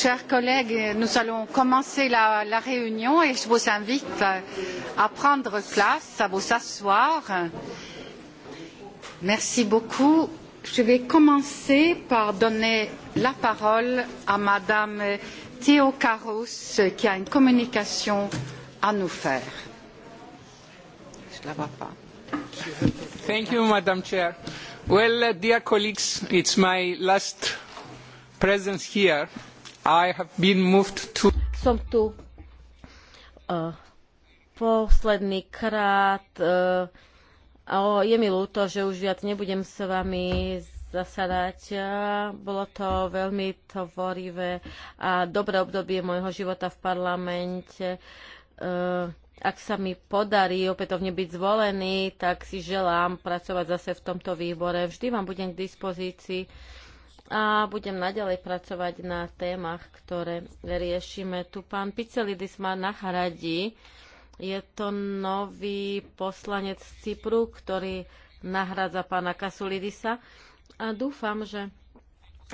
Chers collègues, nous allons commencer la, la réunion et je vous invite à prendre place, à vous asseoir. Merci beaucoup. Je vais commencer par donner la parole à Madame Théo Carros, qui a une communication à nous faire. Je la vois pas. Thank you, Chair. Well, dear colleagues, it's my last presence here som tu uh, posledný krát. Uh, a je mi ľúto, že už viac nebudem s vami zasadať. E, bolo to veľmi tvorivé a dobré obdobie môjho života v parlamente. ak sa mi podarí opätovne byť zvolený, tak si želám pracovať zase v tomto výbore. Vždy vám budem k dispozícii a budem naďalej pracovať na témach, ktoré riešime. Tu pán Picelidis ma nahradí. Je to nový poslanec z Cypru, ktorý nahradza pána Kasulidisa a dúfam, že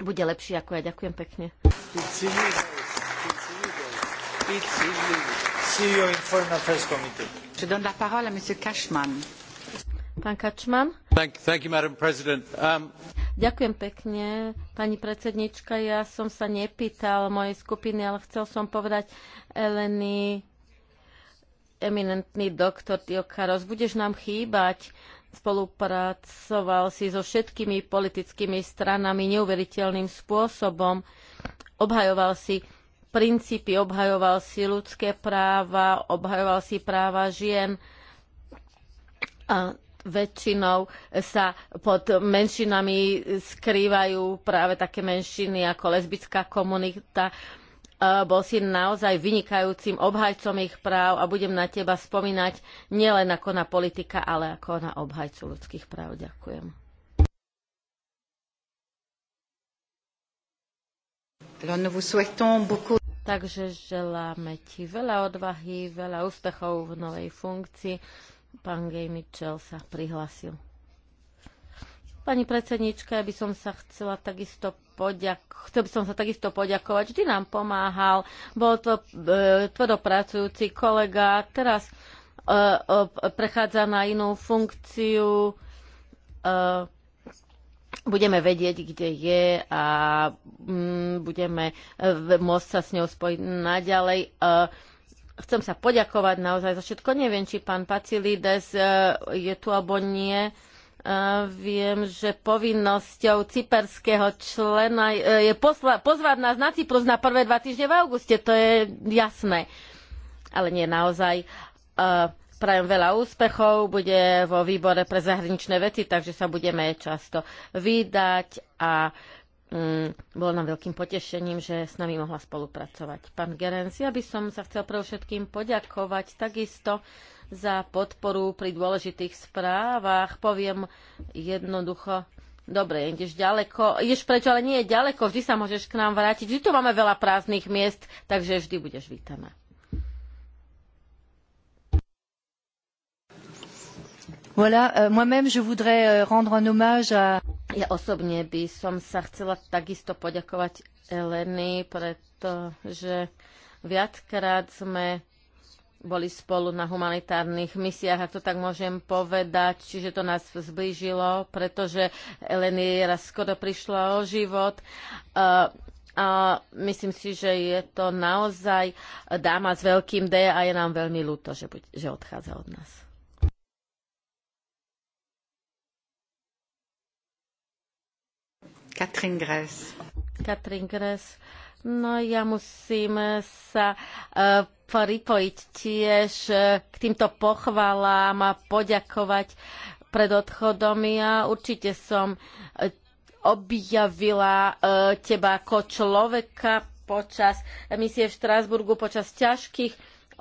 bude lepší ako ja. Ďakujem pekne. Pán Kačman. Thank, thank you, Madam President. Um... Ďakujem pekne, pani predsednička. Ja som sa nepýtal mojej skupiny, ale chcel som povedať Eleny, eminentný doktor Tiokaros, budeš nám chýbať spolupracoval si so všetkými politickými stranami neuveriteľným spôsobom. Obhajoval si princípy, obhajoval si ľudské práva, obhajoval si práva žien. A väčšinou sa pod menšinami skrývajú práve také menšiny ako lesbická komunita. E, bol si naozaj vynikajúcim obhajcom ich práv a budem na teba spomínať nielen ako na politika, ale ako na obhajcu ľudských práv. Ďakujem. Takže želáme ti veľa odvahy, veľa úspechov v novej funkcii Pán Gay Mitchell sa prihlasil. Pani predsednička, ja by som sa chcela takisto poďak- chcel by som sa takisto poďakovať. Vždy nám pomáhal, bol to e, tvrdopracujúci kolega, teraz e, e, prechádza na inú funkciu. E, budeme vedieť, kde je a mm, budeme e, môcť sa s ňou spojiť naďalej. E, Chcem sa poďakovať naozaj za všetko. Neviem, či pán Pacilides e, je tu alebo nie. E, viem, že povinnosťou cyperského člena e, je posla, pozvať nás na Cyprus na prvé dva týždne v auguste. To je jasné. Ale nie naozaj. Prajem veľa úspechov, bude vo výbore pre zahraničné veci, takže sa budeme často vydať a Mm, bolo nám veľkým potešením, že s nami mohla spolupracovať. Pán Gerenc, ja by som sa chcel pre všetkým poďakovať takisto za podporu pri dôležitých správach. Poviem jednoducho, dobre, ideš ďaleko, ideš prečo, ale nie je ďaleko, vždy sa môžeš k nám vrátiť, vždy tu máme veľa prázdnych miest, takže vždy budeš vítaná. Voilà, euh, moi-même je voudrais euh, rendre un hommage à... Ja osobne by som sa chcela takisto poďakovať Eleny, pretože viackrát sme boli spolu na humanitárnych misiách, ak to tak môžem povedať, čiže to nás zblížilo, pretože Eleny raz skoro prišla o život. Uh, a myslím si, že je to naozaj dáma s veľkým D a je nám veľmi ľúto, že, buď, že odchádza od nás. Katrin Gress. Katrin Gress. No ja musím sa uh, pripojiť tiež uh, k týmto pochvalám a poďakovať pred odchodom. Ja určite som uh, objavila teba ako človeka počas emisie v Štrásburgu, počas ťažkých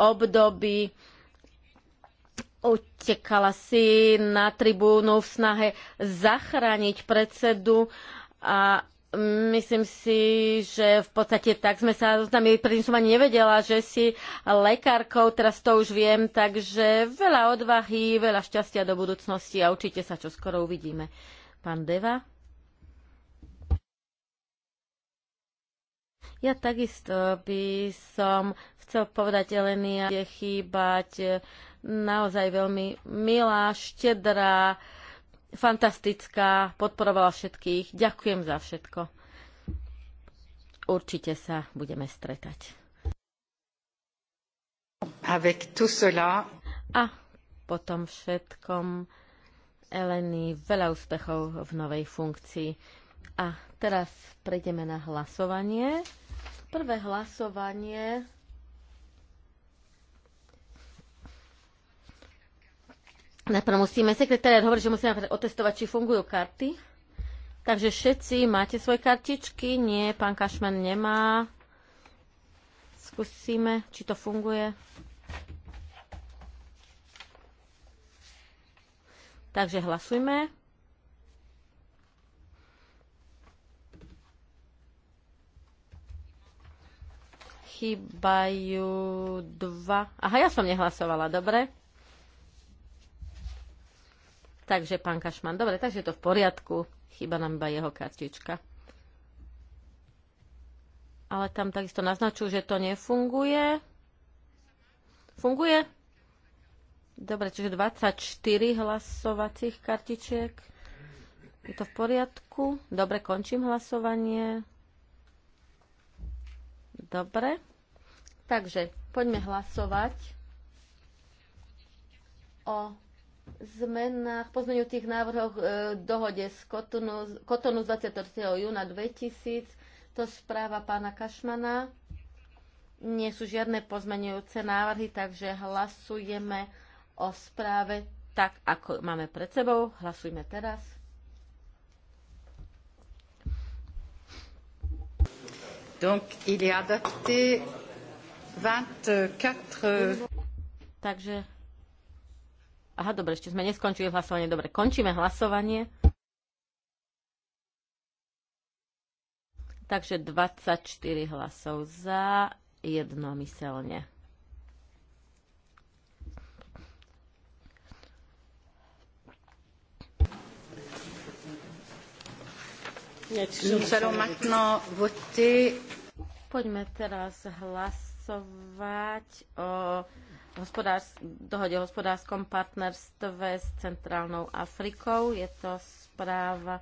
období. Utekala si na tribúnu v snahe zachrániť predsedu a myslím si, že v podstate tak sme sa zoznámili, predtým som ani nevedela, že si lekárkou, teraz to už viem, takže veľa odvahy, veľa šťastia do budúcnosti a určite sa čo skoro uvidíme. Pán Deva? Ja takisto by som chcel povedať Elenia, je chýbať naozaj veľmi milá, štedrá, fantastická, podporovala všetkých. Ďakujem za všetko. Určite sa budeme stretať. Avec tout cela. A potom všetkom Eleny veľa úspechov v novej funkcii. A teraz prejdeme na hlasovanie. Prvé hlasovanie Najprv musíme, sekretariat hovorí, že musíme otestovať, či fungujú karty. Takže všetci máte svoje kartičky? Nie, pán Kašman nemá. Skúsime, či to funguje. Takže hlasujme. Chýbajú dva. Aha, ja som nehlasovala, dobre. Takže pán Kašman, dobre, takže je to v poriadku. Chyba nám iba jeho kartička. Ale tam takisto naznačujú, že to nefunguje. Funguje? Dobre, čiže 24 hlasovacích kartičiek. Je to v poriadku? Dobre, končím hlasovanie. Dobre. Takže poďme hlasovať o zmenách, pozmeňujúcich návrhoch e, dohode z Kotonu, Kotonu z 23. júna 2000, to správa pána Kašmana. Nie sú žiadne pozmeňujúce návrhy, takže hlasujeme o správe tak, ako máme pred sebou. Hlasujme teraz. Donc, il est adapté 24... Takže Aha, dobre, ešte sme neskončili hlasovanie. Dobre, končíme hlasovanie. Takže 24 hlasov za, jednomyselne. Poďme teraz hlasovať o dohode o hospodárskom partnerstve s Centrálnou Afrikou. Je to správa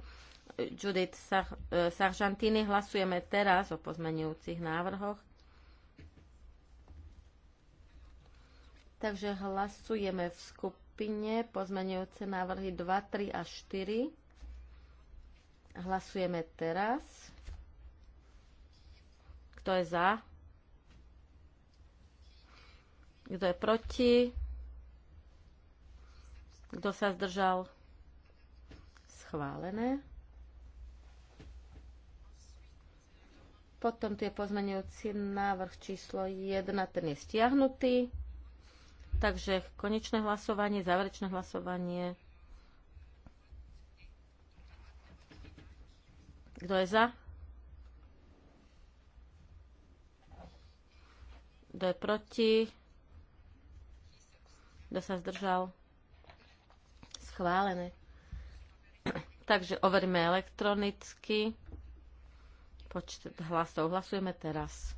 Judith Sar- e, Sargentini. Hlasujeme teraz o pozmenujúcich návrhoch. Takže hlasujeme v skupine pozmenujúce návrhy 2, 3 a 4. Hlasujeme teraz. Kto je za? Kto je proti? Kto sa zdržal? Schválené. Potom tu je pozmenujúci návrh číslo 1, ten je stiahnutý. Takže konečné hlasovanie, záverečné hlasovanie. Kto je za? Kto je proti? Kto sa zdržal? Schválené. Takže overíme elektronicky. Počet hlasov. Hlasujeme teraz.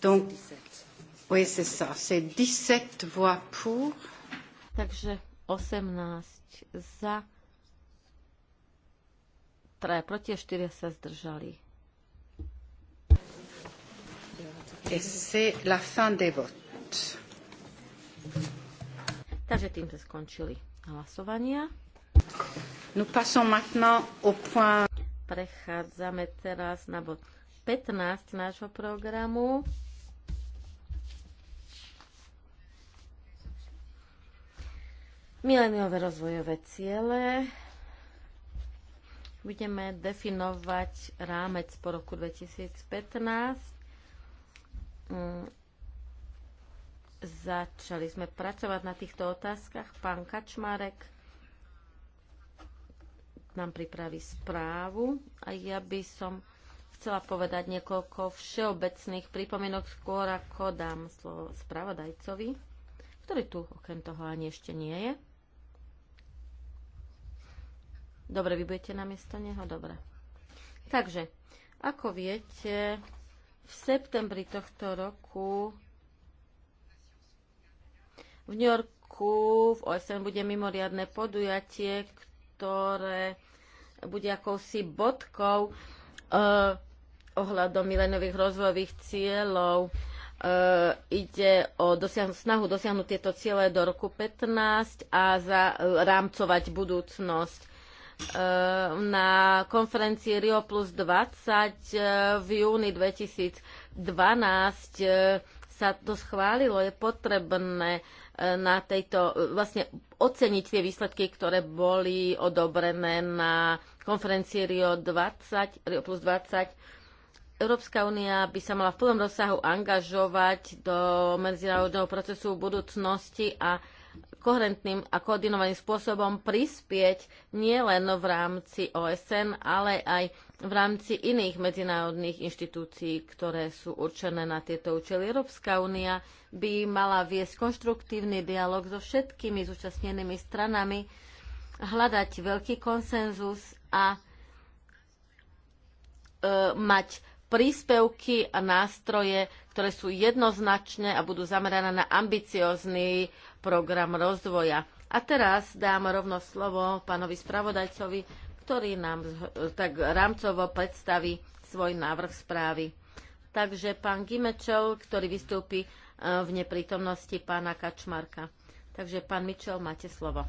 Donc, Oui, c'est ça. C'est 17 voix pour. Takže 18 za, traja proti a štyria sa zdržali. Et c'est la fin des votes. Takže tým sa skončili hlasovania. Nous passons maintenant au point... Prechádzame teraz na bod 15 nášho programu. mileniové rozvojové ciele. Budeme definovať rámec po roku 2015. Mm. Začali sme pracovať na týchto otázkach. Pán Kačmarek nám pripraví správu a ja by som chcela povedať niekoľko všeobecných pripomienok skôr, ako dám slovo spravodajcovi, ktorý tu okrem toho ani ešte nie je. Dobre, vy budete na miesto neho? Dobre. Takže, ako viete, v septembri tohto roku v New Yorku v OSN bude mimoriadne podujatie, ktoré bude akousi bodkou eh, ohľadom milenových rozvojových cieľov. Uh, ide o dosiahnu, snahu dosiahnuť tieto ciele do roku 15 a za, uh, rámcovať budúcnosť. Eh, na konferencii Rio plus 20 eh, v júni 2012 eh, sa to schválilo, je potrebné na tejto, vlastne oceniť tie výsledky, ktoré boli odobrené na konferencii Rio, 20, Rio plus 20 Európska únia by sa mala v plnom rozsahu angažovať do medzinárodného procesu v budúcnosti a koherentným a koordinovaným spôsobom prispieť nielen v rámci OSN, ale aj v rámci iných medzinárodných inštitúcií, ktoré sú určené na tieto účely. Európska únia by mala viesť konštruktívny dialog so všetkými zúčastnenými stranami, hľadať veľký konsenzus a e, mať príspevky a nástroje, ktoré sú jednoznačné a budú zamerané na ambiciózny program rozvoja. A teraz dám rovno slovo pánovi spravodajcovi, ktorý nám tak rámcovo predstaví svoj návrh správy. Takže pán Gimečov, ktorý vystúpi e, v neprítomnosti pána Kačmarka. Takže pán Mičov, máte slovo.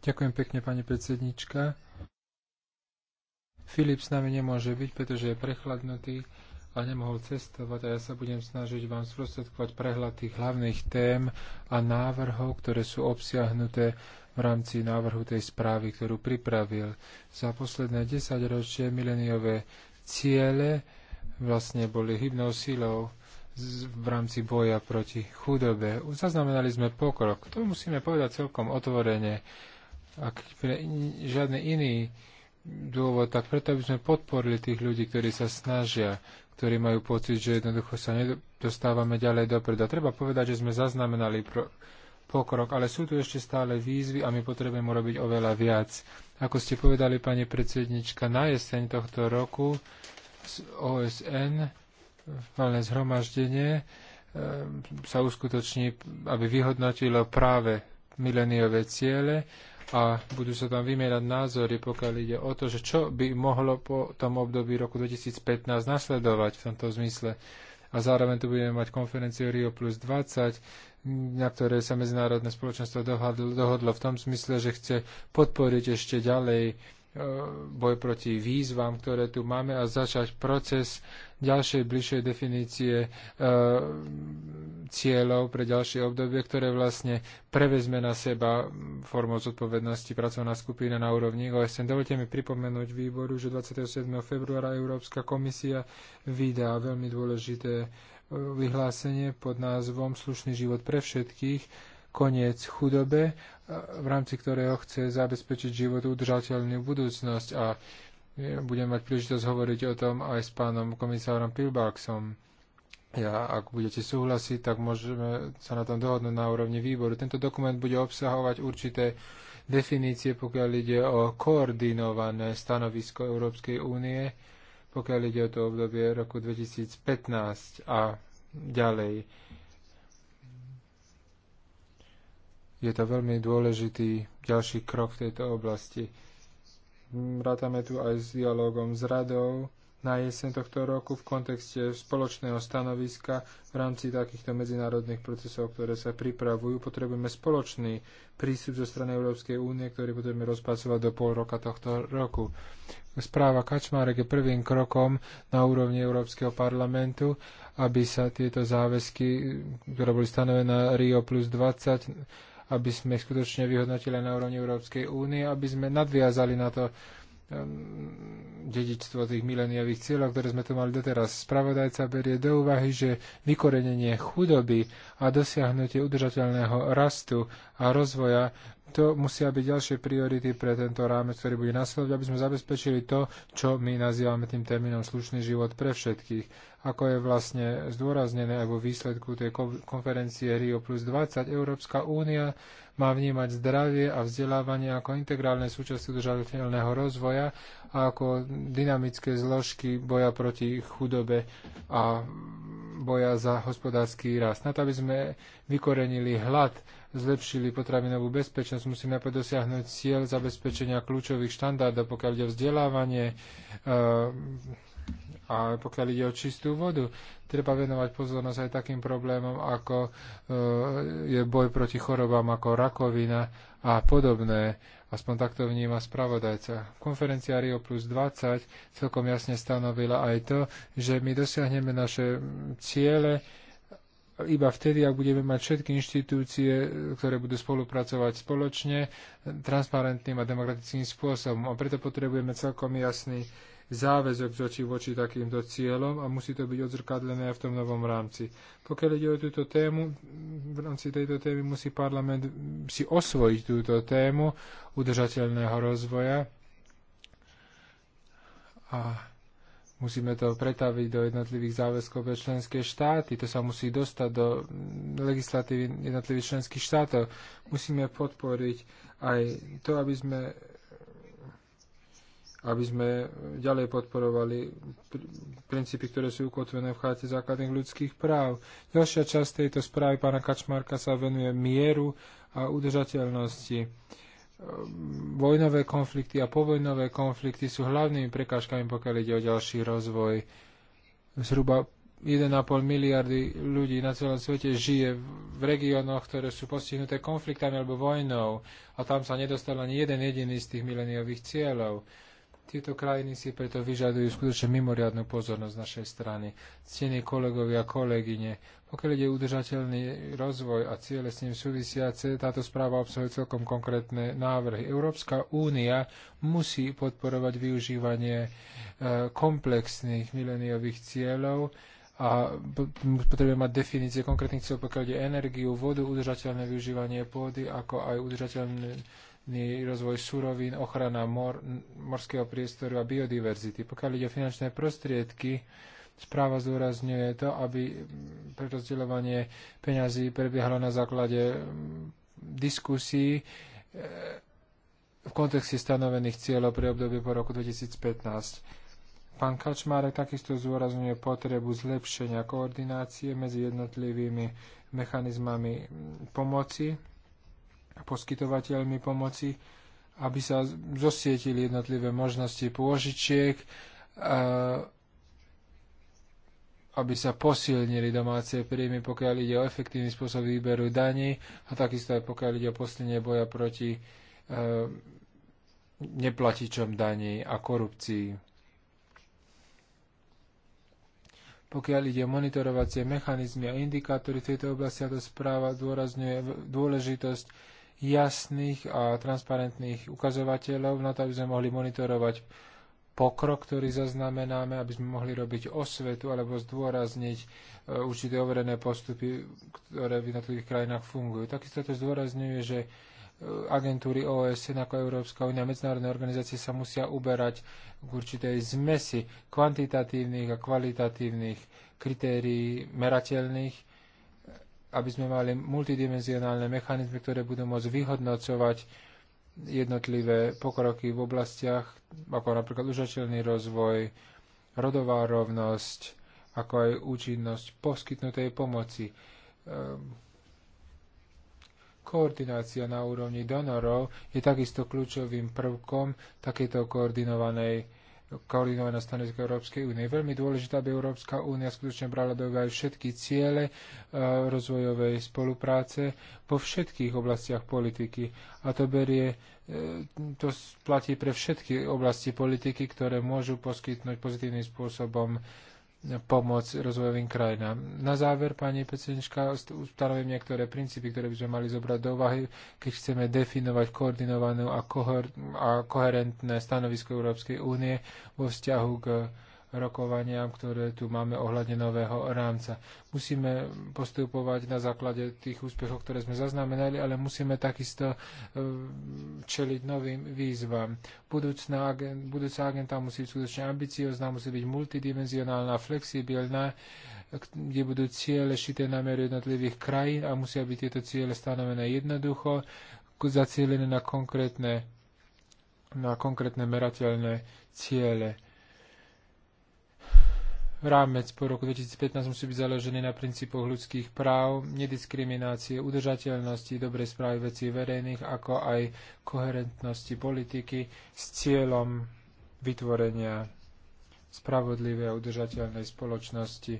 Ďakujem pekne, pani predsednička. Filip s nami nemôže byť, pretože je prechladnutý a nemohol cestovať a ja sa budem snažiť vám sprostredkovať prehľad tých hlavných tém a návrhov, ktoré sú obsiahnuté v rámci návrhu tej správy, ktorú pripravil. Za posledné 10 ročie mileniové ciele vlastne boli hybnou síľou v rámci boja proti chudobe. Zaznamenali sme pokrok. To musíme povedať celkom otvorene. Ak pre žiadny iný dôvod, tak preto by sme podporili tých ľudí, ktorí sa snažia ktorí majú pocit, že jednoducho sa nedostávame ďalej dopredu. A treba povedať, že sme zaznamenali pro, pokrok, ale sú tu ešte stále výzvy a my potrebujeme urobiť oveľa viac. Ako ste povedali, pani predsednička, na jeseň tohto roku z OSN valné zhromaždenie e, sa uskutoční, aby vyhodnotilo práve mileniové ciele a budú sa tam vymierať názory, pokiaľ ide o to, že čo by mohlo po tom období roku 2015 nasledovať v tomto zmysle. A zároveň tu budeme mať konferenciu Rio plus 20, na ktorej sa medzinárodné spoločenstvo dohodlo, dohodlo v tom zmysle, že chce podporiť ešte ďalej Eh, boj proti výzvam, ktoré tu máme a začať proces ďalšej bližšej definície e, cieľov pre ďalšie obdobie, ktoré vlastne prevezme na seba formou zodpovednosti pracovná skupina na úrovni OSN. Dovolte mi pripomenúť výboru, že 27. februára Európska komisia vydá veľmi dôležité eh, vyhlásenie pod názvom Slušný život pre všetkých, koniec chudobe, v rámci ktorého chce zabezpečiť život udržateľnú budúcnosť. A e, budem mať príležitosť hovoriť o tom aj s pánom komisárom Pilbaxom. Ja, ak budete súhlasiť, tak môžeme sa na tom dohodnúť na úrovni výboru. Tento dokument bude obsahovať určité definície, pokiaľ ide o koordinované stanovisko Európskej únie, pokiaľ ide o to obdobie roku 2015 a ďalej je to veľmi dôležitý ďalší krok v tejto oblasti. Rátame tu aj s dialogom s radou na jeseň tohto roku v kontexte spoločného stanoviska v rámci takýchto medzinárodných procesov, ktoré sa pripravujú. Potrebujeme spoločný prístup zo strany Európskej únie, ktorý budeme rozpracovať do pol roka tohto roku. Správa Kačmárek je prvým krokom na úrovni Európskeho parlamentu, aby sa tieto záväzky, ktoré boli stanovené na Rio plus 20, aby sme skutočne vyhodnotili na úrovni Európskej únie, aby sme nadviazali na to um, dedičstvo tých mileniových cieľov, ktoré sme tu mali doteraz. Spravodajca berie do úvahy, že vykorenenie chudoby a dosiahnutie udržateľného rastu a rozvoja to musia byť ďalšie priority pre tento rámec, ktorý bude nasledovať, aby sme zabezpečili to, čo my nazývame tým termínom slušný život pre všetkých. Ako je vlastne zdôraznené aj vo výsledku tej konferencie Rio plus 20, Európska únia má vnímať zdravie a vzdelávanie ako integrálne súčasti udržateľného rozvoja a ako dynamické zložky boja proti chudobe a boja za hospodársky rast. Na to, aby sme vykorenili hlad zlepšili potravinovú bezpečnosť, musíme dosiahnuť cieľ zabezpečenia kľúčových štandardov, pokiaľ ide o vzdelávanie e, a pokiaľ ide o čistú vodu. Treba venovať pozornosť aj takým problémom, ako e, je boj proti chorobám ako rakovina a podobné. Aspoň takto vníma spravodajca. Konferencia Rio plus 20 celkom jasne stanovila aj to, že my dosiahneme naše ciele, iba vtedy, ak budeme mať všetky inštitúcie, ktoré budú spolupracovať spoločne, transparentným a demokratickým spôsobom. A preto potrebujeme celkom jasný záväzok z očí voči takýmto cieľom a musí to byť odzrkadlené aj v tom novom rámci. Pokiaľ ide o túto tému, v rámci tejto témy musí parlament si osvojiť túto tému udržateľného rozvoja a Musíme to pretaviť do jednotlivých záväzkov pre členské štáty. To sa musí dostať do legislatívy jednotlivých členských štátov. Musíme podporiť aj to, aby sme aby sme ďalej podporovali princípy, ktoré sú ukotvené v charte základných ľudských práv. Ďalšia časť tejto správy pána Kačmarka sa venuje mieru a udržateľnosti. Ehm, vojnové konflikty a povojnové konflikty sú hlavnými prekážkami, pokiaľ ide o ďalší rozvoj. Zhruba 1,5 miliardy ľudí na celom svete žije v regiónoch, ktoré sú postihnuté konfliktami alebo vojnou a tam sa nedostal ani jeden jediný z tých mileniových cieľov. Tieto krajiny si preto vyžadujú skutočne mimoriadnu pozornosť z našej strany. Ctení kolegovia a kolegyne, pokiaľ ide udržateľný rozvoj a ciele s ním súvisiace, táto správa obsahuje celkom konkrétne návrhy. Európska únia musí podporovať využívanie e, komplexných mileniových cieľov a potrebujeme mať definície konkrétnych cieľov, pokiaľ ide energiu, vodu, udržateľné využívanie pôdy, ako aj udržateľné rozvoj surovín, ochrana mor, morského priestoru a biodiverzity. Pokiaľ ide o finančné prostriedky, Správa zdôrazňuje to, aby prerozdeľovanie peňazí prebiehalo na základe mm, diskusí e, v kontexte stanovených cieľov pre obdobie po roku 2015. Pán Kačmárek takisto zdôrazňuje potrebu zlepšenia koordinácie medzi jednotlivými mechanizmami mm, pomoci a poskytovateľmi pomoci, aby sa zosietili jednotlivé možnosti pôžičiek, e, aby sa posilnili domáce príjmy, pokiaľ ide o efektívny spôsob výberu daní a takisto aj pokiaľ ide o posilnenie boja proti e, neplatičom daní a korupcii. Pokiaľ ide o monitorovacie mechanizmy a indikátory v tejto oblasti, táto správa dôrazňuje dôležitosť jasných a transparentných ukazovateľov na to, aby sme mohli monitorovať pokrok, ktorý zaznamenáme, aby sme mohli robiť osvetu alebo zdôrazniť e, určité overené postupy, ktoré v jednotlivých krajinách fungujú. Takisto to zdôrazňuje, že e, agentúry OSN ako Európska únia a medzinárodné organizácie sa musia uberať k určitej zmesi kvantitatívnych a kvalitatívnych kritérií merateľných, aby sme mali multidimenzionálne mechanizmy, ktoré budú môcť vyhodnocovať jednotlivé pokroky v oblastiach, ako napríklad užateľný rozvoj, rodová rovnosť, ako aj účinnosť poskytnutej pomoci. Ehm, koordinácia na úrovni donorov je takisto kľúčovým prvkom takéto koordinovanej koordinované stanovisko Európskej únie. Je veľmi dôležité, aby Európska únia skutočne brala do aj všetky ciele e, rozvojovej spolupráce po všetkých oblastiach politiky. A to berie, e, to platí pre všetky oblasti politiky, ktoré môžu poskytnúť pozitívnym spôsobom pomoc rozvojovým krajinám. Na záver, pani predsednička, ustanovím niektoré princípy, ktoré by sme mali zobrať do úvahy, keď chceme definovať koordinovanú a, koher- a koherentné stanovisko Európskej únie vo vzťahu k rokovaniam, ktoré tu máme ohľadne nového rámca. Musíme postupovať na základe tých úspechov, ktoré sme zaznamenali, ale musíme takisto e, čeliť novým výzvam. Budúcná, agent, budúca agenta musí byť skutočne ambiciozná, musí byť multidimenzionálna, flexibilná, kde budú ciele šité na mieru jednotlivých krajín a musia byť tieto ciele stanovené jednoducho, zacielené na konkrétne na konkrétne merateľné ciele. Rámec po roku 2015 musí byť založený na princípoch ľudských práv, nediskriminácie, udržateľnosti, dobrej správy vecí verejných, ako aj koherentnosti politiky s cieľom vytvorenia spravodlivej a udržateľnej spoločnosti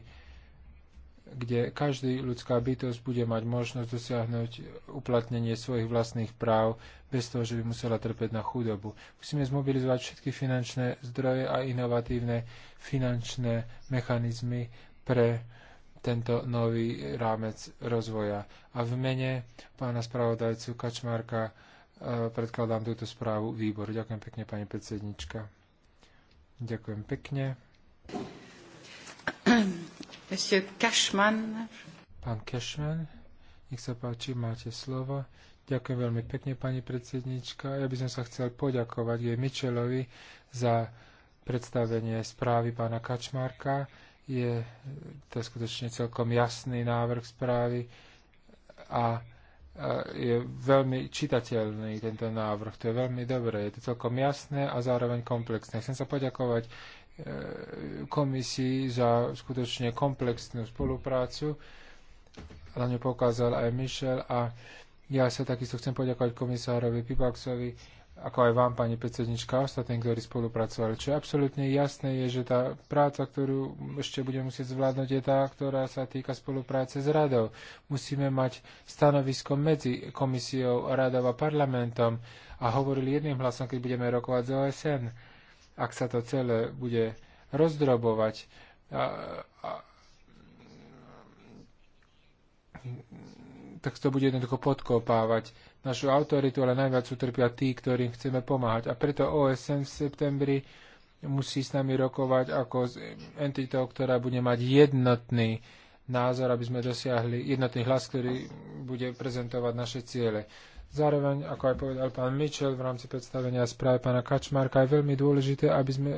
kde každý ľudská bytosť bude mať možnosť dosiahnuť uplatnenie svojich vlastných práv bez toho, že by musela trpeť na chudobu. Musíme zmobilizovať všetky finančné zdroje a inovatívne finančné mechanizmy pre tento nový rámec rozvoja. A v mene pána spravodajcu Kačmarka e, predkladám túto správu výboru. Ďakujem pekne, pani predsednička. Ďakujem pekne. Monsieur Cashman. Pán Cashman, nech sa páči, máte slovo. Ďakujem veľmi pekne, pani predsednička. Ja by som sa chcel poďakovať jej Mičelovi za predstavenie správy pána Kačmarka. Je to skutočne celkom jasný návrh správy a je veľmi čitateľný tento návrh. To je veľmi dobré, je to celkom jasné a zároveň komplexné. Chcem sa poďakovať komisii za skutočne komplexnú spoluprácu. Na ňu pokázal aj Michel a ja sa takisto chcem poďakovať komisárovi Pipaxovi, ako aj vám, pani predsednička, ostatní, ktorí spolupracovali. Čo je absolútne jasné, je, že tá práca, ktorú ešte budeme musieť zvládnuť, je tá, ktorá sa týka spolupráce s radou. Musíme mať stanovisko medzi komisiou, radou a parlamentom a hovorili jedným hlasom, keď budeme rokovať z OSN ak sa to celé bude rozdrobovať, a, a, tak to bude jednoducho podkopávať našu autoritu, ale najviac utrpia tí, ktorým chceme pomáhať. A preto OSN v septembri musí s nami rokovať ako s entitou, ktorá bude mať jednotný názor, aby sme dosiahli jednotný hlas, ktorý bude prezentovať naše ciele. Zároveň, ako aj povedal pán Mitchell v rámci predstavenia správy pána Kačmarka, je veľmi dôležité, aby sme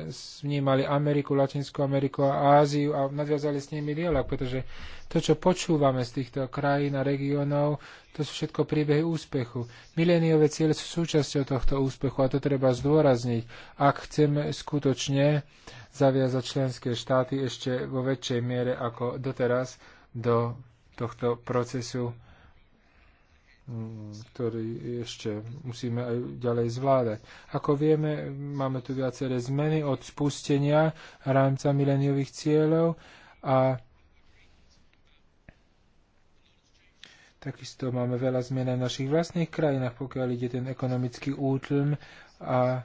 vnímali Ameriku, Latinskú Ameriku a Áziu a nadviazali s nimi dialog, pretože to, čo počúvame z týchto krajín a regiónov, to sú všetko príbehy úspechu. Miléniové ciele sú súčasťou tohto úspechu a to treba zdôrazniť, ak chceme skutočne zaviazať členské štáty ešte vo väčšej miere ako doteraz do tohto procesu Mm, ktorý ešte musíme aj ďalej zvládať. Ako vieme, máme tu viaceré zmeny od spustenia rámca mileniových cieľov a takisto máme veľa zmien v našich vlastných krajinách, pokiaľ ide ten ekonomický útlm a e,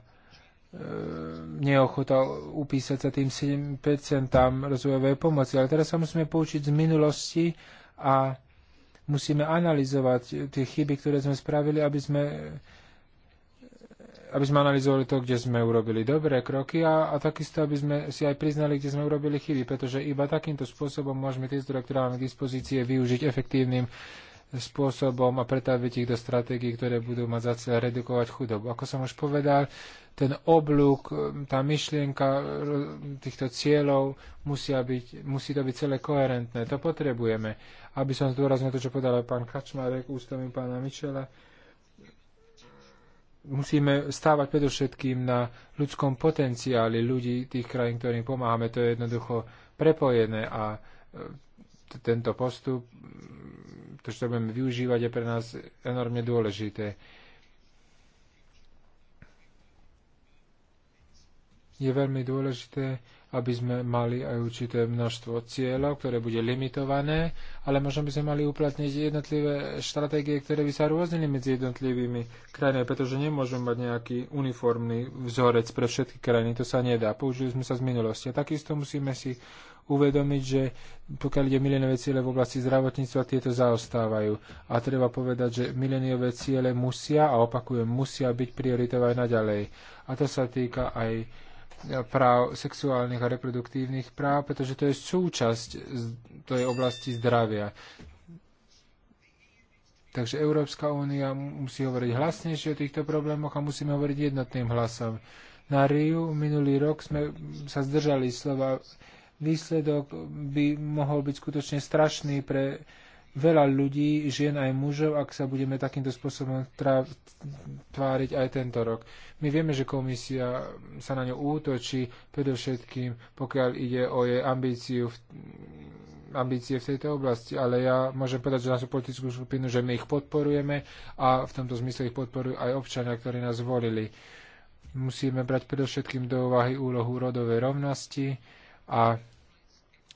neochota upísať sa tým 7% rozvojovej pomoci. Ale teraz sa musíme poučiť z minulosti a musíme analyzovať tie chyby, ktoré sme spravili, aby sme aby sme analyzovali to, kde sme urobili dobré kroky a, a takisto, aby sme si aj priznali, kde sme urobili chyby, pretože iba takýmto spôsobom môžeme tie zdroje, ktoré máme k dispozície, využiť efektívnym spôsobom a pretaviť ich do stratégií, ktoré budú mať za cieľ redukovať chudobu. Ako som už povedal, ten oblúk, tá myšlienka týchto cieľov musia byť, musí to byť celé koherentné. To potrebujeme. Aby som zdôraznil to, čo povedal pán Kačmarek ústami pána Mičela, musíme stávať predovšetkým na ľudskom potenciáli ľudí tých krajín, ktorým pomáhame. To je jednoducho prepojené a e, tento postup to, čo budeme využívať, je pre nás enormne dôležité. Je veľmi dôležité, aby sme mali aj určité množstvo cieľov, ktoré bude limitované, ale možno by sme mali uplatniť jednotlivé štratégie, ktoré by sa rôznili medzi jednotlivými krajinami, pretože nemôžeme mať nejaký uniformný vzorec pre všetky krajiny, to sa nedá. Použili sme sa z minulosti. A takisto musíme si uvedomiť, že pokiaľ ide milenové ciele v oblasti zdravotníctva, tieto zaostávajú. A treba povedať, že mileniové ciele musia, a opakujem, musia byť prioritou aj naďalej. A to sa týka aj práv sexuálnych a reproduktívnych práv, pretože to je súčasť tej oblasti zdravia. Takže Európska únia musí hovoriť hlasnejšie o týchto problémoch a musíme hovoriť jednotným hlasom. Na Riu minulý rok sme sa zdržali slova výsledok by mohol byť skutočne strašný pre veľa ľudí, žien aj mužov, ak sa budeme takýmto spôsobom tváriť aj tento rok. My vieme, že komisia sa na ňu útočí, predovšetkým pokiaľ ide o jej ambíciu v, ambície v tejto oblasti, ale ja môžem povedať, že našu politickú skupinu, že my ich podporujeme a v tomto zmysle ich podporujú aj občania, ktorí nás volili. Musíme brať predovšetkým do úvahy úlohu rodovej rovnosti a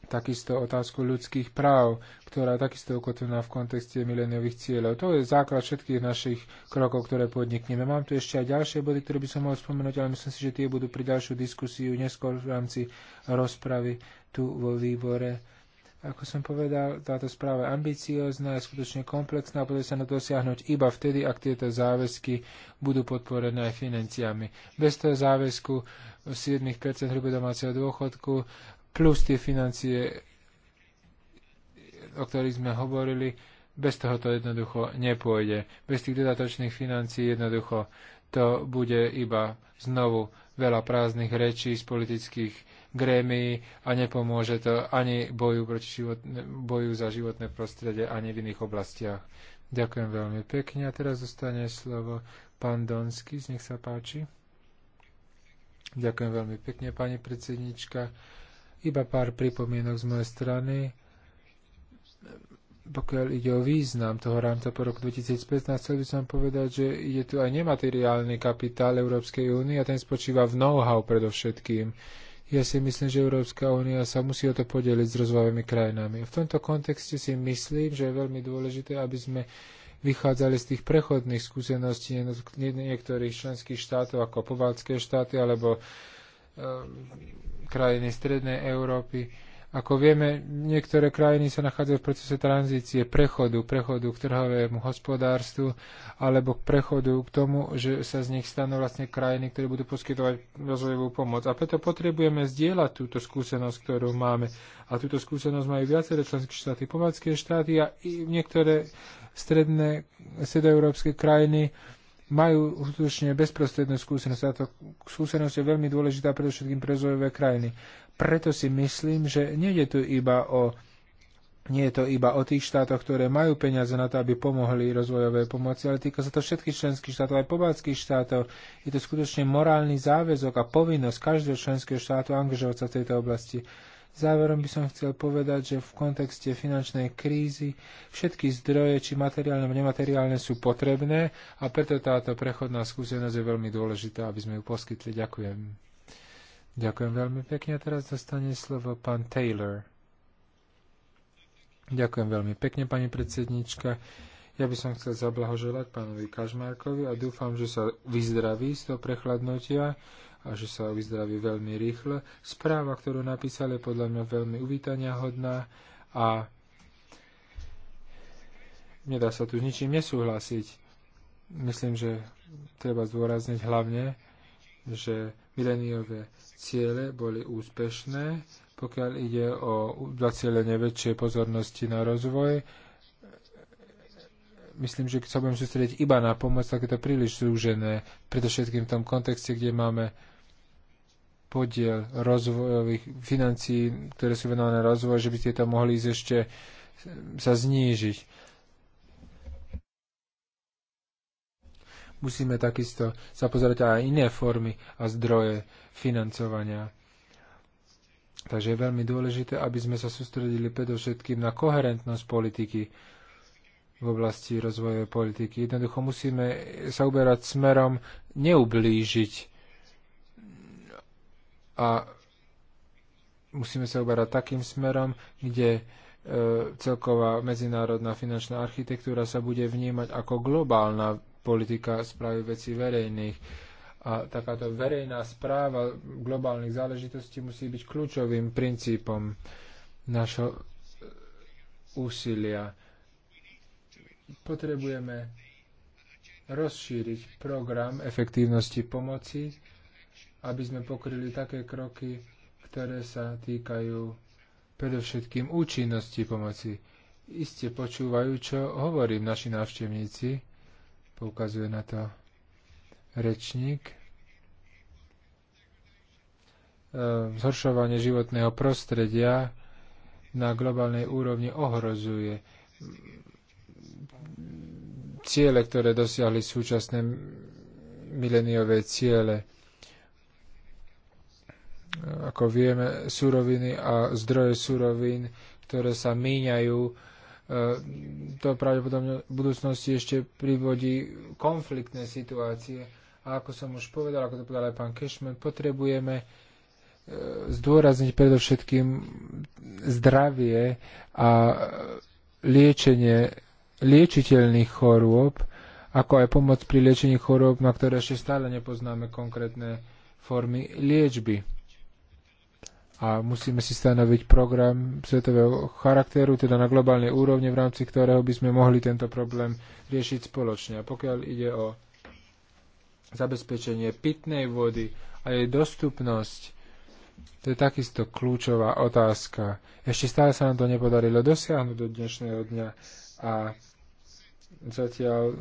takisto otázku ľudských práv, ktorá takisto ukotvená v kontexte mileniových cieľov. To je základ všetkých našich krokov, ktoré podnikneme. Mám tu ešte aj ďalšie body, ktoré by som mohol spomenúť, ale myslím si, že tie budú pri ďalšiu diskusiu neskôr v rámci rozpravy tu vo výbore. Ako som povedal, táto správa je ambiciózna, je skutočne komplexná a bude sa na dosiahnuť iba vtedy, ak tieto záväzky budú podporené aj financiami. Bez toho záväzku 7% hrubého domáceho dôchodku plus tie financie, o ktorých sme hovorili, bez toho to jednoducho nepôjde. Bez tých dodatočných financií jednoducho to bude iba znovu veľa prázdnych rečí z politických grémií a nepomôže to ani boju, proti životne, boju za životné prostredie, ani v iných oblastiach. Ďakujem veľmi pekne a teraz zostane slovo pán Donsky, nech sa páči. Ďakujem veľmi pekne, pani predsednička. Iba pár pripomienok z mojej strany. Pokiaľ ide o význam toho rámca po roku 2015, chcel by som povedať, že je tu aj nemateriálny kapitál Európskej únie a ten spočíva v know-how predovšetkým. Ja si myslím, že Európska únia sa musí o to podeliť s rozvojovými krajinami. V tomto kontexte si myslím, že je veľmi dôležité, aby sme vychádzali z tých prechodných skúseností niektorých členských štátov ako povádzke štáty alebo um, krajiny Strednej Európy. Ako vieme, niektoré krajiny sa nachádzajú v procese tranzície, prechodu, prechodu k trhovému hospodárstvu alebo k prechodu k tomu, že sa z nich stanú vlastne krajiny, ktoré budú poskytovať rozvojovú pomoc. A preto potrebujeme zdieľať túto skúsenosť, ktorú máme. A túto skúsenosť majú viaceré členské štáty, pomalské štáty a i niektoré stredné, sedoeurópske krajiny majú skutočne bezprostrednú skúsenosť. Táto skúsenosť je veľmi dôležitá predovšetkým pre rozvojové krajiny. Preto si myslím, že je to iba o nie je to iba o tých štátoch, ktoré majú peniaze na to, aby pomohli rozvojové pomoci, ale týka sa to všetkých členských štátov, aj pobalských štátov. Je to skutočne morálny záväzok a povinnosť každého členského štátu angažovať sa v tejto oblasti. Záverom by som chcel povedať, že v kontexte finančnej krízy všetky zdroje, či materiálne, nemateriálne, sú potrebné a preto táto prechodná skúsenosť je veľmi dôležitá, aby sme ju poskytli. Ďakujem. Ďakujem veľmi pekne. A teraz dostane slovo pán Taylor. Ďakujem veľmi pekne, pani predsednička. Ja by som chcel zablahoželať pánovi Kažmarkovi a dúfam, že sa vyzdraví z toho prechladnutia a že sa uzdraví veľmi rýchlo. Správa, ktorú napísali, podľa mňa veľmi uvítania hodná a nedá sa tu s ničím nesúhlasiť. Myslím, že treba zdôrazniť hlavne, že mileniové ciele boli úspešné, pokiaľ ide o zacielenie väčšej pozornosti na rozvoj, myslím, že keď sa budem sústrediť iba na pomoc, tak je to príliš zúžené, predovšetkým v tom kontexte, kde máme podiel rozvojových financií, ktoré sú venované rozvoju, že by tieto mohli ísť ešte sa znížiť. Musíme takisto sa pozerať aj iné formy a zdroje financovania. Takže je veľmi dôležité, aby sme sa sústredili predovšetkým na koherentnosť politiky v oblasti rozvojovej politiky. Jednoducho musíme sa uberať smerom neublížiť a musíme sa uberať takým smerom, kde e, celková medzinárodná finančná architektúra sa bude vnímať ako globálna politika správy veci verejných. A takáto verejná správa globálnych záležitostí musí byť kľúčovým princípom našho e, úsilia. Potrebujeme rozšíriť program efektívnosti pomoci, aby sme pokryli také kroky, ktoré sa týkajú predovšetkým účinnosti pomoci. Iste počúvajú, čo hovorím naši návštevníci, poukazuje na to rečník. Ehm, zhoršovanie životného prostredia na globálnej úrovni ohrozuje ciele, ktoré dosiahli súčasné mileniové ciele ako vieme, suroviny a zdroje surovín, ktoré sa míňajú, e, to pravdepodobne v budúcnosti ešte privodí konfliktné situácie. A ako som už povedal, ako to povedal aj pán Kešman, potrebujeme e, zdôrazniť predovšetkým zdravie a liečenie liečiteľných chorôb, ako aj pomoc pri liečení chorôb, na ktoré ešte stále nepoznáme konkrétne formy liečby a musíme si stanoviť program svetového charakteru, teda na globálnej úrovni, v rámci ktorého by sme mohli tento problém riešiť spoločne. A pokiaľ ide o zabezpečenie pitnej vody a jej dostupnosť, to je takisto kľúčová otázka. Ešte stále sa nám to nepodarilo dosiahnuť do dnešného dňa a zatiaľ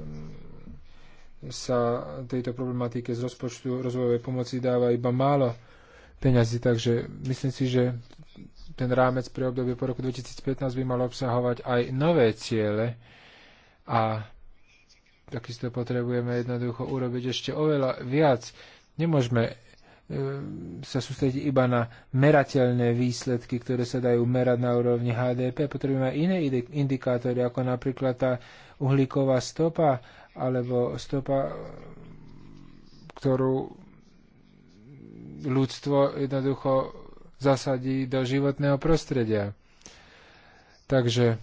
sa tejto problematike z rozpočtu rozvojovej pomoci dáva iba málo peňazí. Takže myslím si, že ten rámec pre obdobie po roku 2015 by mal obsahovať aj nové ciele a takisto potrebujeme jednoducho urobiť ešte oveľa viac. Nemôžeme e, sa sústrediť iba na merateľné výsledky, ktoré sa dajú merať na úrovni HDP. Potrebujeme aj iné indikátory, ako napríklad tá uhlíková stopa alebo stopa, ktorú ľudstvo jednoducho zasadí do životného prostredia. Takže,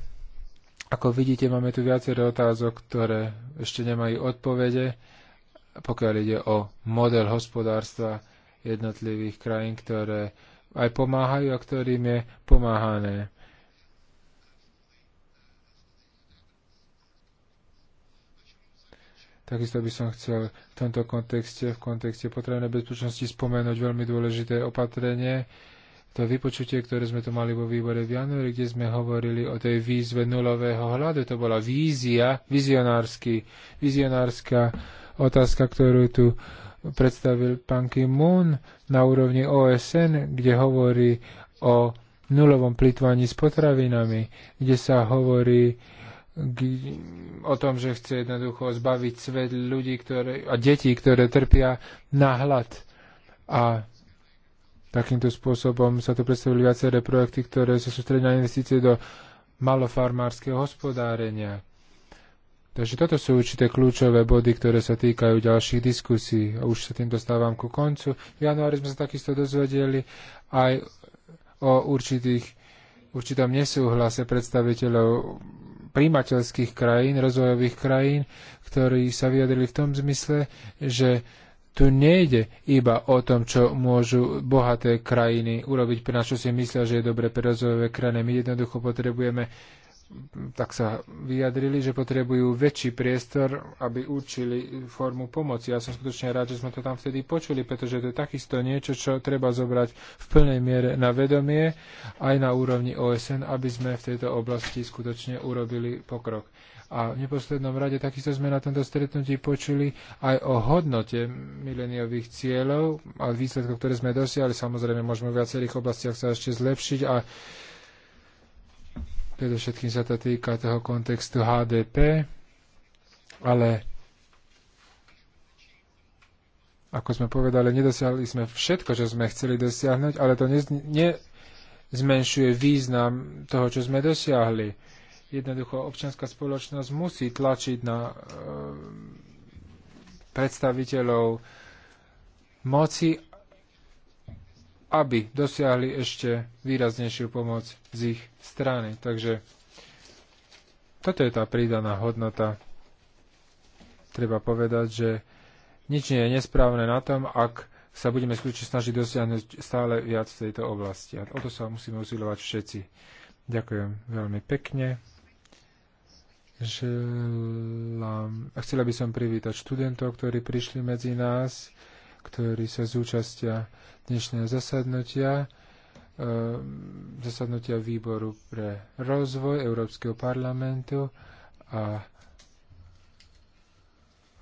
ako vidíte, máme tu viacero otázok, ktoré ešte nemajú odpovede, pokiaľ ide o model hospodárstva jednotlivých krajín, ktoré aj pomáhajú a ktorým je pomáhané. Takisto by som chcel v tomto kontexte, v kontexte potrebnej bezpečnosti spomenúť veľmi dôležité opatrenie, to vypočutie, ktoré sme tu mali vo výbore v januári, kde sme hovorili o tej výzve nulového hľadu. To bola vízia, vizionársky, vizionárska otázka, ktorú tu predstavil pán Kim Moon na úrovni OSN, kde hovorí o nulovom plýtvaní s potravinami, kde sa hovorí o tom, že chce jednoducho zbaviť svet ľudí ktoré, a detí, ktoré trpia na hlad. A takýmto spôsobom sa tu predstavili viaceré projekty, ktoré sa sústredia na investície do malofarmárskeho hospodárenia. Takže toto sú určité kľúčové body, ktoré sa týkajú ďalších diskusí. A už sa tým dostávam ku koncu. V januári sme sa takisto dozvedeli aj o určitých, určitom nesúhlase predstaviteľov príjimateľských krajín, rozvojových krajín, ktorí sa vyjadrili v tom zmysle, že tu nejde iba o tom, čo môžu bohaté krajiny urobiť pre nás, čo si myslia, že je dobre pre rozvojové krajiny. My jednoducho potrebujeme tak sa vyjadrili, že potrebujú väčší priestor, aby určili formu pomoci. Ja som skutočne rád, že sme to tam vtedy počuli, pretože to je takisto niečo, čo treba zobrať v plnej miere na vedomie aj na úrovni OSN, aby sme v tejto oblasti skutočne urobili pokrok. A v neposlednom rade takisto sme na tomto stretnutí počuli aj o hodnote mileniových cieľov a výsledkov, ktoré sme dosiahli. Samozrejme, môžeme v viacerých oblastiach sa ešte zlepšiť a Predovšetkým sa to týka toho kontextu HDP, ale ako sme povedali, nedosiahli sme všetko, čo sme chceli dosiahnuť, ale to nezmenšuje ne význam toho, čo sme dosiahli. Jednoducho občianská spoločnosť musí tlačiť na e, predstaviteľov moci, aby dosiahli ešte výraznejšiu pomoc z ich strany. Takže toto je tá prídaná hodnota. Treba povedať, že nič nie je nesprávne na tom, ak sa budeme skutočne snažiť dosiahnuť stále viac v tejto oblasti. A o to sa musíme usilovať všetci. Ďakujem veľmi pekne. Želám, chcela by som privítať študentov, ktorí prišli medzi nás ktorí sa zúčastia dnešného zasadnutia, e, zasadnutia výboru pre rozvoj Európskeho parlamentu a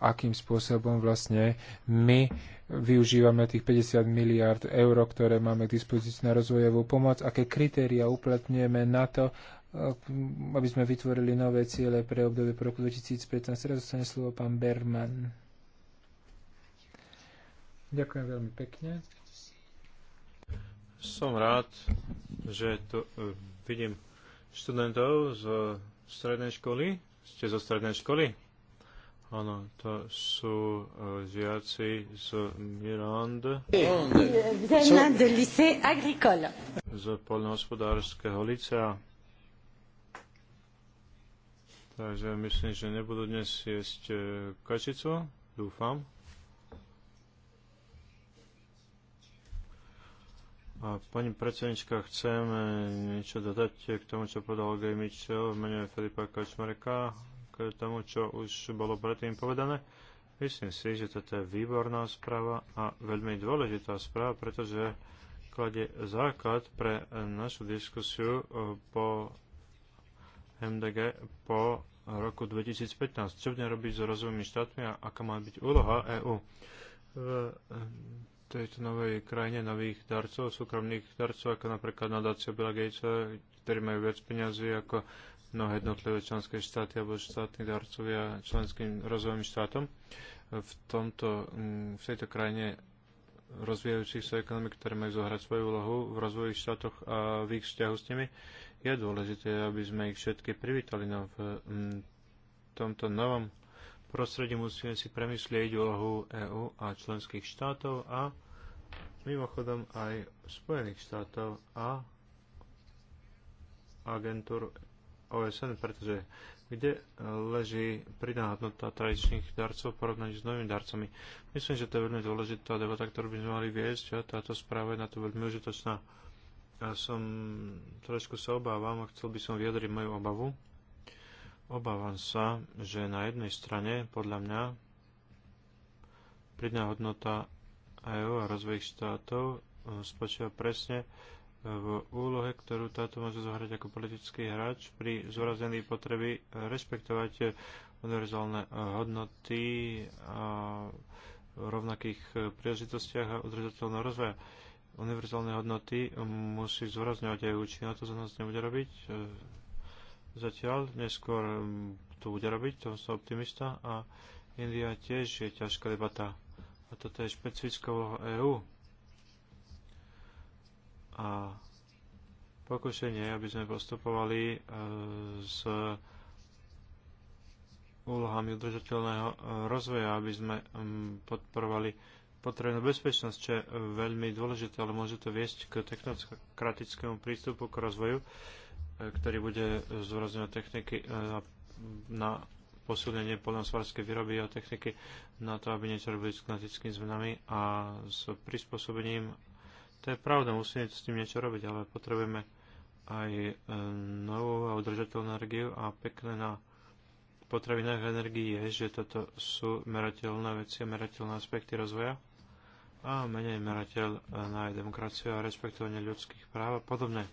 akým spôsobom vlastne my využívame tých 50 miliard eur, ktoré máme k dispozícii na rozvojovú pomoc, aké kritéria uplatňujeme na to, e, aby sme vytvorili nové ciele pre obdobie po roku 2015. Teraz dostane slovo pán Berman. Ďakujem veľmi pekne. Som rád, že tu e, vidím študentov z strednej školy. Ste zo strednej školy? Áno, to sú e, žiaci z Mirande. Zemland lycée agricole. Z polnohospodárskeho licea. Takže myslím, že nebudú dnes jesť e, kačicu, dúfam. A pani predsednička, chcem niečo dodať k tomu, čo povedal Gej Mitchell v mene Filipa Kačmareka, k tomu, čo už bolo predtým povedané. Myslím si, že toto je výborná správa a veľmi dôležitá správa, pretože kladie základ pre našu diskusiu eh, po MDG po roku 2015. Čo bude robiť s rozvojmi štátmi a aká má byť úloha EÚ? V tejto novej krajine nových darcov, súkromných darcov, ako napríklad nadácia Billa Gatesa, ktorí majú viac peniazy ako mnohé jednotlivé členské štáty alebo štátni darcovia členským rozvojovým štátom. V, tomto, mm, v tejto krajine rozvíjajúcich sa ekonomik, ktoré majú zohrať svoju úlohu v rozvojových štátoch a v ich vzťahu s nimi, je dôležité, aby sme ich všetky privítali no v mm, tomto novom prostredí musíme si premyslieť úlohu EÚ a členských štátov a mimochodom aj Spojených štátov a agentúr OSN, pretože kde leží pridaná hodnota tradičných darcov porovnaní s novými darcami. Myslím, že to je veľmi dôležitá debata, ktorú by sme mali viesť a táto správa je na to veľmi užitočná. Ja som trošku sa obávam a chcel by som vyjadriť moju obavu, Obávam sa, že na jednej strane, podľa mňa, pridná hodnota EÚ a rozvojich štátov e, spočíva presne v úlohe, ktorú táto môže zohrať ako politický hráč pri zúrazení potreby rešpektovať univerzálne hodnoty a v rovnakých príležitostiach a udržateľného rozvoja. Univerzálne hodnoty musí zúrazňovať aj e účinno, to za nás nebude robiť. E, zatiaľ, neskôr um, to bude robiť, to som optimista a India tiež je ťažká debata. A toto je špecifická EÚ. A pokušenie, aby sme postupovali e, s úlohami udržateľného e, rozvoja, aby sme um, podporovali potrebnú bezpečnosť, čo je veľmi dôležité, ale môže to viesť k technokratickému prístupu k rozvoju, E, ktorý bude zdôrazňovať techniky e, na posilnenie poľnohospodárskej výroby a techniky na to, aby niečo robili s klimatickými zmenami a s prispôsobením. To je pravda, musíme s tým niečo robiť, ale potrebujeme aj e, novú a udržateľnú energiu a pekné na potravinách energii je, že toto sú merateľné veci a merateľné aspekty rozvoja a menej merateľ na demokraciu a respektovanie ľudských práv a podobne.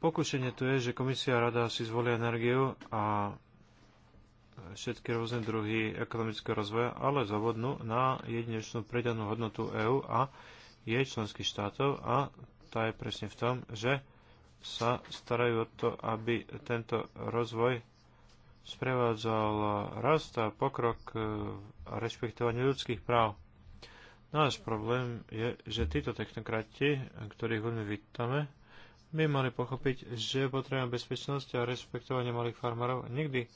Pokušenie tu je, že komisia a rada si zvolia energiu a všetky rôzne druhy ekonomického rozvoja, ale zavodnú na jedinečnú pridanú hodnotu EÚ a jej členských štátov a tá je presne v tom, že sa starajú o to, aby tento rozvoj sprevádzal rast a pokrok a rešpektovanie ľudských práv. Náš problém je, že títo technokrati, ktorých veľmi vítame, by mali pochopiť, že potreba bezpečnosť a rešpektovanie malých farmárov nikdy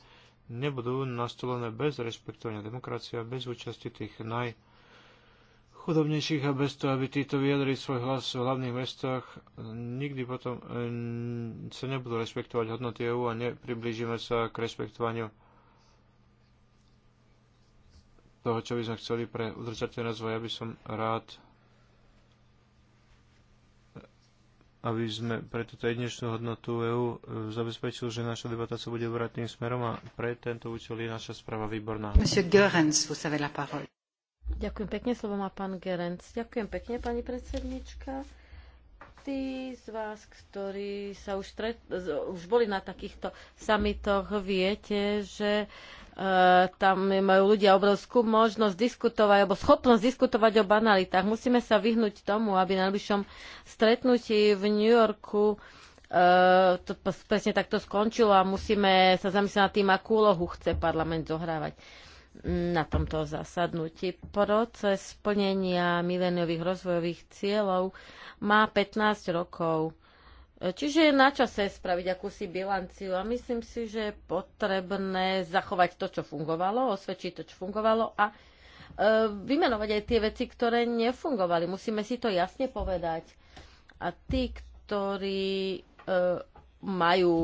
nebudú nastolené bez rešpektovania demokracie a bez účasti tých najchudobnejších a bez toho, aby títo vyjadrili svoj hlas v hlavných mestách, nikdy potom eh, sa nebudú rešpektovať hodnoty EU a nepriblížime sa k rešpektovaniu toho, čo by sme chceli pre udržateľné rozvoj. Ja by som rád aby sme pre túto jedinečnú hodnotu EÚ e, zabezpečili, že naša debata sa bude obrať tým smerom a pre tento účel je naša správa výborná. Görens, Ďakujem pekne, slovo má pán Gerenc. Ďakujem pekne, pani predsednička. Tí z vás, ktorí sa už, tret, už boli na takýchto samitoch, viete, že uh, Eh, tam majú ľudia obrovskú možnosť diskutovať alebo schopnosť diskutovať o banalitách. Musíme sa vyhnúť tomu, aby na najbližšom stretnutí v New Yorku eh, to presne takto skončilo a musíme sa zamyslieť nad tým, akú úlohu chce parlament zohrávať na tomto zasadnutí. Proces plnenia mileniových rozvojových cieľov má 15 rokov Čiže je na čase spraviť akúsi bilanciu a myslím si, že je potrebné zachovať to, čo fungovalo, osvedčiť to, čo fungovalo a e, vymenovať aj tie veci, ktoré nefungovali. Musíme si to jasne povedať. A tí, ktorí e, majú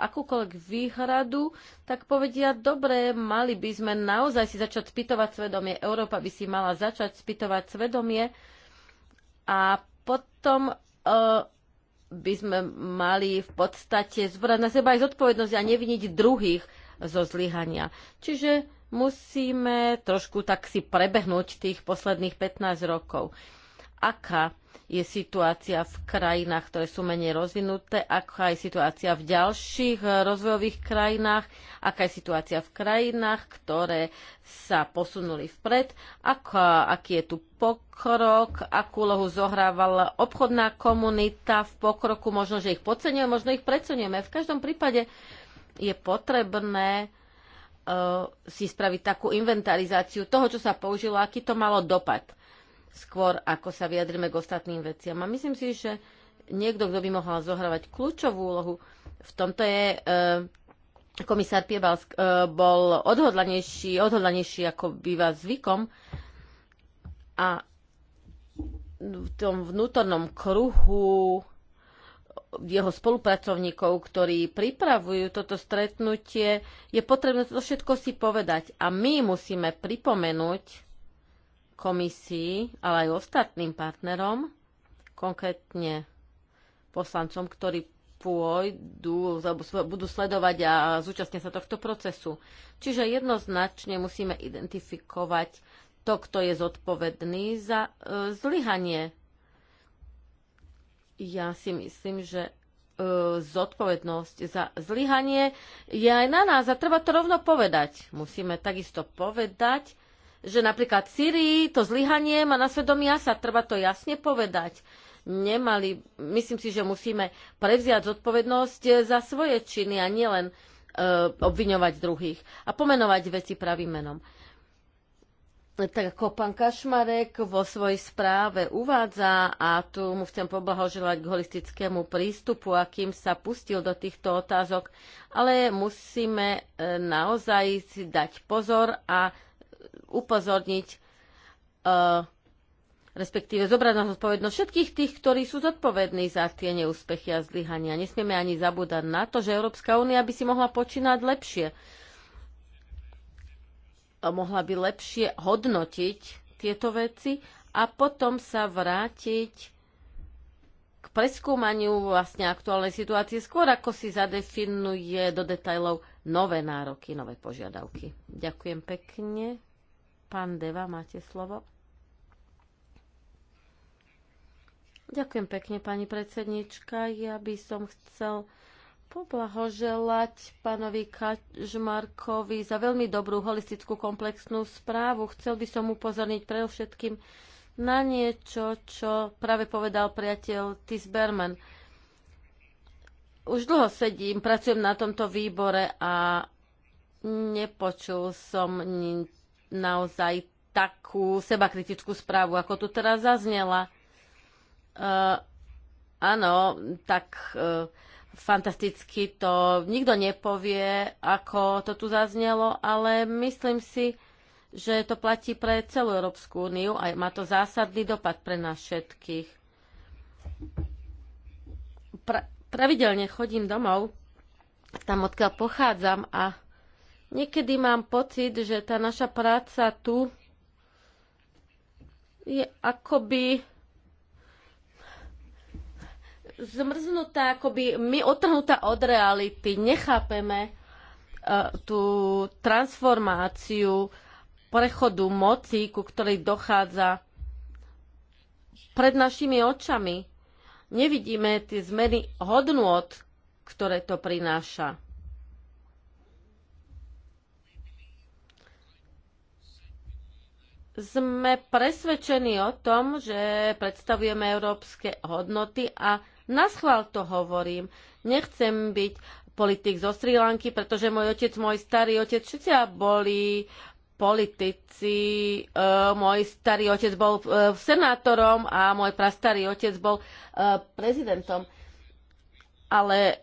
akúkoľvek výhradu, tak povedia, dobre, mali by sme naozaj si začať spýtovať svedomie. Európa by si mala začať spýtovať svedomie a potom e, by sme mali v podstate zbrať na seba aj zodpovednosť a neviniť druhých zo zlyhania. Čiže musíme trošku tak si prebehnúť tých posledných 15 rokov. Aká je situácia v krajinách, ktoré sú menej rozvinuté, aká je situácia v ďalších eh, rozvojových krajinách, aká je situácia v krajinách, ktoré sa posunuli vpred, ako, aký je tu pokrok, akú úlohu zohrávala obchodná komunita v pokroku, možno, že ich podceňujeme, možno ich preceňujeme. V každom prípade je potrebné eh, si spraviť takú inventarizáciu toho, čo sa použilo, aký to malo dopad skôr ako sa vyjadrime k ostatným veciam. A myslím si, že niekto, kto by mohol zohrávať kľúčovú úlohu v tomto je e, komisár Piebalsk, e, bol odhodlanejší, odhodlanejší ako býva zvykom a v tom vnútornom kruhu jeho spolupracovníkov, ktorí pripravujú toto stretnutie, je potrebné to všetko si povedať. A my musíme pripomenúť komisii, ale aj ostatným partnerom, konkrétne poslancom, ktorí pôjdu, alebo budú sledovať a zúčastnia sa tohto procesu. Čiže jednoznačne musíme identifikovať to, kto je zodpovedný za e, zlyhanie. Ja si myslím, že e, zodpovednosť za zlyhanie je aj na nás a treba to rovno povedať. Musíme takisto povedať, že napríklad Syrii to zlyhanie má na svedomí Asad, treba to jasne povedať. Nemali, myslím si, že musíme prevziať zodpovednosť za svoje činy a nielen e, obviňovať druhých a pomenovať veci pravým menom. Tak ako pán Kašmarek vo svojej správe uvádza, a tu mu chcem poblahoželať k holistickému prístupu, akým sa pustil do týchto otázok, ale musíme e, naozaj si dať pozor a upozorniť, uh, respektíve zobrať na zodpovednosť všetkých tých, ktorí sú zodpovední za tie neúspechy a zlyhania. Nesmieme ani zabúdať na to, že Európska únia by si mohla počínať lepšie. Mohla by lepšie hodnotiť tieto veci a potom sa vrátiť k preskúmaniu vlastne aktuálnej situácie skôr, ako si zadefinuje do detajlov nové nároky, nové požiadavky. Ďakujem pekne. Pán Deva, máte slovo. Ďakujem pekne, pani predsednička. Ja by som chcel poblahoželať pánovi Kažmarkovi za veľmi dobrú holistickú komplexnú správu. Chcel by som upozorniť všetkým na niečo, čo práve povedal priateľ Tis Berman. Už dlho sedím, pracujem na tomto výbore a nepočul som nič naozaj takú sebakritickú správu, ako tu teraz zaznela. Uh, áno, tak uh, fantasticky to nikto nepovie, ako to tu zaznelo, ale myslím si, že to platí pre celú Európsku úniu a má to zásadný dopad pre nás všetkých. Pra- pravidelne chodím domov, tam odkiaľ pochádzam a Niekedy mám pocit, že tá naša práca tu je akoby zmrznutá, akoby my otrhnutá od reality. Nechápeme uh, tú transformáciu prechodu moci, ku ktorej dochádza pred našimi očami. Nevidíme tie zmeny hodnôt, ktoré to prináša. sme presvedčení o tom, že predstavujeme európske hodnoty a schvál to hovorím. Nechcem byť politik zo Sri Lanky, pretože môj otec, môj starý otec, všetci boli politici. E, môj starý otec bol e, senátorom a môj prastarý otec bol e, prezidentom. Ale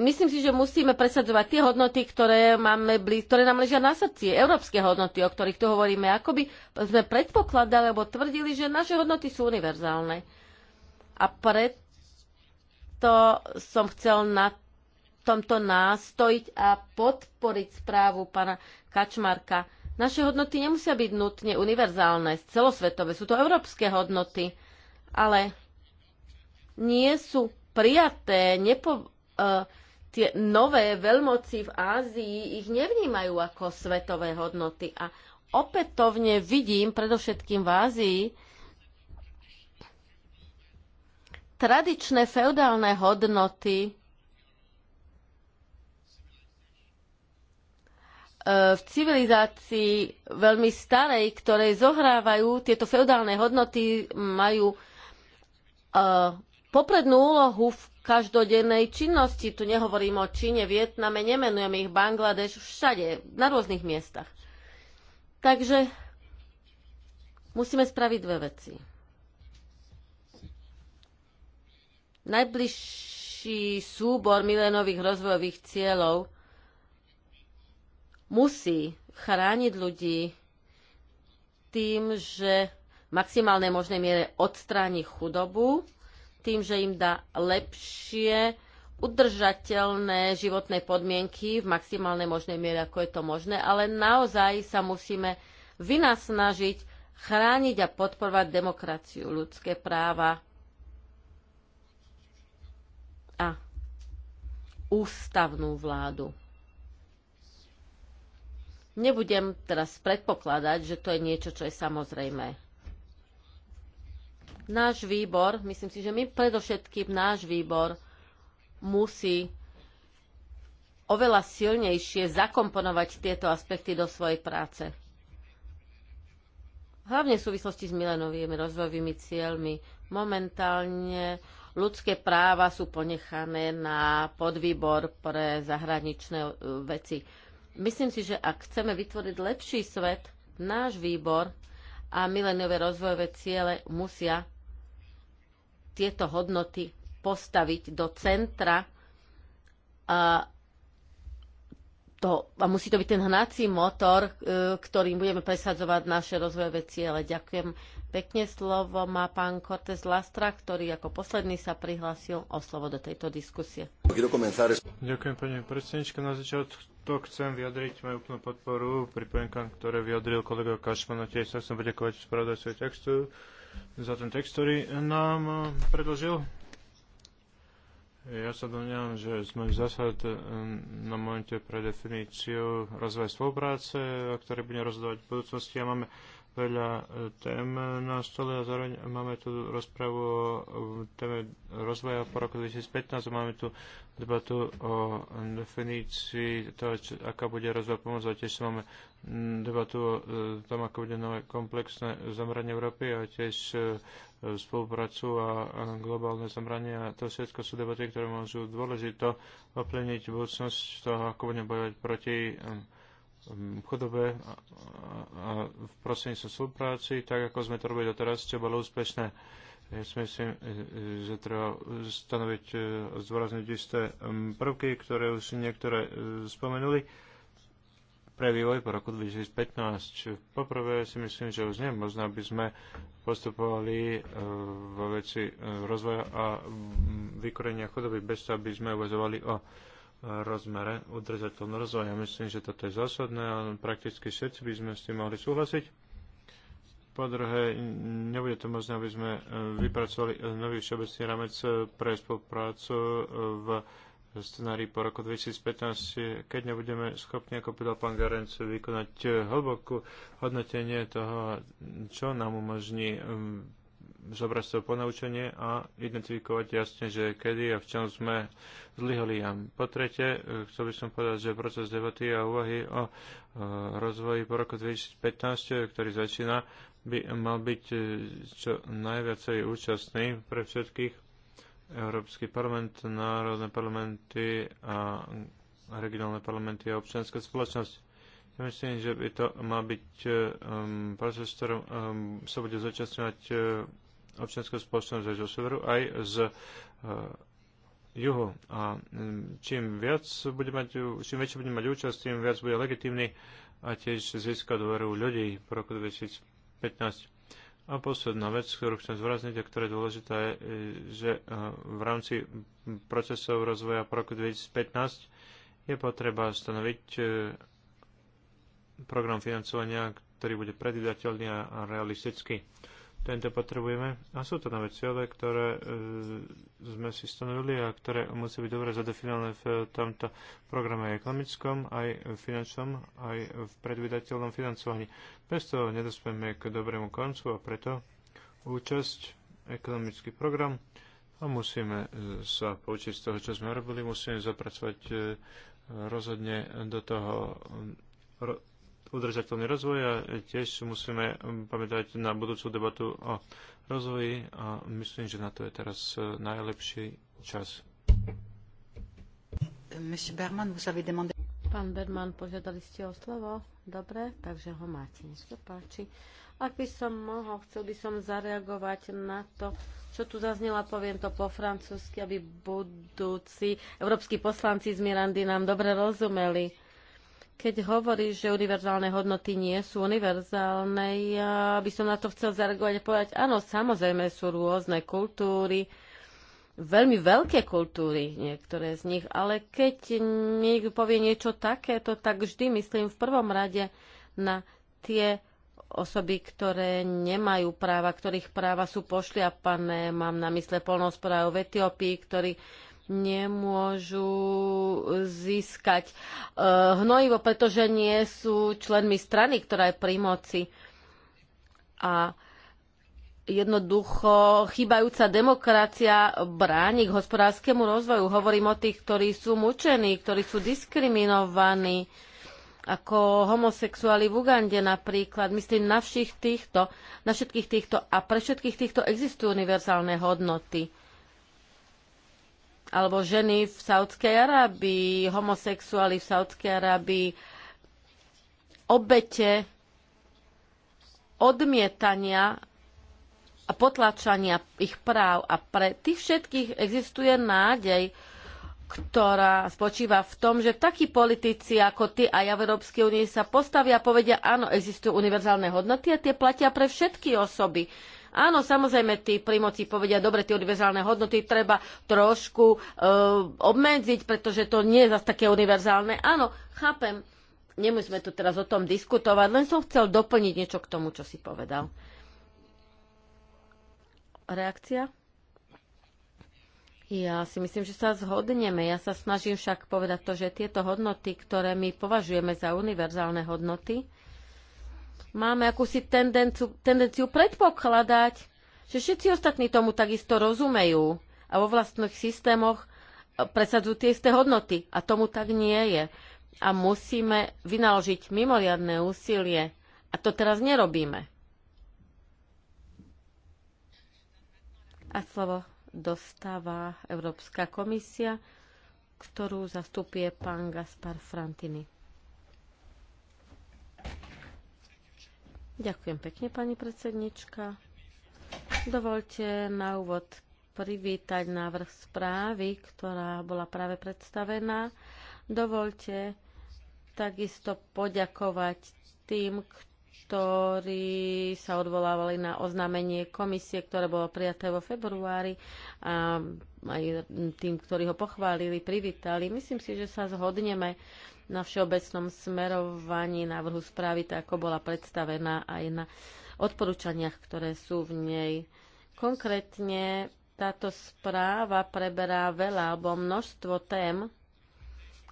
myslím si, že musíme presadzovať tie hodnoty, ktoré, máme blíz, ktoré nám ležia na srdci, európske hodnoty, o ktorých tu hovoríme. Ako by sme predpokladali alebo tvrdili, že naše hodnoty sú univerzálne. A preto som chcel na tomto nástojiť a podporiť správu pána Kačmarka. Naše hodnoty nemusia byť nutne univerzálne, celosvetové, sú to európske hodnoty, ale nie sú prijaté, nepo, uh, tie nové veľmoci v Ázii ich nevnímajú ako svetové hodnoty. A opätovne vidím, predovšetkým v Ázii, tradičné feudálne hodnoty e, v civilizácii veľmi starej, ktoré zohrávajú, tieto feudálne hodnoty majú e, poprednú úlohu v každodennej činnosti. Tu nehovorím o Číne, Vietname, nemenujem ich Bangladeš, všade, na rôznych miestach. Takže musíme spraviť dve veci. Najbližší súbor milénových rozvojových cieľov musí chrániť ľudí tým, že v maximálnej možnej miere odstráni chudobu, tým, že im dá lepšie udržateľné životné podmienky v maximálnej možnej miere, ako je to možné, ale naozaj sa musíme vynasnažiť chrániť a podporovať demokraciu, ľudské práva a ústavnú vládu. Nebudem teraz predpokladať, že to je niečo, čo je samozrejme náš výbor, myslím si, že my predovšetkým náš výbor musí oveľa silnejšie zakomponovať tieto aspekty do svojej práce. Hlavne v súvislosti s milenovými rozvojovými cieľmi. Momentálne ľudské práva sú ponechané na podvýbor pre zahraničné uh, veci. Myslím si, že ak chceme vytvoriť lepší svet, náš výbor a mileniové rozvojové ciele musia tieto hodnoty postaviť do centra a, to, a musí to byť ten hnací motor, e, ktorým budeme presadzovať naše rozvojové ciele. Ďakujem pekne. Slovo má pán Cortez Lastra, ktorý ako posledný sa prihlásil o slovo do tejto diskusie. Ďakujem pani predsednička. Na začiatku chcem vyjadriť moju úplnú podporu pripomienkam, ktoré vyjadril kolega Kašman tiež sa chcem poďakovať spravodajstvu textu za ten text, ktorý nám eh, predložil. Ja sa domňam, že sme v zásad eh, na momente pre definíciu rozvoja spolupráce, o eh, ktorej budeme rozhodovať v budúcnosti a máme veľa tém na stole a zároveň máme tu rozpravu o téme rozvoja po roku 2015 a máme tu debatu o definícii toho, aká bude rozvoj pomôcť a tiež máme Mm, debatu o e, tom, ako bude nové komplexné zamranie Európy a tiež e, spoluprácu a globálne zamranie. A to všetko sú debaty, ktoré môžu dôležito ovplyvniť budúcnosť toho, ako budeme bojovať proti chudobe a v sa spolupráci, tak ako sme to robili doteraz, čo bolo úspešné. Ja si myslím, e, že treba stanoviť, zdôrazniť isté prvky, ktoré už niektoré spomenuli pre vývoj po roku 2015. Poprvé si myslím, že už nie je možné, aby sme postupovali e, vo veci e, rozvoja a vykorenia chudoby bez toho, aby sme uvažovali o rozmere udržateľného rozvoja. Myslím, že toto je zásadné a prakticky všetci by sme s tým mohli súhlasiť. Po druhé, nebude to možné, aby sme e, vypracovali nový všeobecný ramec pre spoluprácu v scenári po roku 2015, keď nebudeme schopni, ako povedal pán Garenc, vykonať hlbokú hodnotenie toho, čo nám umožní um, zobrať to ponaučenie a identifikovať jasne, že kedy a v čom sme zlyhali. A po tretie, uh, chcel by som povedať, že proces debaty a úvahy o uh, rozvoji po roku 2015, uh, ktorý začína, by mal byť čo najviacej účastný pre všetkých Európsky parlament, národné parlamenty a regionálne parlamenty a občianská spoločnosť. Ja myslím, že by to má byť um, proces, ktorom um, sa bude zúčastňovať um, občianská spoločnosť aj zo severu, aj z uh, juhu. A um, čím viac bude mať, čím väčšie bude mať účasť, tým viac bude legitímny a tiež získa dôveru ľudí po roku 2015. A posledná vec, ktorú chcem zvrazniť a ktorá je dôležitá, je, že e, v rámci procesov rozvoja po roku 2015 je potreba stanoviť e, program financovania, ktorý bude predvydateľný a realistický tento potrebujeme. A sú to nové ciele, ktoré e, sme si stanovili a ktoré musí byť dobre zadefinované v tomto programe ekonomickom, aj finančnom, aj v predvydateľnom financovaní. Bez toho nedospieme k dobrému koncu a preto účasť, ekonomický program a musíme e, sa poučiť z toho, čo sme robili, musíme zapracovať e, rozhodne do toho udržateľný rozvoj a tiež musíme pamätať na budúcu debatu o rozvoji a myslím, že na to je teraz e, najlepší čas. Pán Berman, požiadali ste o slovo? Dobre, takže ho máte. Nech sa páči. Ak by som mohol, chcel by som zareagovať na to, čo tu zaznela, poviem to po francúzsky, aby budúci európsky poslanci z Mirandy nám dobre rozumeli keď hovorí, že univerzálne hodnoty nie sú univerzálne, ja by som na to chcel zareagovať a povedať, áno, samozrejme sú rôzne kultúry, veľmi veľké kultúry, niektoré z nich, ale keď niekto povie niečo takéto, tak vždy myslím v prvom rade na tie osoby, ktoré nemajú práva, ktorých práva sú pošliapané. Mám na mysle polnohospodárov v Etiópii, ktorí nemôžu získať eh, hnojivo, pretože nie sú členmi strany, ktorá je pri moci. A jednoducho chýbajúca demokracia bráni k hospodárskemu rozvoju. Hovorím o tých, ktorí sú mučení, ktorí sú diskriminovaní, ako homosexuáli v Ugande napríklad. Myslím na, týchto, na všetkých týchto a pre všetkých týchto existujú univerzálne hodnoty alebo ženy v Saudskej Arábii, homosexuáli v Saudskej Arábii, obete odmietania a potlačania ich práv. A pre tých všetkých existuje nádej, ktorá spočíva v tom, že takí politici ako ty a ja v Európskej únii sa postavia a povedia, áno, existujú univerzálne hodnoty a tie platia pre všetky osoby Áno, samozrejme, tí príjmoci povedia, dobre, tie univerzálne hodnoty treba trošku e, obmedziť, pretože to nie je zase také univerzálne. Áno, chápem, nemusíme tu teraz o tom diskutovať, len som chcel doplniť niečo k tomu, čo si povedal. Reakcia? Ja si myslím, že sa zhodneme. Ja sa snažím však povedať to, že tieto hodnoty, ktoré my považujeme za univerzálne hodnoty, máme akúsi tendenciu, tendenciu predpokladať, že všetci ostatní tomu takisto rozumejú a vo vlastných systémoch e, presadzujú tie isté hodnoty. A tomu tak nie je. A musíme vynaložiť mimoriadné úsilie. A to teraz nerobíme. A slovo dostáva Európska komisia, ktorú zastupuje pán Gaspar Frantini. Ďakujem pekne, pani predsednička. Dovolte na úvod privítať návrh správy, ktorá bola práve predstavená. Dovolte takisto poďakovať tým, ktorí sa odvolávali na oznámenie komisie, ktoré bolo prijaté vo februári a aj tým, ktorí ho pochválili, privítali. Myslím si, že sa zhodneme na všeobecnom smerovaní návrhu správy, tak ako bola predstavená aj na odporúčaniach, ktoré sú v nej. Konkrétne táto správa preberá veľa alebo množstvo tém,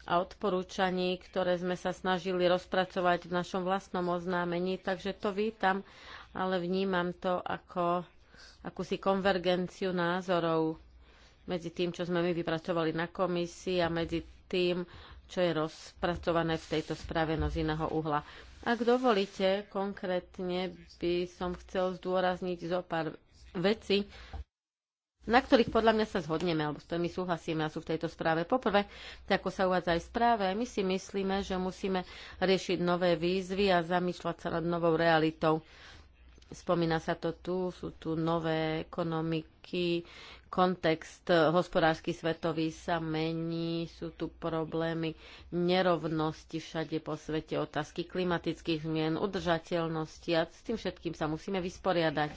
a odporúčaní, ktoré sme sa snažili rozpracovať v našom vlastnom oznámení, takže to vítam, ale vnímam to ako akúsi konvergenciu názorov medzi tým, čo sme my vypracovali na komisii a medzi tým, čo je rozpracované v tejto správe no z iného uhla. Ak dovolíte, konkrétne by som chcel zdôrazniť zo pár veci, na ktorých podľa mňa sa zhodneme, alebo s ktorými súhlasíme a sú v tejto správe. Poprvé, tak ako sa uvádza aj v správe, my si myslíme, že musíme riešiť nové výzvy a zamýšľať sa nad novou realitou. Spomína sa to tu, sú tu nové ekonomiky, kontext hospodársky svetový sa mení, sú tu problémy nerovnosti všade po svete, otázky klimatických zmien, udržateľnosti a s tým všetkým sa musíme vysporiadať.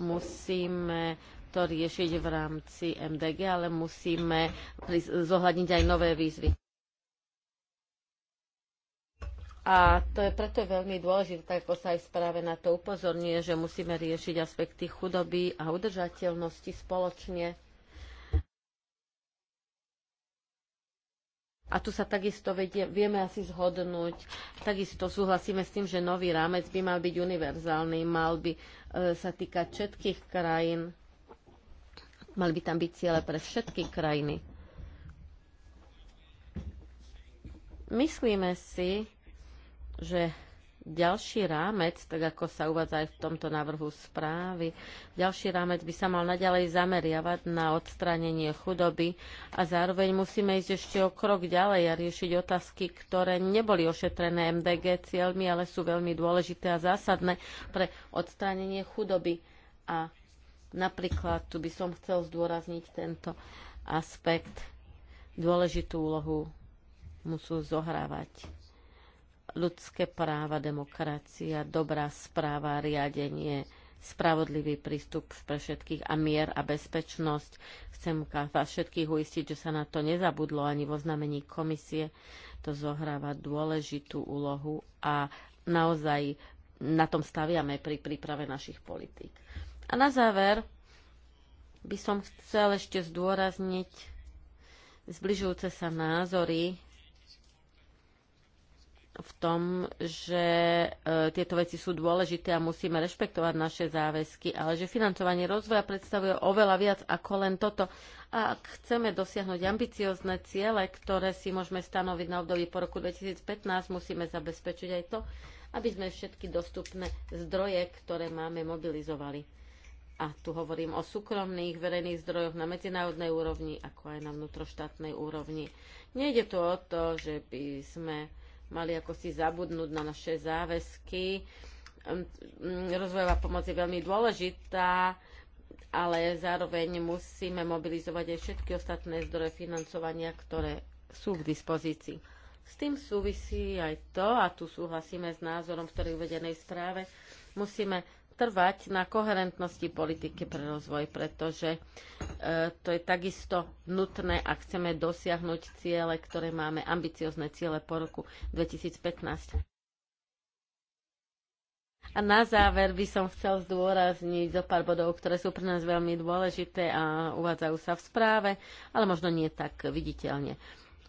Musíme to riešiť v rámci MDG, ale musíme zohľadniť aj nové výzvy. A to je preto veľmi dôležité, tak ako sa aj správe na to upozorňuje, že musíme riešiť aspekty chudoby a udržateľnosti spoločne. A tu sa takisto vedie, vieme asi zhodnúť, takisto súhlasíme s tým, že nový rámec by mal byť univerzálny, mal by e, sa týkať všetkých krajín Mali by tam byť ciele pre všetky krajiny. Myslíme si, že ďalší rámec, tak ako sa uvádza aj v tomto návrhu správy, ďalší rámec by sa mal naďalej zameriavať na odstránenie chudoby a zároveň musíme ísť ešte o krok ďalej a riešiť otázky, ktoré neboli ošetrené MDG cieľmi, ale sú veľmi dôležité a zásadné pre odstránenie chudoby a Napríklad tu by som chcel zdôrazniť tento aspekt. Dôležitú úlohu musú zohrávať ľudské práva, demokracia, dobrá správa, riadenie, spravodlivý prístup pre všetkých a mier a bezpečnosť. Chcem vás všetkých uistiť, že sa na to nezabudlo ani vo znamení komisie. To zohráva dôležitú úlohu a naozaj na tom staviame pri príprave našich politík. A na záver by som chcel ešte zdôrazniť zbližujúce sa názory v tom, že e, tieto veci sú dôležité a musíme rešpektovať naše záväzky, ale že financovanie rozvoja predstavuje oveľa viac ako len toto. A ak chceme dosiahnuť ambiciozne ciele, ktoré si môžeme stanoviť na období po roku 2015, musíme zabezpečiť aj to, aby sme všetky dostupné zdroje, ktoré máme, mobilizovali a tu hovorím o súkromných verejných zdrojoch na medzinárodnej úrovni, ako aj na vnútroštátnej úrovni. Nejde tu o to, že by sme mali ako si zabudnúť na naše záväzky. Mm, rozvojová pomoc je veľmi dôležitá, ale zároveň musíme mobilizovať aj všetky ostatné zdroje financovania, ktoré sú k dispozícii. S tým súvisí aj to, a tu súhlasíme s názorom, ktorý je uvedenej v správe, musíme trvať na koherentnosti politiky pre rozvoj, pretože e, to je takisto nutné, ak chceme dosiahnuť ciele, ktoré máme, ambiciozne ciele po roku 2015. A na záver by som chcel zdôrazniť zo pár bodov, ktoré sú pre nás veľmi dôležité a uvádzajú sa v správe, ale možno nie tak viditeľne.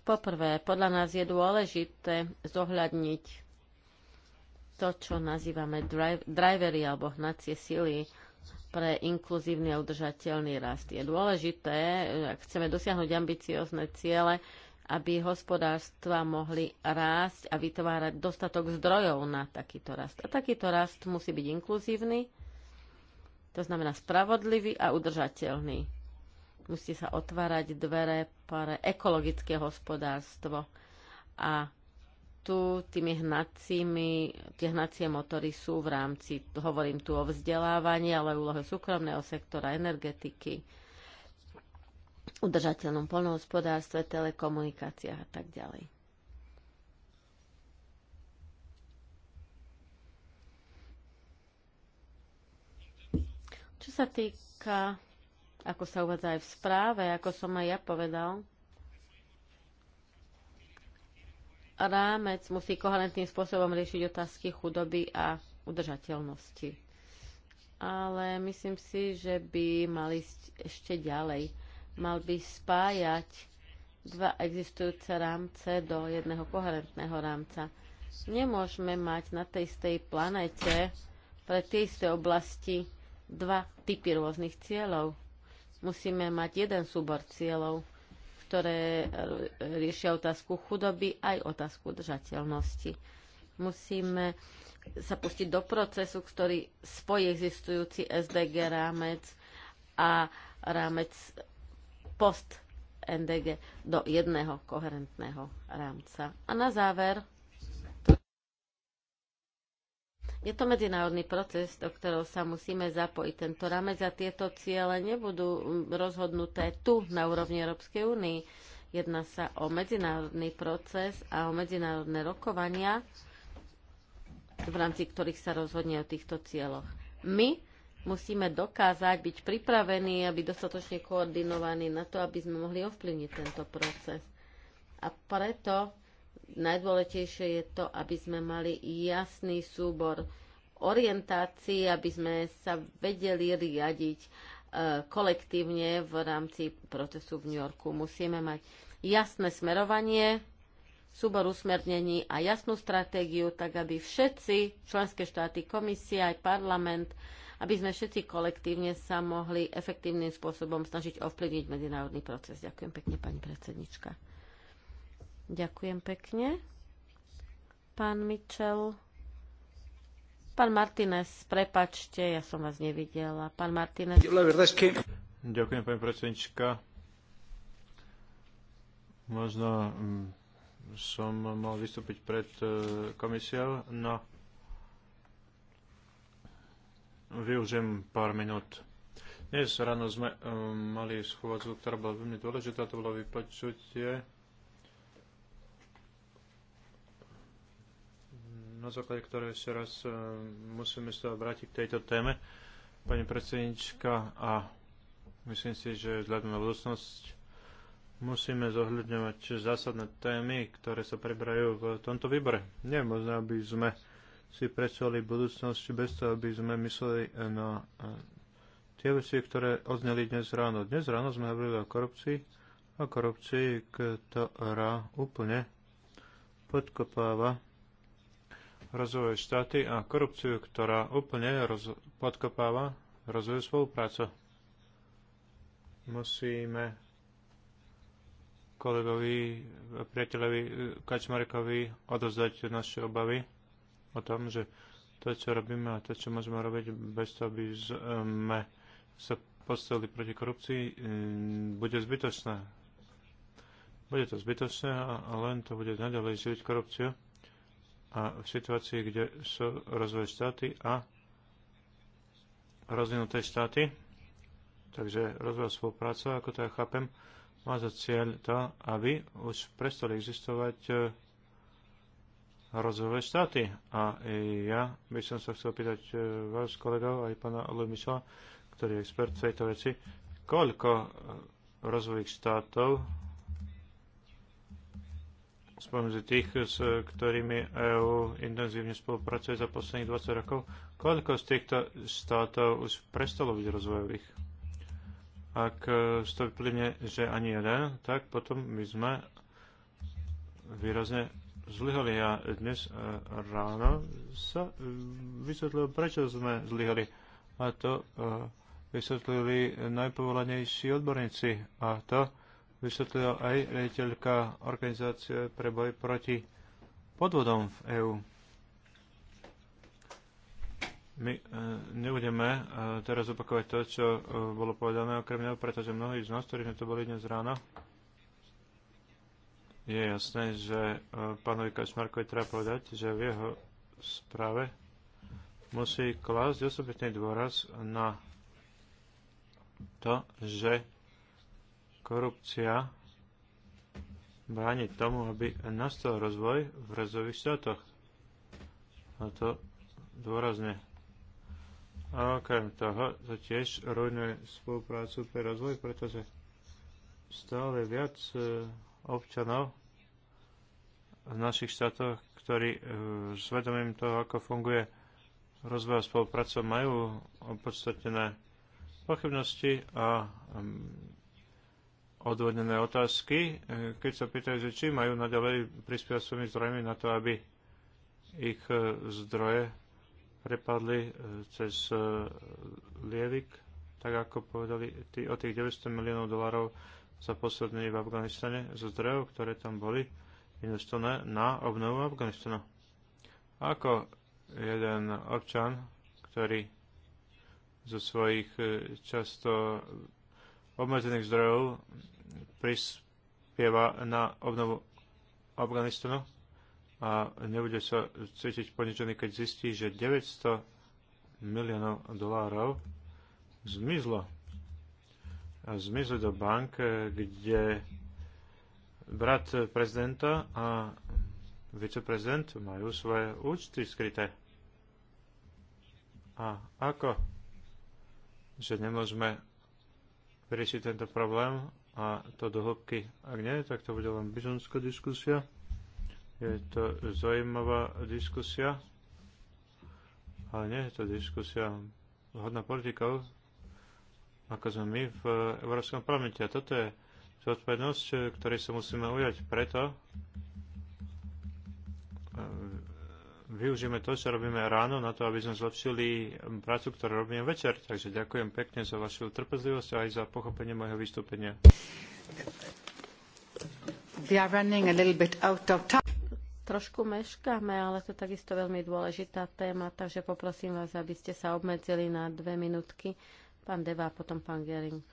Poprvé, podľa nás je dôležité zohľadniť to, čo nazývame drivery alebo hnacie sily pre inkluzívny a udržateľný rast. Je dôležité, ak chceme dosiahnuť ambiciozne ciele, aby hospodárstva mohli rásť a vytvárať dostatok zdrojov na takýto rast. A takýto rast musí byť inkluzívny, to znamená spravodlivý a udržateľný. Musí sa otvárať dvere pre ekologické hospodárstvo a tu tými hnacími, tie hnacie motory sú v rámci, hovorím tu o vzdelávaní, ale úlohe súkromného sektora, energetiky, udržateľnom polnohospodárstve, telekomunikáciách a tak ďalej. Čo sa týka, ako sa uvádza aj v správe, ako som aj ja povedal, rámec musí koherentným spôsobom riešiť otázky chudoby a udržateľnosti. Ale myslím si, že by mal ísť ešte ďalej. Mal by spájať dva existujúce rámce do jedného koherentného rámca. Nemôžeme mať na tej istej planete pre tie isté oblasti dva typy rôznych cieľov. Musíme mať jeden súbor cieľov ktoré riešia otázku chudoby aj otázku držateľnosti. Musíme sa pustiť do procesu, ktorý spojí existujúci SDG rámec a rámec post NDG do jedného koherentného rámca. A na záver Je to medzinárodný proces, do ktorého sa musíme zapojiť. Tento rámec a tieto ciele nebudú mm, rozhodnuté tu na úrovni Európskej únii. Jedná sa o medzinárodný proces a o medzinárodné rokovania, v rámci ktorých sa rozhodne o týchto cieľoch. My musíme dokázať byť pripravení a byť dostatočne koordinovaní na to, aby sme mohli ovplyvniť tento proces. A preto Najdôležitejšie je to, aby sme mali jasný súbor orientácií, aby sme sa vedeli riadiť e, kolektívne v rámci procesu v New Yorku. Musíme mať jasné smerovanie, súbor usmernení a jasnú stratégiu, tak aby všetci, členské štáty, komisia aj parlament, aby sme všetci kolektívne sa mohli efektívnym spôsobom snažiť ovplyvniť medzinárodný proces. Ďakujem pekne, pani predsednička. Ďakujem pekne. Pán Mitchell. Pán Martinez, prepačte, ja som vás nevidela. Pán Martinez. Ďakujem, pani predsednička. Možno mm, som mal vystúpiť pred e, komisiou, no využijem pár minút. Dnes ráno sme um, mali schôdzu, ktorá bola veľmi dôležitá, to bolo vypočutie na základe ktoré ešte raz e, musíme sa vrátiť k tejto téme. Pani predsednička, a myslím si, že vzhľadom na budúcnosť musíme zohľadňovať zásadné témy, ktoré sa preberajú v tomto výbore. Nie je možné, aby sme si predstavili budúcnosť bez toho, aby sme mysleli na e, tie veci, ktoré odzneli dnes ráno. Dnes ráno sme hovorili o korupcii, o korupcii, ktorá úplne podkopáva rozvojové štáty a korupciu, ktorá úplne roz- podkopáva rozvoj spolupráce. Musíme kolegovi, priateľovi eh, Kačmarekovi odozdať naše obavy o tom, že to, čo robíme a to, čo môžeme robiť bez toho, aby sme sa postavili proti korupcii, mm, bude zbytočné. Bude to zbytočné a len to bude naďalej živiť korupciu a v situácii, kde sú rozvoje štáty a rozvinuté štáty, takže rozvoj spolupráca, ako to ja chápem, má za cieľ to, aby už prestali existovať e, rozvojové štáty. A ja by som sa chcel pýtať e, vás, kolegov, aj pána Olemišla, ktorý je expert v tejto veci, koľko e, rozvojových štátov tých, s ktorými EÚ intenzívne spolupracuje za posledných 20 rokov, koľko z týchto štátov už prestalo byť rozvojových? Ak z e, toho vyplyne, že ani jeden, tak potom my sme výrazne zlyhali a dnes e, ráno sa e, vysvetlilo, prečo sme zlyhali. A to vysvetlili najpovolanejší odborníci. A to vysvetlila aj riaditeľka Organizácie pre boj proti podvodom v EÚ. My e, nebudeme e, teraz opakovať to, čo e, bolo povedané okrem neho, pretože mnohí z nás, ktorí sme to boli dnes ráno, je jasné, že e, pánovi Kačmarkovi treba povedať, že v jeho správe musí klásť osobitný dôraz na to, že korupcia bráni tomu, aby nastal rozvoj v rozvojových štátoch. A to dôrazne. A okrem toho to tiež rujnuje spoluprácu pre rozvoj, pretože stále viac e, občanov v našich štátoch, ktorí e, s vedomím toho, ako funguje rozvoj a spolupráca, majú opodstatnené pochybnosti a odvodnené otázky, e, keď sa pýtajú, že či majú naďalej prispievať svojimi zdrojmi na to, aby ich e, zdroje prepadli e, cez lievik, tak ako povedali tí, o tých 900 miliónov dolárov za posledný v Afganistane zo zdrojov, ktoré tam boli investované na obnovu Afganistana. Ako jeden občan, ktorý zo svojich často obmedzených zdrojov prispieva na obnovu Afganistanu a nebude sa cítiť poničený, keď zistí, že 900 miliónov dolárov zmizlo. A zmizlo do bank, kde brat prezidenta a viceprezident majú svoje účty skryté. A ako? Že nemôžeme riešiť tento problém a to do hĺbky. Ak nie, tak to bude len byzantská diskusia. Je to zaujímavá diskusia, ale nie je to diskusia hodná politikov, ako sme my v Európskom parlamente. A toto je zodpovednosť, ktorej sa musíme ujať. Preto využijeme to, čo robíme ráno, na to, aby sme zlepšili prácu, ktorú robíme večer. Takže ďakujem pekne za vašu trpezlivosť a aj za pochopenie mojho vystúpenia. We are running a little bit out of time. Trošku meškáme, ale to je takisto veľmi dôležitá téma, takže poprosím vás, aby ste sa obmedzili na dve minútky. Pán Deva a potom pán Gering.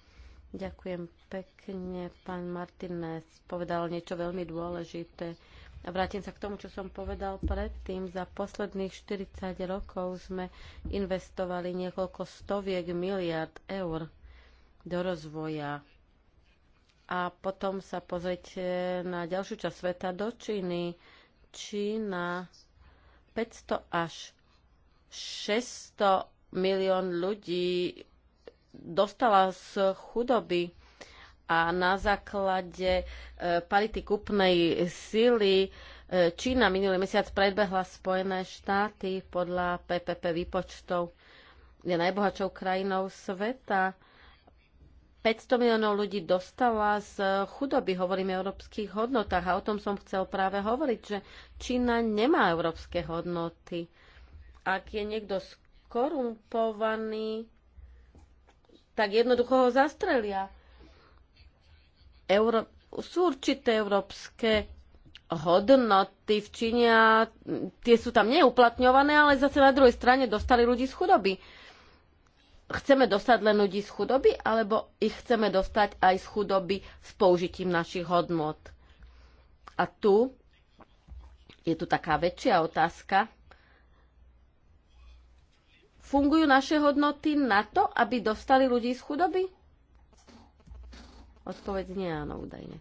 Ďakujem pekne. Pán Martinez povedal niečo veľmi dôležité a vrátim sa k tomu, čo som povedal predtým. Za posledných 40 rokov sme investovali niekoľko stoviek miliard eur do rozvoja. A potom sa pozrite na ďalšiu časť sveta do Číny. Čína 500 až 600 milión ľudí dostala z chudoby a na základe e, parity kupnej sily e, Čína minulý mesiac predbehla Spojené štáty podľa PPP výpočtov. Je najbohatšou krajinou sveta. 500 miliónov ľudí dostala z chudoby, hovorím o európskych hodnotách a o tom som chcel práve hovoriť, že Čína nemá európske hodnoty. Ak je niekto skorumpovaný, tak jednoducho ho zastrelia Euró- sú určité európske hodnoty v Číne a tie sú tam neuplatňované, ale zase na druhej strane dostali ľudí z chudoby. Chceme dostať len ľudí z chudoby, alebo ich chceme dostať aj z chudoby s použitím našich hodnot? A tu je tu taká väčšia otázka. Fungujú naše hodnoty na to, aby dostali ľudí z chudoby? Odpoveď nie áno, údajne.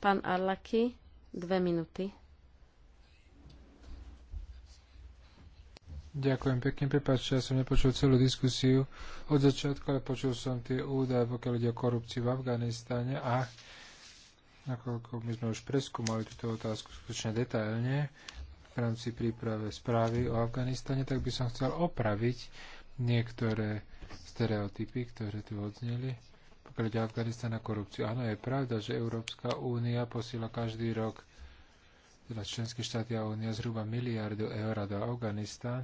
Pán dve minúty. Ďakujem pekne, prepáčte, ja som nepočul celú diskusiu od začiatku, ale počul som tie údaje, pokiaľ ide o korupciu v Afganistane a nakoľko my sme už preskúmali túto otázku skutočne detailne v rámci príprave správy o Afganistane, tak by som chcel opraviť niektoré stereotypy, ktoré tu odzneli. Pokiaľ ide Afganistan na korupciu. Áno, je pravda, že Európska únia posiela každý rok teda členské štáty a únia zhruba miliardu eur do Afganistan.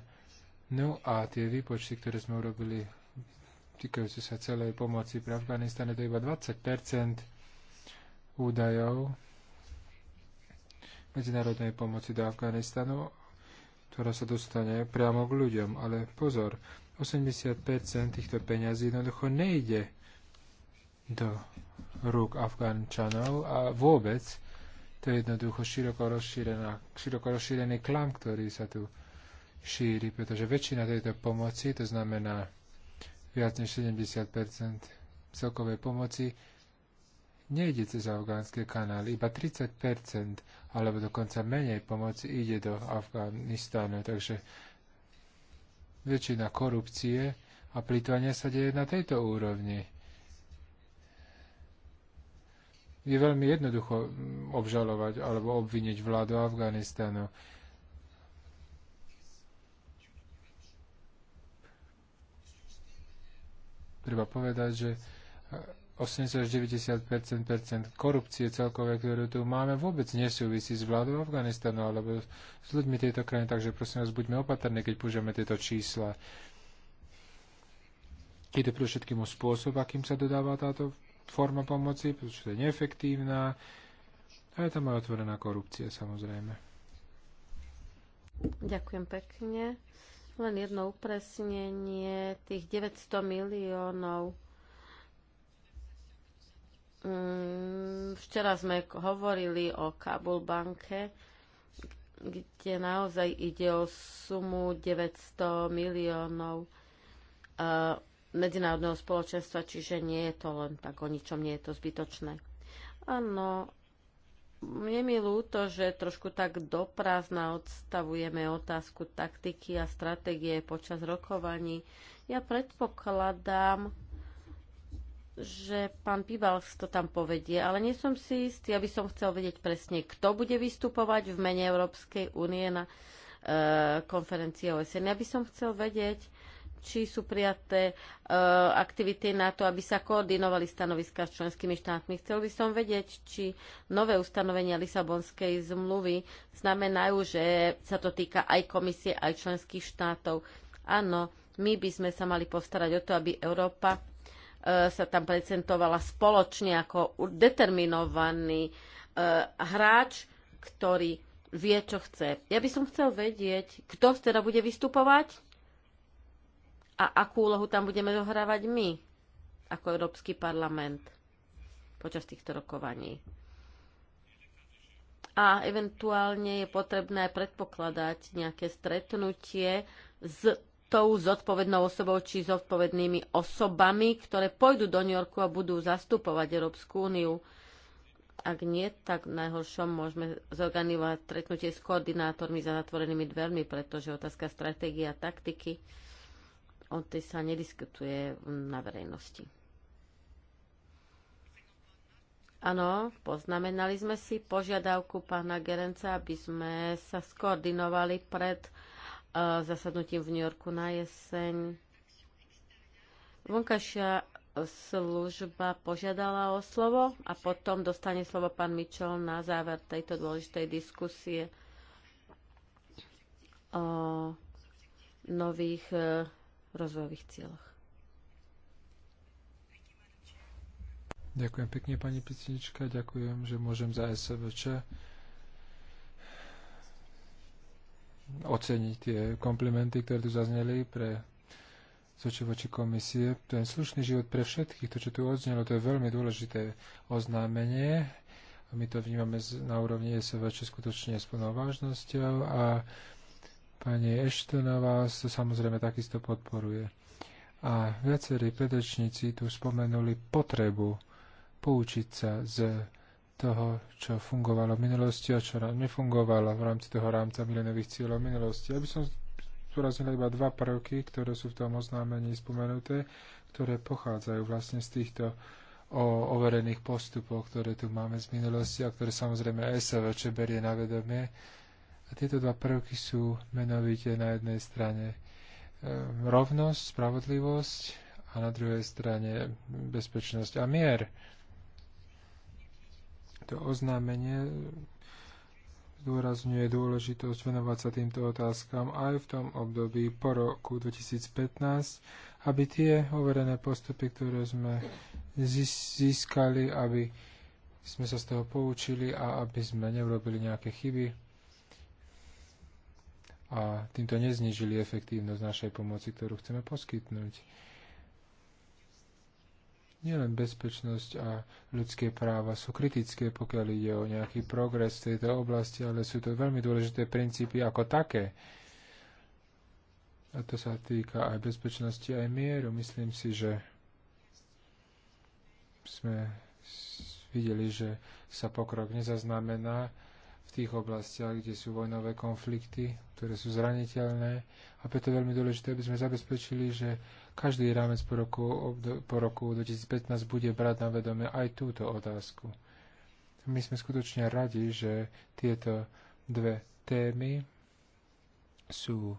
No a tie výpočty, ktoré sme urobili týkajúce sa celej pomoci pre Afganistan, je to iba 20 údajov medzinárodnej pomoci do Afganistanu, ktorá sa dostane priamo k ľuďom. Ale pozor, 85 týchto peňazí jednoducho nejde do rúk Afgánčanov a vôbec to je jednoducho široko, rozšírená, široko rozšírený klam, ktorý sa tu šíri, pretože väčšina tejto pomoci, to znamená viac než 70 celkovej pomoci, nejde cez afgánske kanály, iba 30 alebo dokonca menej pomoci ide do Afganistánu, takže väčšina korupcie a plýtvania sa deje na tejto úrovni. Je veľmi jednoducho mm, obžalovať alebo obviniť vládu Afganistanu. Treba povedať, že 80 až 90 percent korupcie celkové, ktorú tu máme, vôbec nesúvisí s vládou Afganistanu alebo s ľuďmi tejto krajiny. Takže prosím vás, buďme opatrní, keď použijeme tieto čísla. Ide pre všetkým o spôsob, akým sa dodáva táto forma pomoci, pretože je neefektívna a je tam aj otvorená korupcia, samozrejme. Ďakujem pekne. Len jedno upresnenie, tých 900 miliónov Mm, včera sme hovorili o Kabul banke, kde naozaj ide o sumu 900 miliónov e, medzinárodného spoločenstva, čiže nie je to len tak o ničom, nie je to zbytočné. Áno, je mi ľúto, že trošku tak doprázdna odstavujeme otázku taktiky a stratégie počas rokovaní. Ja predpokladám, že pán Pibals to tam povedie, ale nie som si istý, aby som chcel vedieť presne, kto bude vystupovať v mene Európskej únie na e, konferencii OSN. Ja by som chcel vedieť, či sú prijaté e, aktivity na to, aby sa koordinovali stanoviska s členskými štátmi. Chcel by som vedieť, či nové ustanovenia Lisabonskej zmluvy znamenajú, že sa to týka aj komisie, aj členských štátov. Áno, my by sme sa mali postarať o to, aby Európa E, sa tam prezentovala spoločne ako determinovaný e, hráč, ktorý vie, čo chce. Ja by som chcel vedieť, kto teda bude vystupovať a akú úlohu tam budeme dohrávať my ako Európsky parlament počas týchto rokovaní. A eventuálne je potrebné predpokladať nejaké stretnutie s tou zodpovednou osobou či zodpovednými osobami, ktoré pôjdu do New Yorku a budú zastupovať Európsku úniu. Ak nie, tak najhoršom môžeme zorganizovať stretnutie s koordinátormi za zatvorenými dvermi, pretože otázka stratégie a taktiky o tej sa nediskutuje na verejnosti. Áno, poznamenali sme si požiadavku pána Gerenca, aby sme sa skoordinovali pred zasadnutím v New Yorku na jeseň. Vonkajšia služba požiadala o slovo a potom dostane slovo pán Mitchell na záver tejto dôležitej diskusie o nových e, rozvojových cieľoch. Ďakujem pekne, pani predsednička. Ďakujem, že môžem za SVČ oceniť tie komplimenty, ktoré tu zazneli pre zočivoči komisie. Ten slušný život pre všetkých, to čo tu odznelo, to je veľmi dôležité oznámenie. My to vnímame na úrovni SVČ skutočne s plnou vážnosťou a pani Eštonová to samozrejme takisto podporuje. A viacerí predečníci tu spomenuli potrebu poučiť sa z toho, čo fungovalo v minulosti a čo nefungovalo v rámci toho rámca milenových cieľov minulosti. Ja by som zúraznil iba dva prvky, ktoré sú v tom oznámení spomenuté, ktoré pochádzajú vlastne z týchto o overených postupov, ktoré tu máme z minulosti a ktoré samozrejme SVČ berie na vedomie. A tieto dva prvky sú menovite na jednej strane ehm, rovnosť, spravodlivosť a na druhej strane bezpečnosť a mier. To oznámenie zdôrazňuje dôležitosť venovať sa týmto otázkam aj v tom období po roku 2015, aby tie overené postupy, ktoré sme získali, aby sme sa z toho poučili a aby sme neurobili nejaké chyby a týmto neznižili efektívnosť našej pomoci, ktorú chceme poskytnúť. Nielen bezpečnosť a ľudské práva sú kritické, pokiaľ ide o nejaký progres v tejto oblasti, ale sú to veľmi dôležité princípy ako také. A to sa týka aj bezpečnosti, aj mieru. Myslím si, že sme videli, že sa pokrok nezaznamená v tých oblastiach, kde sú vojnové konflikty, ktoré sú zraniteľné. A preto je veľmi dôležité, aby sme zabezpečili, že každý rámec po roku, po roku 2015 bude brať na vedomie aj túto otázku. My sme skutočne radi, že tieto dve témy sú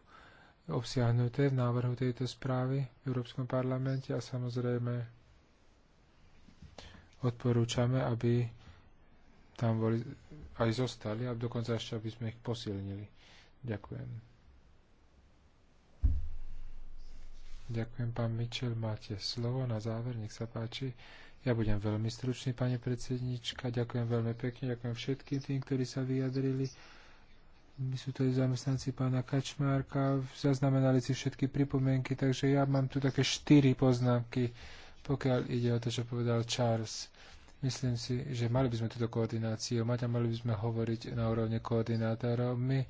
obsiahnuté v návrhu tejto správy v Európskom parlamente a samozrejme odporúčame, aby tam boli, aj zostali a dokonca ešte, aby sme ich posilnili. Ďakujem. Ďakujem, pán Mitchell, máte slovo na záver, nech sa páči. Ja budem veľmi stručný, pani predsednička, ďakujem veľmi pekne, ďakujem všetkým tým, ktorí sa vyjadrili. My sú to aj zamestnanci pána Kačmárka, zaznamenali si všetky pripomienky, takže ja mám tu také štyri poznámky, pokiaľ ide o to, čo povedal Charles. Myslím si, že mali by sme túto koordináciu mať a mali by sme hovoriť na úrovni koordinátorov. My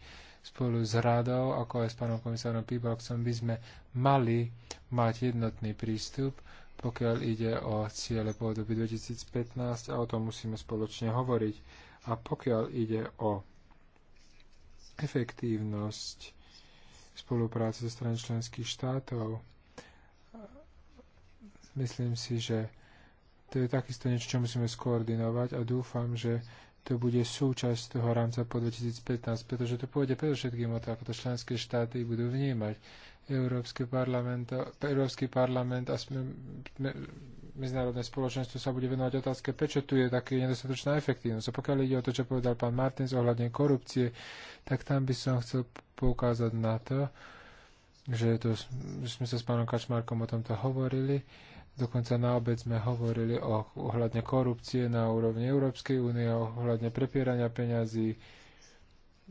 spolu s radou, ako aj s pánom komisárom Pibalksom, by sme mali mať jednotný prístup, pokiaľ ide o ciele po období 2015 a o tom musíme spoločne hovoriť. A pokiaľ ide o efektívnosť spolupráce so strany členských štátov, myslím si, že to je takisto niečo, čo musíme skoordinovať a dúfam, že to bude súčasť toho rámca po 2015, pretože to pôjde predovšetkým o to, ako to členské štáty budú vnímať. Európsky parlament, Európsky parlament a sme, me, medzinárodné spoločenstvo sa bude venovať otázke, prečo tu je taký nedostatočná efektívnosť. A pokiaľ ide o to, čo povedal pán Martins ohľadne korupcie, tak tam by som chcel poukázať na to, že, to, že sme sa s pánom Kačmarkom o tomto hovorili, Dokonca na obec sme hovorili o ohľadne korupcie na úrovni Európskej únie, ohľadne prepierania peňazí,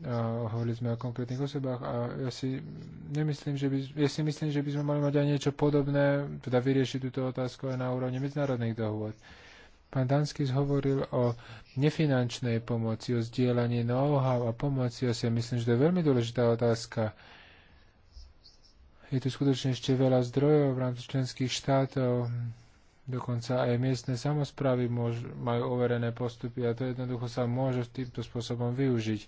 a hovorili sme o konkrétnych osobách a ja si nemyslím, že by, ja si myslím, že by sme mali mať aj niečo podobné, teda vyriešiť túto otázku aj na úrovni medzinárodných dohôd. Pán Danskis hovoril o nefinančnej pomoci, o zdieľaní know-how a pomoci. Ja si myslím, že to je veľmi dôležitá otázka. Je tu skutočne ešte veľa zdrojov v rámci členských štátov, dokonca aj miestne samozprávy môž, majú overené postupy a to jednoducho sa môže týmto spôsobom využiť.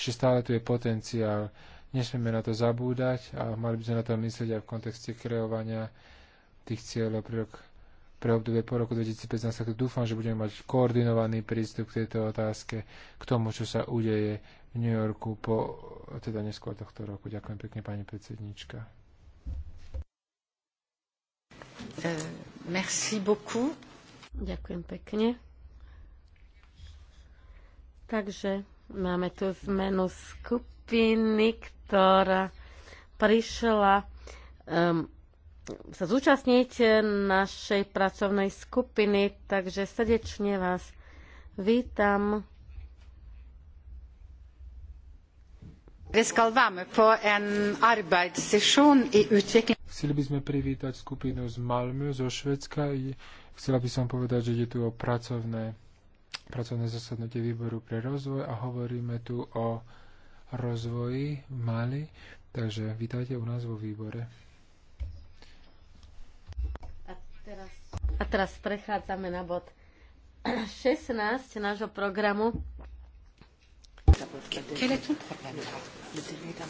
Ešte stále tu je potenciál. Nesmieme na to zabúdať a mali by sme na to myslieť aj v kontexte kreovania tých cieľov pre rok pre obdobie po roku 2015, tak dúfam, že budeme mať koordinovaný prístup k tejto otázke, k tomu, čo sa udeje v New Yorku po, teda neskôr tohto roku. Ďakujem pekne, pani predsednička. Euh, merci beaucoup. Ďakujem pekne. Takže máme tu zmenu skupiny, ktorá prišla um, sa zúčastniť našej pracovnej skupiny, takže srdečne vás vítam. Vi skal være med på en arbeidssesjon i utvikling Chceli by sme privítať skupinu z Malmö, zo Švedska. Chcela by som povedať, že ide tu o pracovné, pracovné zasadnutie výboru pre rozvoj a hovoríme tu o rozvoji v Mali. Takže vítajte u nás vo výbore. A teraz, a teraz prechádzame na bod 16 nášho programu. Quel est ton problème là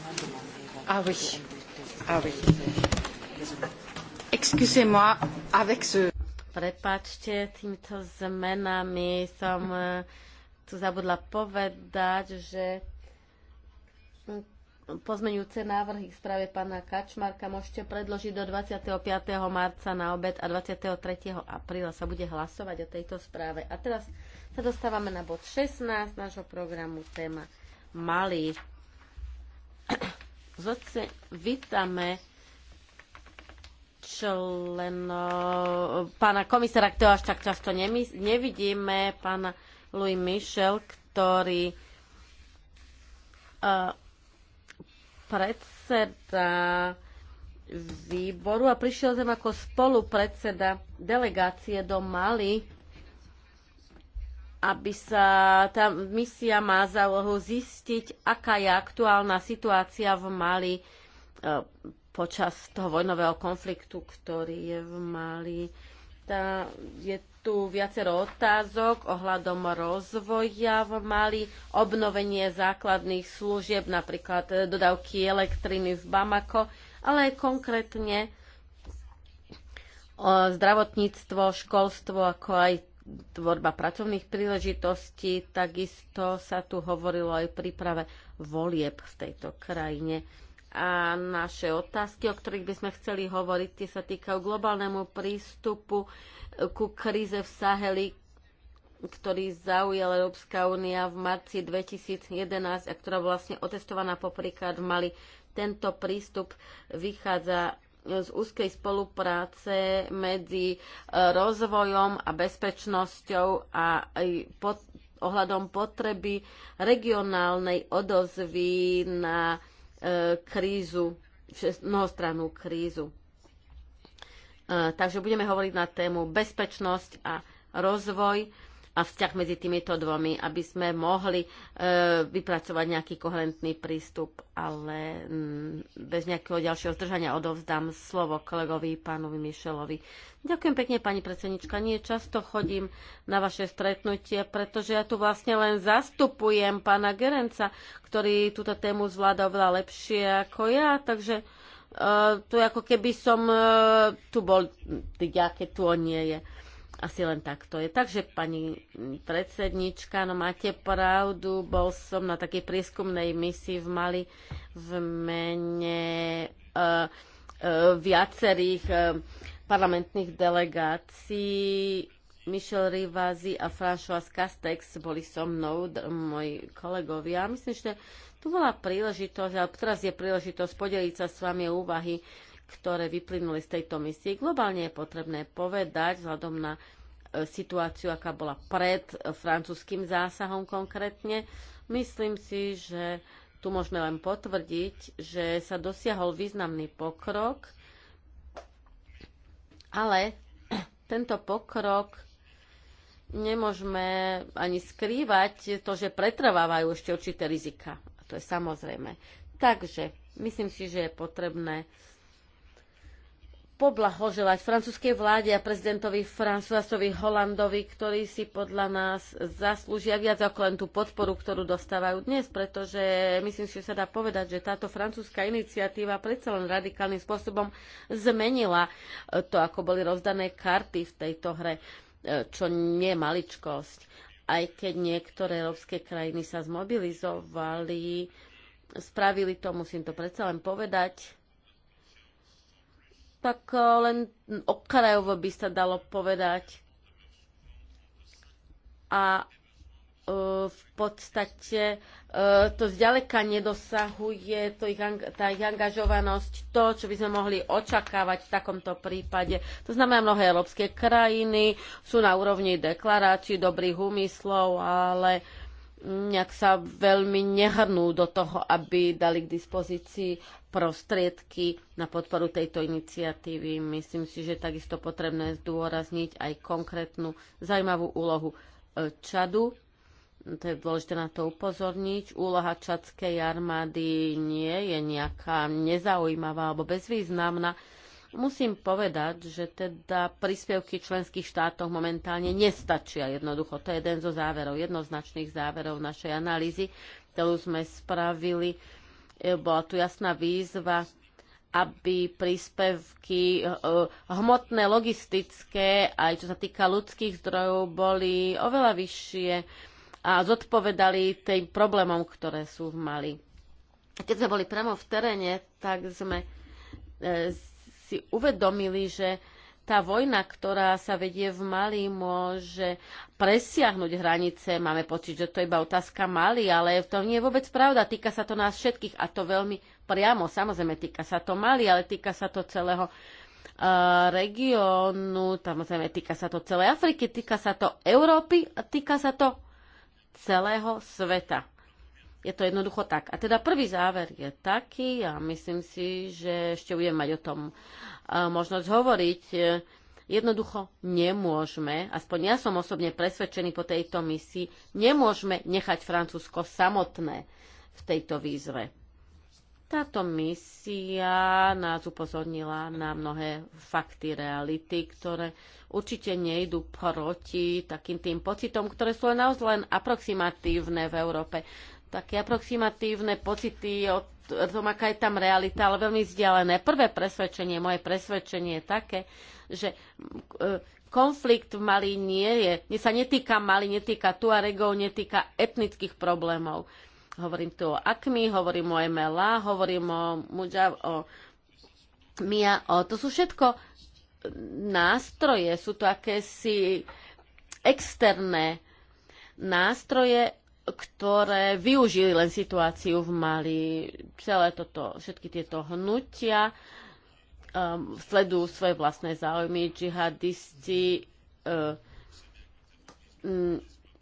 Ah oui. Ah oui. Excusez-moi, avec ce... Prepačte, týmito zmenami som e, tu zabudla povedať, že pozmeňujúce návrhy k správe pána Kačmarka môžete predložiť do 25. marca na obed a 23. apríla sa bude hlasovať o tejto správe. A teraz sa dostávame na bod 16 nášho programu téma Mali. Zodce, vítame členov, pána komisára, ktorého až tak často nevidíme, pána Louis Michel, ktorý uh, predseda výboru a prišiel sem ako spolupredseda delegácie do Mali, aby sa tá misia má za úlohu zistiť, aká je aktuálna situácia v Mali uh, počas toho vojnového konfliktu, ktorý je v Mali. Tá, je tu viacero otázok ohľadom rozvoja v Mali, obnovenie základných služieb, napríklad e, dodávky elektriny v Bamako, ale aj konkrétne e, zdravotníctvo, školstvo, ako aj tvorba pracovných príležitostí. Takisto sa tu hovorilo aj príprave volieb v tejto krajine. A naše otázky, o ktorých by sme chceli hovoriť, tie sa týkajú globálnemu prístupu ku kríze v Saheli, ktorý zaujala Európska únia v marci 2011 a ktorá vlastne otestovaná popríklad v Mali. Tento prístup vychádza z úzkej spolupráce medzi e, rozvojom a bezpečnosťou a pod, ohľadom potreby regionálnej odozvy na E, krízu, mnohostrannú krízu. E, takže budeme hovoriť na tému bezpečnosť a rozvoj a vzťah medzi týmito dvomi, aby sme mohli e, vypracovať nejaký koherentný prístup, ale m, mm, bez nejakého ďalšieho zdržania odovzdám slovo kolegovi pánovi Mišelovi. Ďakujem pekne, pani predsednička. Nie často chodím na vaše stretnutie, pretože ja tu vlastne len zastupujem pána Gerenca, ktorý túto tému zvláda oveľa lepšie ako ja, takže e, tu ako keby som e, tu bol, ja, keď tu on nie je. Asi len tak to je. Takže, pani predsednička, no máte pravdu, bol som na takej prieskumnej misii v Mali v mene uh, uh, viacerých uh, parlamentných delegácií. Michel Rivazi a François Castex boli so mnou, moji kolegovia. Myslím, že tu bola príležitosť, a teraz je príležitosť podeliť sa s vami úvahy, ktoré vyplynuli z tejto misie. Globálne je potrebné povedať, vzhľadom na e, situáciu, aká bola pred e, francúzským zásahom konkrétne. Myslím si, že tu môžeme len potvrdiť, že sa dosiahol významný pokrok, ale tento pokrok nemôžeme ani skrývať to, že pretrvávajú ešte určité rizika. A to je samozrejme. Takže myslím si, že je potrebné poblahoželať francúzskej vláde a prezidentovi Françoisovi Holandovi, ktorí si podľa nás zaslúžia viac ako len tú podporu, ktorú dostávajú dnes, pretože myslím, že sa dá povedať, že táto francúzska iniciatíva predsa len radikálnym spôsobom zmenila eh, to, ako boli rozdané karty v tejto hre, eh, čo nie je maličkosť. Aj keď niektoré európske krajiny sa zmobilizovali, spravili to, musím to predsa len povedať, tak e, len okrajovo by sa dalo povedať. A e, v podstate e, to zďaleka nedosahuje to ich, tá ich angažovanosť, to, čo by sme mohli očakávať v takomto prípade. To znamená, mnohé európske krajiny sú na úrovni deklarácií, dobrých úmyslov, ale nejak sa veľmi nehrnú do toho, aby dali k dispozícii prostriedky na podporu tejto iniciatívy. Myslím si, že takisto potrebné zdôrazniť aj konkrétnu zaujímavú úlohu e, Čadu. To je dôležité na to upozorniť. Úloha čadskej armády nie je nejaká nezaujímavá alebo bezvýznamná Musím povedať, že teda príspevky členských štátov momentálne nestačia jednoducho. To je jeden zo záverov, jednoznačných záverov našej analýzy, ktorú sme spravili. E, bola tu jasná výzva, aby príspevky e, e, hmotné, logistické, aj čo sa týka ľudských zdrojov, boli oveľa vyššie a zodpovedali tým problémom, ktoré sú v Mali. Keď sme boli priamo v teréne, tak sme si uvedomili, že tá vojna, ktorá sa vedie v Mali, môže presiahnuť hranice. Máme pocit, že to je iba otázka Mali, ale to nie je vôbec pravda. Týka sa to nás všetkých a to veľmi priamo. Samozrejme, týka sa to Mali, ale týka sa to celého regionu, eh, regiónu, samozrejme týka sa to celej Afriky, týka sa to Európy a týka sa to celého sveta. Je to jednoducho tak. A teda prvý záver je taký a myslím si, že ešte budem mať o tom e, možnosť hovoriť. E, jednoducho nemôžeme, aspoň ja som osobne presvedčený po tejto misii, nemôžeme nechať Francúzsko samotné v tejto výzve. Táto misia nás upozornila na mnohé fakty reality, ktoré určite nejdu proti takým tým pocitom, ktoré sú len naozaj len aproximatívne v Európe také aproximatívne pocity o tom, aká je tam realita, ale veľmi vzdialené. Prvé presvedčenie, moje presvedčenie je také, že e, konflikt v Mali nie je, nie sa netýka Mali, netýka Tuaregov, netýka etnických problémov. Hovorím tu o Akmi, hovorím o MLA, hovorím o Mujab, o Mia, o, to sú všetko nástroje, sú to akési externé nástroje, ktoré využili len situáciu v Mali. Celé toto, všetky tieto hnutia um, sledujú svoje vlastné záujmy. Džihadisti um,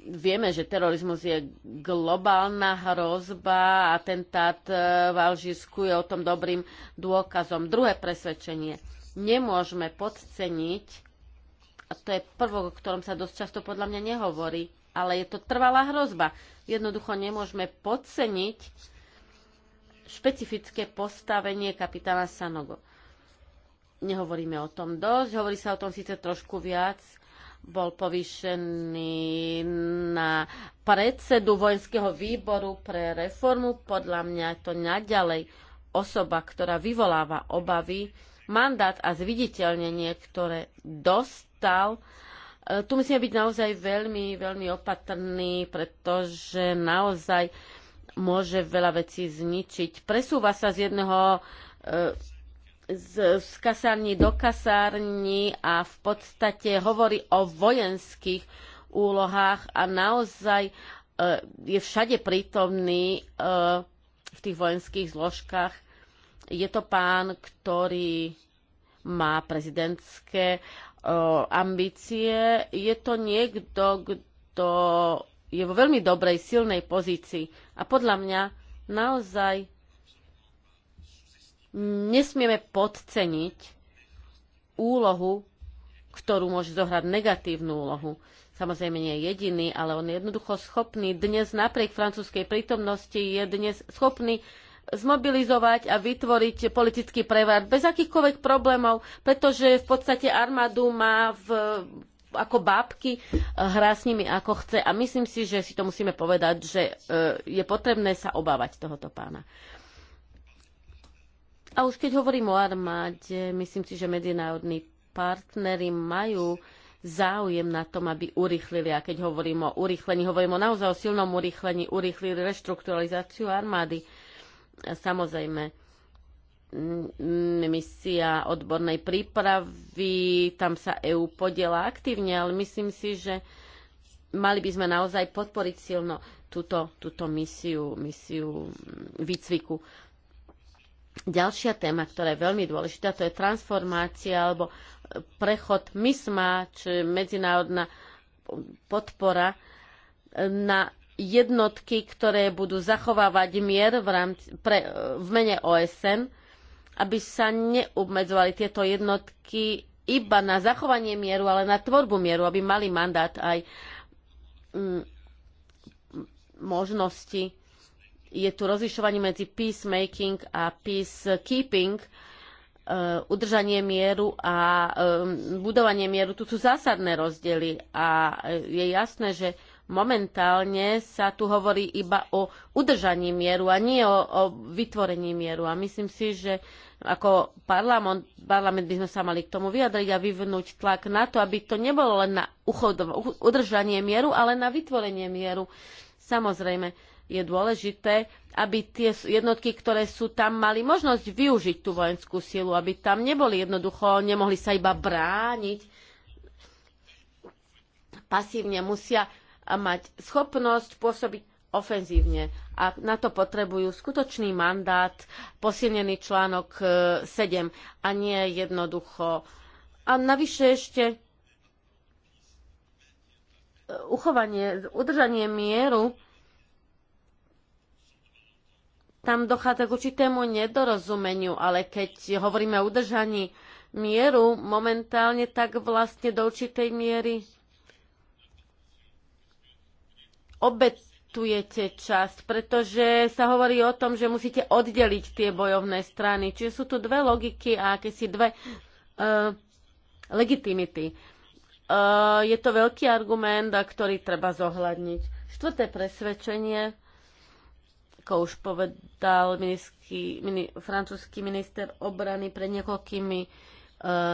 vieme, že terorizmus je globálna hrozba. Atentát uh, v Alžírsku je o tom dobrým dôkazom. Druhé presvedčenie. Nemôžeme podceniť, a to je prvok, o ktorom sa dosť často podľa mňa nehovorí, ale je to trvalá hrozba. Jednoducho nemôžeme podceniť špecifické postavenie kapitána Sanogo. Nehovoríme o tom dosť, hovorí sa o tom síce trošku viac. Bol povýšený na predsedu vojenského výboru pre reformu. Podľa mňa je to naďalej osoba, ktorá vyvoláva obavy. Mandát a zviditeľnenie, ktoré dostal, E, tu musíme byť naozaj veľmi, veľmi opatrní, pretože naozaj môže veľa vecí zničiť. Presúva sa z jedného e, z, z kasárni do kasárni a v podstate hovorí o vojenských úlohách a naozaj e, je všade prítomný v tých vojenských zložkách. Je to pán, ktorý má prezidentské E, ambície, je to niekto, kto je vo veľmi dobrej, silnej pozícii. A podľa mňa naozaj nesmieme podceniť úlohu, ktorú môže zohrať negatívnu úlohu. Samozrejme nie je jediný, ale on je jednoducho schopný dnes napriek francúzskej prítomnosti je dnes schopný zmobilizovať a vytvoriť politický prevrat bez akýchkoľvek problémov, pretože v podstate armádu má v, ako bábky, eh, hrá s nimi ako chce a myslím si, že si to musíme povedať, že eh, je potrebné sa obávať tohoto pána. A už keď hovorím o armáde, myslím si, že medzinárodní partnery majú záujem na tom, aby urýchlili. A keď hovorím o urýchlení, hovorím o naozaj o silnom urýchlení, urýchlili reštrukturalizáciu armády. Samozrejme, misia odbornej prípravy, tam sa EÚ podiela aktívne, ale myslím si, že mali by sme naozaj podporiť silno túto, túto misiu, misiu výcviku. Ďalšia téma, ktorá je veľmi dôležitá, to je transformácia alebo prechod MISMA, či medzinárodná podpora na jednotky, ktoré budú zachovávať mier v, rámci, pre, v mene OSN, aby sa neobmedzovali tieto jednotky iba na zachovanie mieru, ale na tvorbu mieru, aby mali mandát aj m, mm, možnosti. Je tu rozlišovanie medzi peacemaking a peacekeeping, e, udržanie mieru a e, budovanie mieru. Tu sú zásadné rozdiely a e, je jasné, že Momentálne sa tu hovorí iba o udržaní mieru a nie o, o vytvorení mieru. A myslím si, že ako parlament, parlament by sme sa mali k tomu vyjadriť a vyvinúť tlak na to, aby to nebolo len na udržanie mieru, ale na vytvorenie mieru. Samozrejme, je dôležité, aby tie jednotky, ktoré sú tam, mali možnosť využiť tú vojenskú silu, aby tam neboli jednoducho, nemohli sa iba brániť. Pasívne musia a mať schopnosť pôsobiť ofenzívne a na to potrebujú skutočný mandát, posilnený článok 7 e, a nie jednoducho. A navyše ešte e, uchovanie, udržanie mieru, tam dochádza k určitému nedorozumeniu, ale keď hovoríme o udržaní mieru momentálne, tak vlastne do určitej miery obetujete časť, pretože sa hovorí o tom, že musíte oddeliť tie bojovné strany. Čiže sú tu dve logiky a akési dve uh, legitimity. Uh, je to veľký argument, ktorý treba zohľadniť. Štvrté presvedčenie, ako už povedal ministrý, mini, francúzsky minister obrany pred niekoľkými e,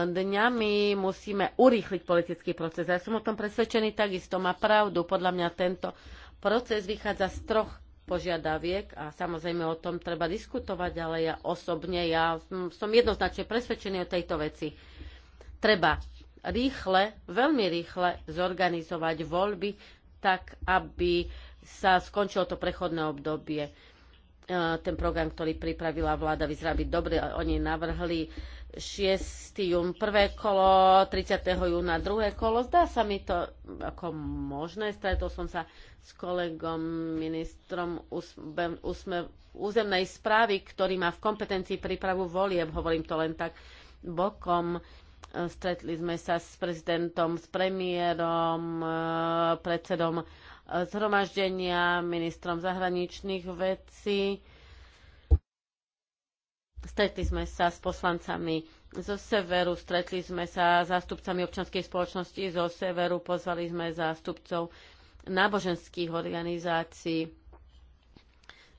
dňami musíme urýchliť politický proces. Ja som o tom presvedčený, takisto má pravdu. Podľa mňa tento Proces vychádza z troch požiadaviek a samozrejme o tom treba diskutovať, ale ja osobne ja som jednoznačne presvedčený o tejto veci. Treba rýchle, veľmi rýchle zorganizovať voľby tak, aby sa skončilo to prechodné obdobie. E, ten program, ktorý pripravila vláda, vyzerá byť dobre. Oni navrhli 6. jún prvé kolo, 30. júna druhé kolo. Zdá sa mi to ako možné. Stretol som sa s kolegom ministrom úsme, územnej správy, ktorý má v kompetencii prípravu volieb. Hovorím to len tak bokom. Stretli sme sa s prezidentom, s premiérom, eh, predsedom eh, zhromaždenia, ministrom zahraničných vecí Stretli sme sa s poslancami zo severu, stretli sme sa s zástupcami občanskej spoločnosti zo severu, pozvali sme zástupcov náboženských organizácií, e,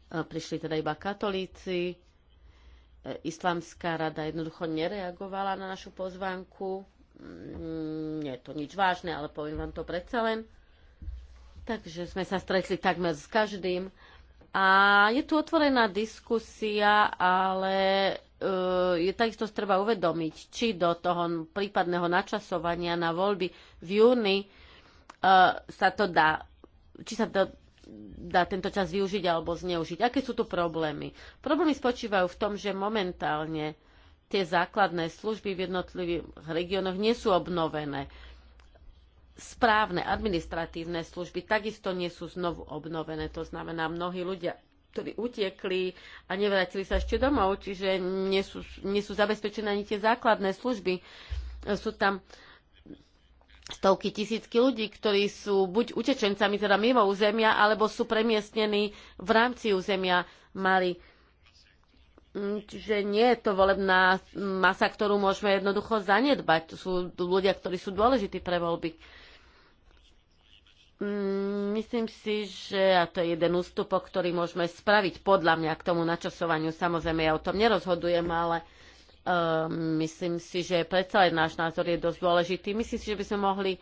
prišli teda iba katolíci, e, Islamská rada jednoducho nereagovala na našu pozvánku. Mm, nie je to nič vážne, ale poviem vám to predsa len. Takže sme sa stretli takmer s každým a je tu otvorená diskusia, ale e, je takisto treba uvedomiť, či do toho prípadného načasovania na voľby v júni e, sa to dá, či sa to dá tento čas využiť alebo zneužiť. Aké sú tu problémy? Problémy spočívajú v tom, že momentálne tie základné služby v jednotlivých regiónoch nie sú obnovené správne administratívne služby takisto nie sú znovu obnovené. To znamená, mnohí ľudia, ktorí utiekli a nevrátili sa ešte domov, čiže nie sú, nie sú zabezpečené ani tie základné služby. Sú tam stovky tisícky ľudí, ktorí sú buď utečencami teda mimo územia, alebo sú premiestnení v rámci územia Mali. Čiže nie je to volebná masa, ktorú môžeme jednoducho zanedbať. To sú ľudia, ktorí sú dôležití pre voľby. Mm, myslím si, že a to je jeden ústupok, ktorý môžeme spraviť podľa mňa k tomu načasovaniu. Samozrejme, ja o tom nerozhodujem, ale um, myslím si, že predsa len náš názor je dosť dôležitý. Myslím si, že by sme mohli,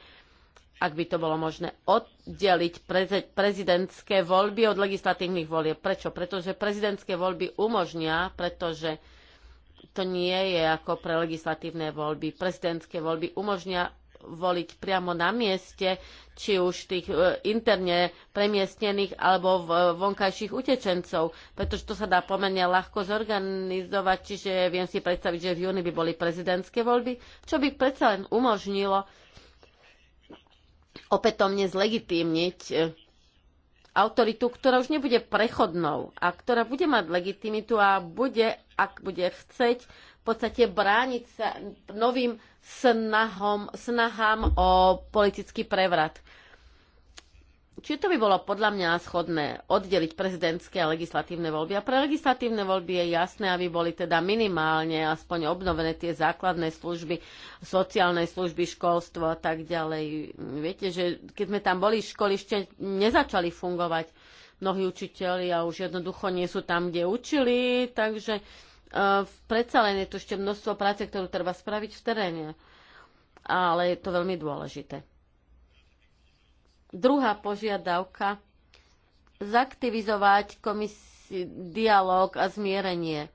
ak by to bolo možné, oddeliť prezidentské voľby od legislatívnych volieb. Prečo? Pretože prezidentské voľby umožnia, pretože to nie je ako pre legislatívne voľby. Prezidentské voľby umožnia voliť priamo na mieste, či už tých e, interne premiestnených alebo e, vonkajších utečencov, pretože to sa dá pomerne ľahko zorganizovať, čiže viem si predstaviť, že v júni by boli prezidentské voľby, čo by predsa len umožnilo opätovne zlegitímniť e, autoritu, ktorá už nebude prechodnou a ktorá bude mať legitimitu a bude, ak bude chceť, podstate brániť sa novým snahom, snahám o politický prevrat. Čiže to by bolo podľa mňa schodné oddeliť prezidentské a legislatívne voľby. A pre legislatívne voľby je jasné, aby boli teda minimálne aspoň obnovené tie základné služby, sociálne služby, školstvo a tak ďalej. Viete, že keď sme tam boli, školy ešte nezačali fungovať. Mnohí učiteľi a už jednoducho nie sú tam, kde učili, takže E, predsa len je to ešte množstvo práce, ktorú treba spraviť v teréne. Ale je to veľmi dôležité. Druhá požiadavka zaktivizovať komisi- dialog a zmierenie.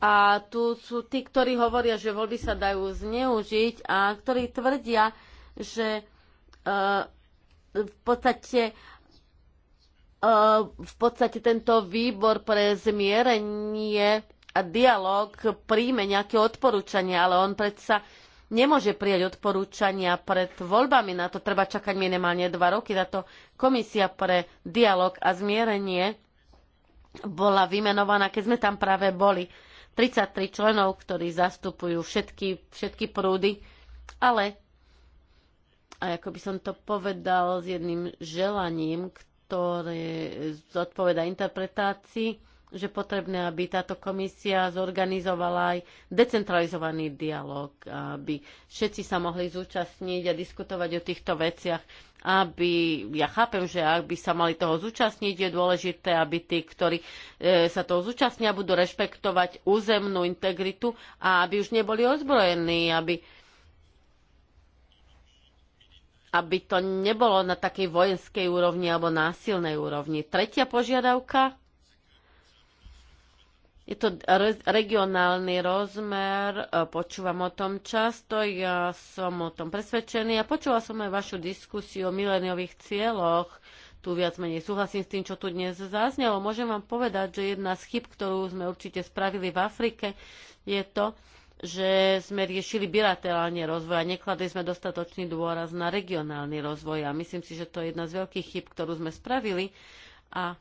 A tu sú tí, ktorí hovoria, že voľby sa dajú zneužiť a ktorí tvrdia, že uh, v podstate Eh, v podstate tento výbor pre zmierenie a dialog príjme nejaké odporúčania, ale on predsa nemôže prijať odporúčania pred voľbami. Na to treba čakať minimálne dva roky. Na to komisia pre dialog a zmierenie bola vymenovaná, keď sme tam práve boli. 33 členov, ktorí zastupujú všetky, všetky prúdy, ale a ako by som to povedal s jedným želaním, ktoré zodpoveda interpretácii, že potrebné, aby táto komisia zorganizovala aj decentralizovaný dialog, aby všetci sa mohli zúčastniť a diskutovať o týchto veciach, aby, ja chápem, že ak by sa mali toho zúčastniť, je dôležité, aby tí, ktorí e, sa toho zúčastnia, budú rešpektovať územnú integritu a aby už neboli ozbrojení, aby aby to nebolo na takej vojenskej úrovni alebo násilnej úrovni. Tretia požiadavka je to regionálny rozmer, e, počúvam o tom často, ja som o tom presvedčený a počula som aj vašu diskusiu o mileniových cieľoch. Tu viac menej súhlasím s tým, čo tu dnes zaznelo. Môžem vám povedať, že jedna z chyb, ktorú sme určite spravili v Afrike, je to, že sme riešili bilaterálne rozvoj a nekladli sme dostatočný dôraz na regionálny rozvoj. A myslím si, že to je jedna z veľkých chyb, ktorú sme spravili. A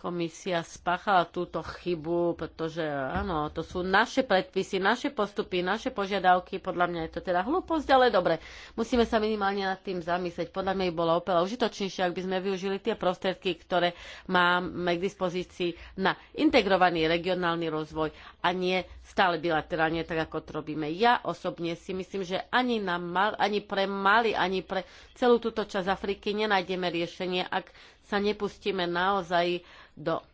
komisia spáchala túto chybu, pretože áno, to sú naše predpisy, naše postupy, naše požiadavky. Podľa mňa je to teda hlúposť, ale dobre. Musíme sa minimálne nad tým zamyslieť. Podľa mňa by bolo oveľa užitočnejšie, ak by sme využili tie prostriedky, ktoré máme k dispozícii na integrovaný regionálny rozvoj a nie stále bilaterálne, tak ako to robíme. Ja osobne si myslím, že ani, na mal, ani pre Mali, ani pre celú túto časť Afriky nenájdeme riešenie, ak sa nepustíme naozaj do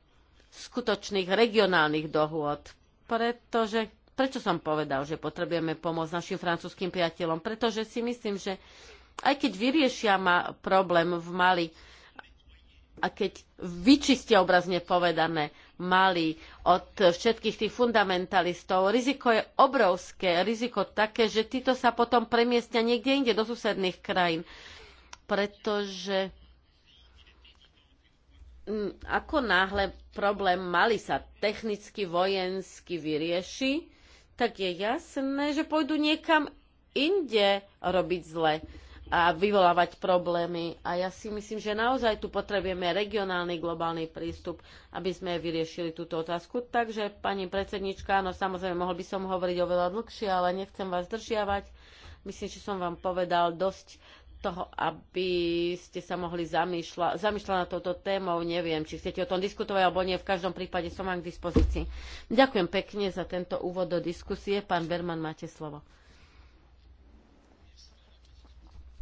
skutočných regionálnych dohôd. Pretože, prečo som povedal, že potrebujeme pomôcť našim francúzským priateľom? Pretože si myslím, že aj keď vyriešia ma problém v Mali, a keď vyčistia obrazne povedané Mali od všetkých tých fundamentalistov, riziko je obrovské, riziko také, že títo sa potom premiestnia niekde inde do susedných krajín, pretože ako náhle problém mali sa technicky, vojensky vyrieši, tak je jasné, že pôjdu niekam inde robiť zle a vyvolávať problémy. A ja si myslím, že naozaj tu potrebujeme regionálny, globálny prístup, aby sme vyriešili túto otázku. Takže, pani predsednička, no samozrejme, mohol by som hovoriť oveľa dlhšie, ale nechcem vás držiavať. Myslím, že som vám povedal dosť toho, aby ste sa mohli zamýšľať, zamýšľať na touto tému. Neviem, či chcete o tom diskutovať alebo nie. V každom prípade som vám k dispozícii. Ďakujem pekne za tento úvod do diskusie. Pán Berman, máte slovo.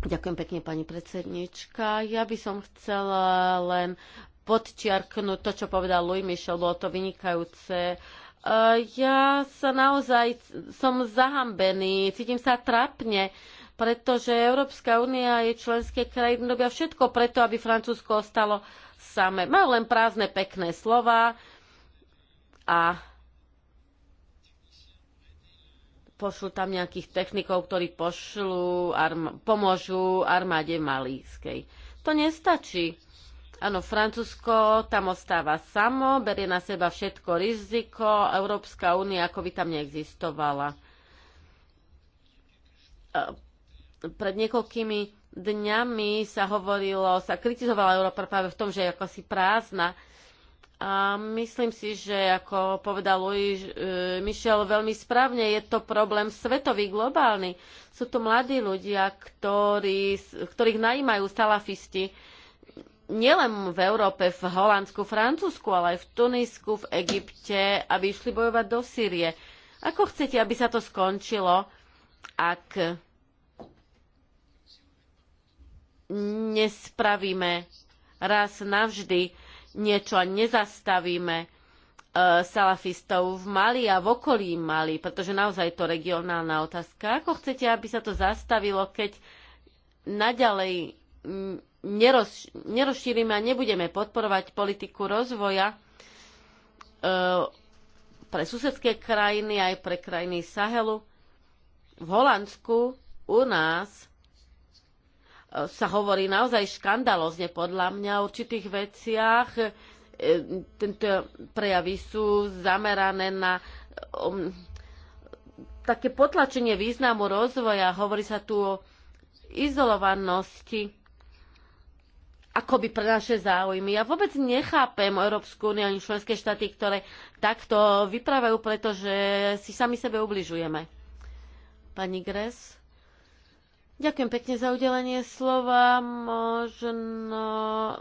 Ďakujem pekne, pani predsednička. Ja by som chcela len podčiarknúť to, čo povedal Louis Michel, bolo to vynikajúce. E, ja sa naozaj som zahambený, cítim sa trapne, pretože Európska únia a jej členské krajiny robia všetko preto, aby Francúzsko ostalo samé. Majú len prázdne pekné slova a pošlú tam nejakých technikov, ktorí pošlú, pomôžu armáde malískej. To nestačí. Áno, Francúzsko tam ostáva samo, berie na seba všetko riziko, Európska únia ako by tam neexistovala pred niekoľkými dňami sa hovorilo, sa kritizovala Európa práve v tom, že je ako si prázdna. A myslím si, že ako povedal Louis e, Michel veľmi správne, je to problém svetový, globálny. Sú to mladí ľudia, ktorí, ktorých najímajú salafisti nielen v Európe, v Holandsku, Francúzsku, ale aj v Tunisku, v Egypte, aby išli bojovať do Sýrie. Ako chcete, aby sa to skončilo, ak nespravíme raz navždy niečo a nezastavíme e, salafistov v Mali a v okolí Mali, pretože naozaj je to regionálna otázka. Ako chcete, aby sa to zastavilo, keď naďalej neroz, nerozšírime a nebudeme podporovať politiku rozvoja e, pre susedské krajiny aj pre krajiny Sahelu? V Holandsku u nás sa hovorí naozaj škandalozne podľa mňa o určitých veciach. E, tento prejavy sú zamerané na um, také potlačenie významu rozvoja. Hovorí sa tu o izolovanosti akoby pre naše záujmy. Ja vôbec nechápem Európsku úniu ani členské štáty, ktoré takto vyprávajú, pretože si sami sebe ubližujeme. Pani Gres? Ďakujem pekne za udelenie slova. Možno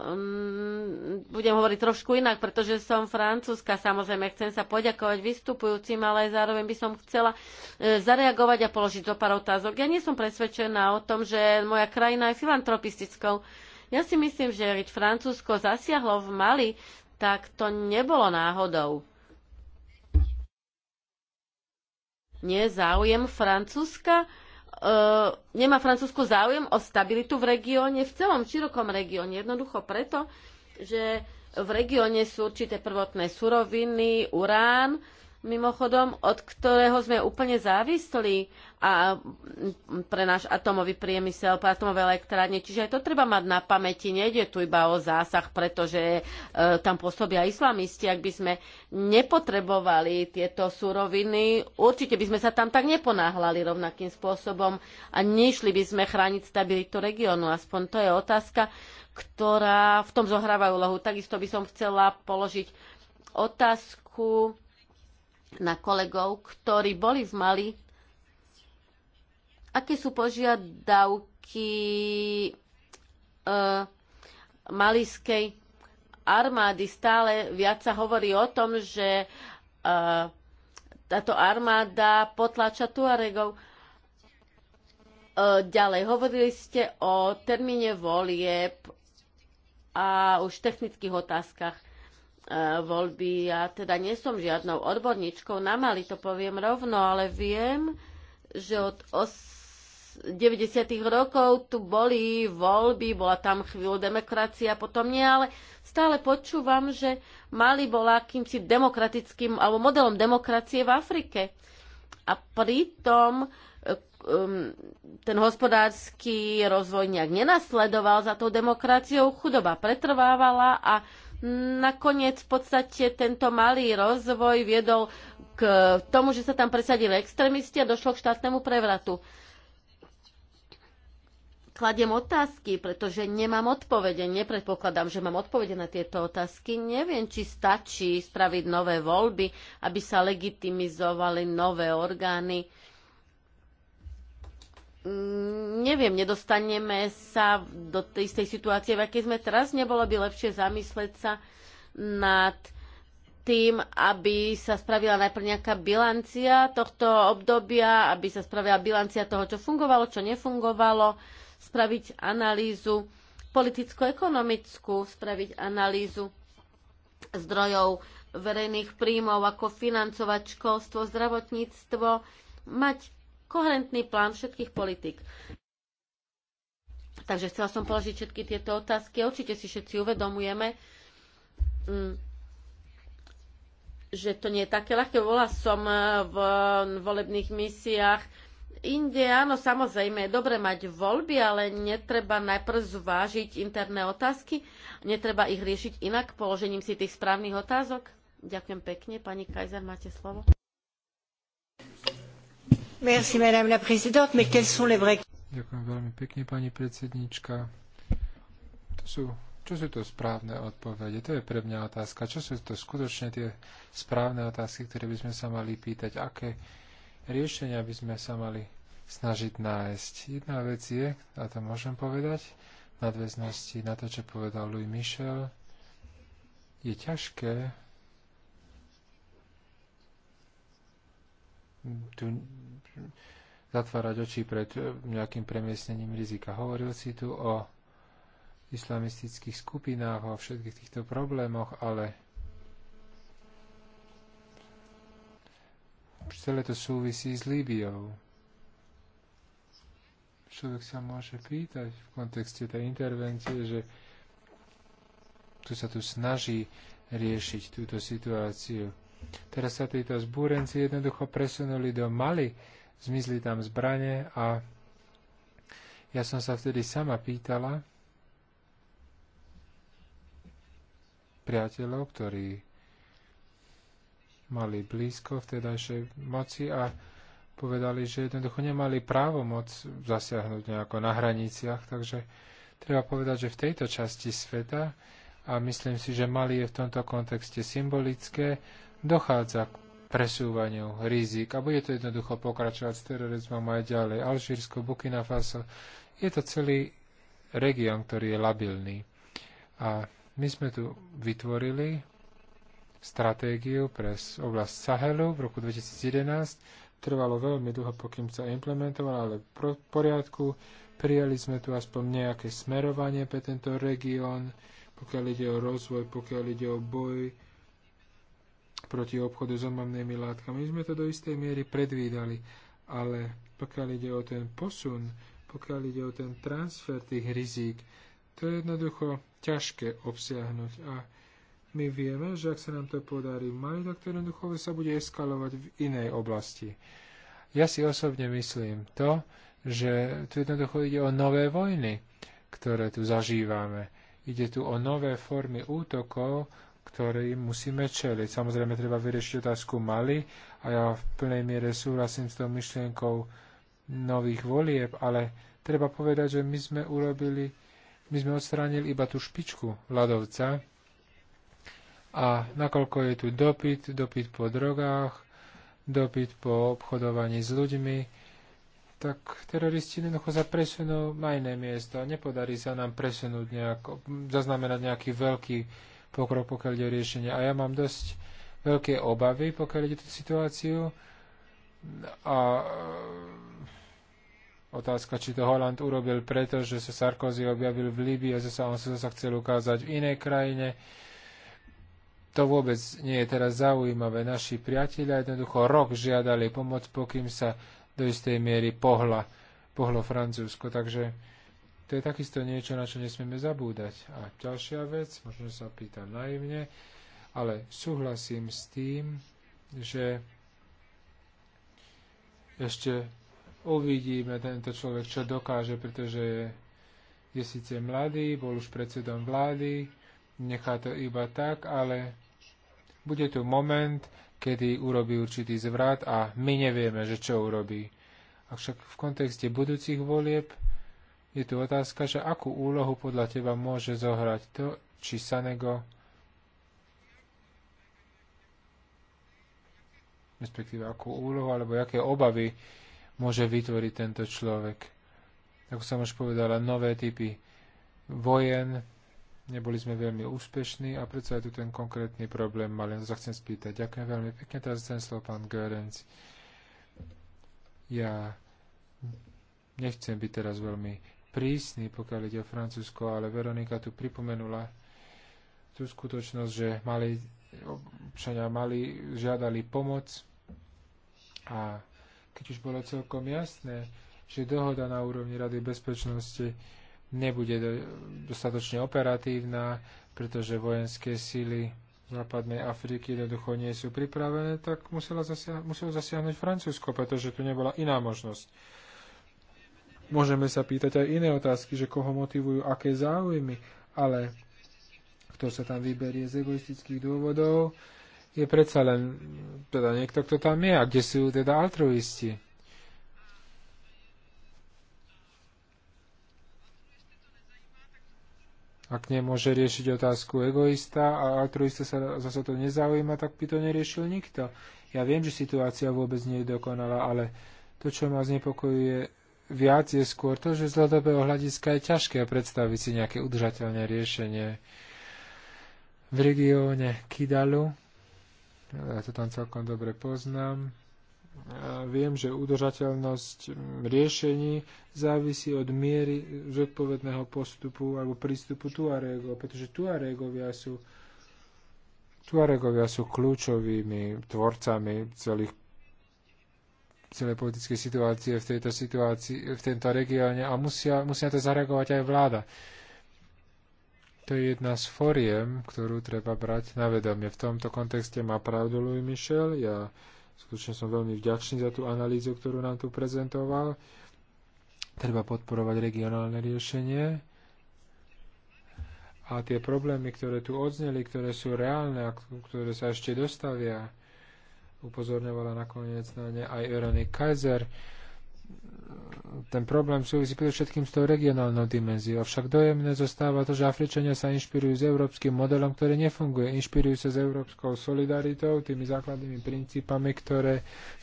mm, budem hovoriť trošku inak, pretože som francúzska. Samozrejme, chcem sa poďakovať vystupujúcim, ale aj zároveň by som chcela e, zareagovať a položiť zo pár otázok. Ja nie som presvedčená o tom, že moja krajina je filantropistickou. Ja si myslím, že keď Francúzsko zasiahlo v Mali, tak to nebolo náhodou. Nie záujem Francúzska? E, nemá Francúzsko záujem o stabilitu v regióne, v celom širokom regióne. Jednoducho preto, že v regióne sú určité prvotné suroviny, urán, mimochodom, od ktorého sme úplne závislí a pre náš atomový priemysel, pre atomové elektrárne. Čiže aj to treba mať na pamäti. Nejde tu iba o zásah, pretože e, tam pôsobia islamisti. Ak by sme nepotrebovali tieto suroviny, určite by sme sa tam tak neponáhľali rovnakým spôsobom a nešli by sme chrániť stabilitu regiónu. Aspoň to je otázka, ktorá v tom zohráva úlohu. Takisto by som chcela položiť otázku na kolegov, ktorí boli v Mali Aké sú požiadavky e, malijskej armády? Stále viac sa hovorí o tom, že e, táto armáda potláča Tuaregov. E, ďalej, hovorili ste o termíne volieb a už technických otázkach e, voľby. Ja teda nie som žiadnou odborníčkou na Mali, to poviem rovno, ale viem, že od 90. rokov tu boli voľby, bola tam chvíľu demokracia, potom nie, ale stále počúvam, že Mali bola akýmsi demokratickým alebo modelom demokracie v Afrike. A pritom um, ten hospodársky rozvoj nejak nenasledoval za tou demokraciou, chudoba pretrvávala a nakoniec v podstate tento malý rozvoj viedol k tomu, že sa tam presadili extrémisti a došlo k štátnemu prevratu kladiem otázky, pretože nemám odpovede. Nepredpokladám, že mám odpovede na tieto otázky. Neviem, či stačí spraviť nové voľby, aby sa legitimizovali nové orgány. Neviem, nedostaneme sa do tej istej situácie, v akej sme teraz. Nebolo by lepšie zamysleť sa nad tým, aby sa spravila najprv nejaká bilancia tohto obdobia, aby sa spravila bilancia toho, čo fungovalo, čo nefungovalo spraviť analýzu politicko-ekonomickú, spraviť analýzu zdrojov verejných príjmov, ako financovať školstvo, zdravotníctvo, mať koherentný plán všetkých politik. Takže chcela som položiť všetky tieto otázky. Určite si všetci uvedomujeme, mm, že to nie je také ľahké. Bola som eh, v volebných misiách Inde áno, samozrejme, je dobre mať voľby, ale netreba najprv zvážiť interné otázky, netreba ich riešiť inak položením si tých správnych otázok. Ďakujem pekne. Pani Kajzer, máte slovo. Merci, madame la présidente, mais sont les Ďakujem veľmi pekne, pani predsednička. To sú, čo sú to správne odpovede? To je pre mňa otázka. Čo sú to skutočne tie správne otázky, ktoré by sme sa mali pýtať? Aké riešenia by sme sa mali snažiť nájsť. Jedna vec je, a to môžem povedať, nadväznosti na to, čo povedal Louis Michel, je ťažké tu zatvárať oči pred nejakým premiesnením rizika. Hovoril si tu o islamistických skupinách, o všetkých týchto problémoch, ale celé to súvisí s Líbiou. Človek sa môže pýtať v kontexte tej intervencie, že tu sa tu snaží riešiť túto situáciu. Teraz sa títo zbúrenci jednoducho presunuli do Mali, zmizli tam zbranie a ja som sa vtedy sama pýtala priateľov, ktorí mali blízko vtedajšej moci a povedali, že jednoducho nemali právo moc zasiahnuť nejako na hraniciach, takže treba povedať, že v tejto časti sveta, a myslím si, že Mali je v tomto kontexte symbolické, dochádza k presúvaniu rizik a bude to jednoducho pokračovať s terorizmom aj ďalej. Alžírsko, Burkina Faso, je to celý región, ktorý je labilný. A my sme tu vytvorili stratégiu pre oblasť Sahelu v roku 2011. Trvalo veľmi dlho, pokým sa implementovala, ale v poriadku. Prijali sme tu aspoň nejaké smerovanie pre tento región, pokiaľ ide o rozvoj, pokiaľ ide o boj proti obchodu s omamnými látkami. My sme to do istej miery predvídali, ale pokiaľ ide o ten posun, pokiaľ ide o ten transfer tých rizík, to je jednoducho ťažké obsiahnuť. A my vieme, že ak sa nám to podarí v Mali, tak to jednoducho sa bude eskalovať v inej oblasti. Ja si osobne myslím to, že tu jednoducho ide o nové vojny, ktoré tu zažívame. Ide tu o nové formy útokov, ktorým musíme čeliť. Samozrejme, treba vyriešiť otázku Mali a ja v plnej miere súhlasím s tou myšlienkou nových volieb, ale treba povedať, že my sme urobili, my sme odstránili iba tú špičku ľadovca, a nakoľko je tu dopyt, dopyt po drogách, dopyt po obchodovaní s ľuďmi, tak teroristi jednoducho sa presunú na iné miesto a nepodarí sa nám presunúť nejako, zaznamenať nejaký veľký pokrok, pokiaľ ide o riešenie. A ja mám dosť veľké obavy, pokiaľ ide tú situáciu. A e, Otázka, či to Holand urobil preto, že sa Sarkozy objavil v Líbii a zase on sa chcel ukázať v inej krajine to vôbec nie je teraz zaujímavé. Naši priatelia jednoducho rok žiadali pomoc, pokým sa do istej miery pohla, pohlo Francúzsko. Takže to je takisto niečo, na čo nesmieme zabúdať. A ďalšia vec, možno sa pýtam naivne, ale súhlasím s tým, že ešte uvidíme tento človek, čo dokáže, pretože je, je síce mladý, bol už predsedom vlády, nechá to iba tak, ale bude tu moment, kedy urobí určitý zvrat a my nevieme, že čo urobí. Avšak v kontexte budúcich volieb je tu otázka, že akú úlohu podľa teba môže zohrať to, či Sanego, respektíve akú úlohu, alebo aké obavy môže vytvoriť tento človek. Ako som už povedala, nové typy vojen, Neboli sme veľmi úspešní a preto je tu ten konkrétny problém. len sa chcem spýtať. Ďakujem veľmi pekne. Teraz ten slovo pán Görenc. Ja nechcem byť teraz veľmi prísny, pokiaľ ide o Francúzsko, ale Veronika tu pripomenula tú skutočnosť, že mali, občania mali, žiadali pomoc a keď už bolo celkom jasné, že dohoda na úrovni Rady bezpečnosti nebude dostatočne operatívna, pretože vojenské síly západnej Afriky jednoducho nie sú pripravené, tak musela zasiah- muselo zasiahnuť Francúzsko, pretože tu nebola iná možnosť. Môžeme sa pýtať aj iné otázky, že koho motivujú aké záujmy, ale kto sa tam vyberie z egoistických dôvodov, je predsa len teda niekto, kto tam je a kde sú teda altruisti. Ak nemôže riešiť otázku egoista a altruista sa zase to nezaujíma, tak by to neriešil nikto. Ja viem, že situácia vôbec nie je dokonalá, ale to, čo ma znepokojuje viac, je skôr to, že z dlhodobého hľadiska je ťažké predstaviť si nejaké udržateľné riešenie. V regióne Kidalu, ja to tam celkom dobre poznám, viem, že udržateľnosť riešení závisí od miery zodpovedného postupu alebo prístupu Tuaregov, pretože Tuaregovia sú, Tuaregovia sú kľúčovými tvorcami celých celej politickej situácie v tejto situácii, v tento regióne a musia, musia to zareagovať aj vláda. To je jedna z foriem, ktorú treba brať na vedomie. V tomto kontexte má pravdu Louis Michel. Ja Skutočne som veľmi vďačný za tú analýzu, ktorú nám tu prezentoval. Treba podporovať regionálne riešenie. A tie problémy, ktoré tu odzneli, ktoré sú reálne a ktoré sa ešte dostavia, upozorňovala nakoniec na ne aj Veronika Kaiser, ten problém súvisí predovšetkým s tou regionálnou dimenziou. Avšak dojemné zostáva to, že Afričania sa inšpirujú s európskym modelom, ktorý nefunguje. Inšpirujú sa s európskou solidaritou, tými základnými princípami, ktoré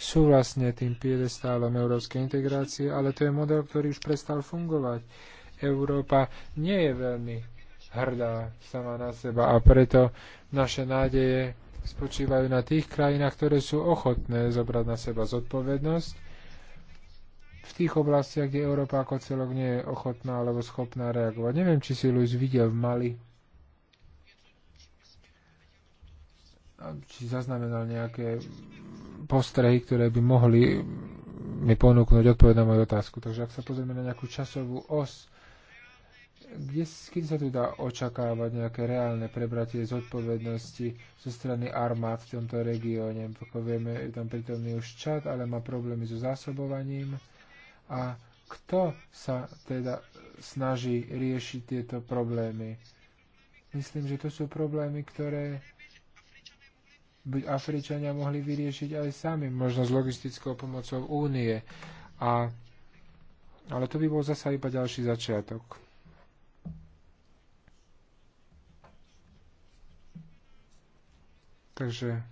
sú vlastne tým piedestálom európskej integrácie, ale to je model, ktorý už prestal fungovať. Európa nie je veľmi hrdá sama na seba a preto naše nádeje spočívajú na tých krajinách, ktoré sú ochotné zobrať na seba zodpovednosť v tých oblastiach, kde Európa ako celok nie je ochotná alebo schopná reagovať. Neviem, či si Luis videl v Mali, či zaznamenal nejaké postrehy, ktoré by mohli mi ponúknuť odpoveď na moju otázku. Takže ak sa pozrieme na nejakú časovú os, kde, kedy sa tu dá očakávať nejaké reálne prebratie zodpovednosti zo strany armád v tomto regióne? Ako vieme, je tam prítomný už čat, ale má problémy so zásobovaním. A kto sa teda snaží riešiť tieto problémy? Myslím, že to sú problémy, ktoré by Afričania mohli vyriešiť aj sami, možno s logistickou pomocou únie. A, ale to by bol zasa iba ďalší začiatok. Takže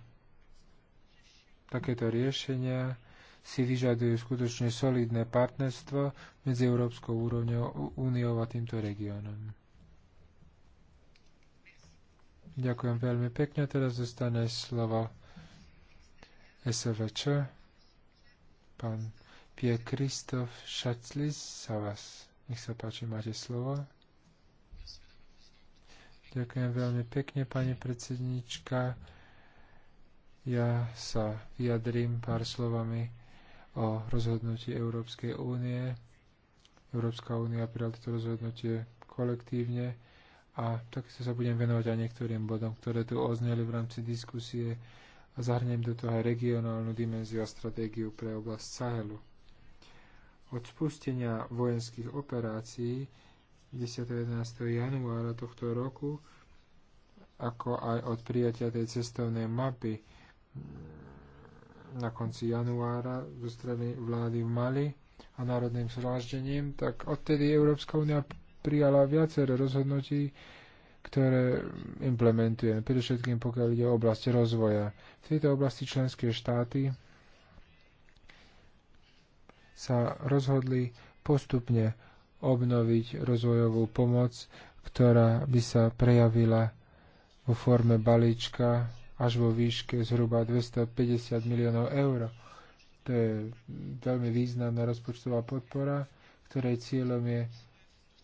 takéto riešenia si vyžadujú skutočne solidné partnerstvo medzi Európskou úrovňou, úniou a týmto regiónom. Ďakujem veľmi pekne. Teraz zostane slovo SVČ. Pán Pie Kristof Šaclis sa vás. Nech sa páči, máte slovo. Ďakujem veľmi pekne, pani predsednička. Ja sa vyjadrím pár slovami o rozhodnutí Európskej únie. Európska únia prijala toto rozhodnutie kolektívne a takisto sa budem venovať aj niektorým bodom, ktoré tu ozneli v rámci diskusie a zahrnem do toho aj regionálnu dimenziu a stratégiu pre oblasť Sahelu. Od spustenia vojenských operácií 10. 11. januára tohto roku, ako aj od prijatia tej cestovnej mapy na konci januára zo strany vlády v Mali a národným zhráždením, tak odtedy Európska únia prijala viacero rozhodnutí, ktoré implementuje, predovšetkým pokiaľ ide o oblasť rozvoja. V tejto oblasti členské štáty sa rozhodli postupne obnoviť rozvojovú pomoc, ktorá by sa prejavila vo forme balíčka až vo výške zhruba 250 miliónov eur. To je veľmi významná rozpočtová podpora, ktorej cieľom je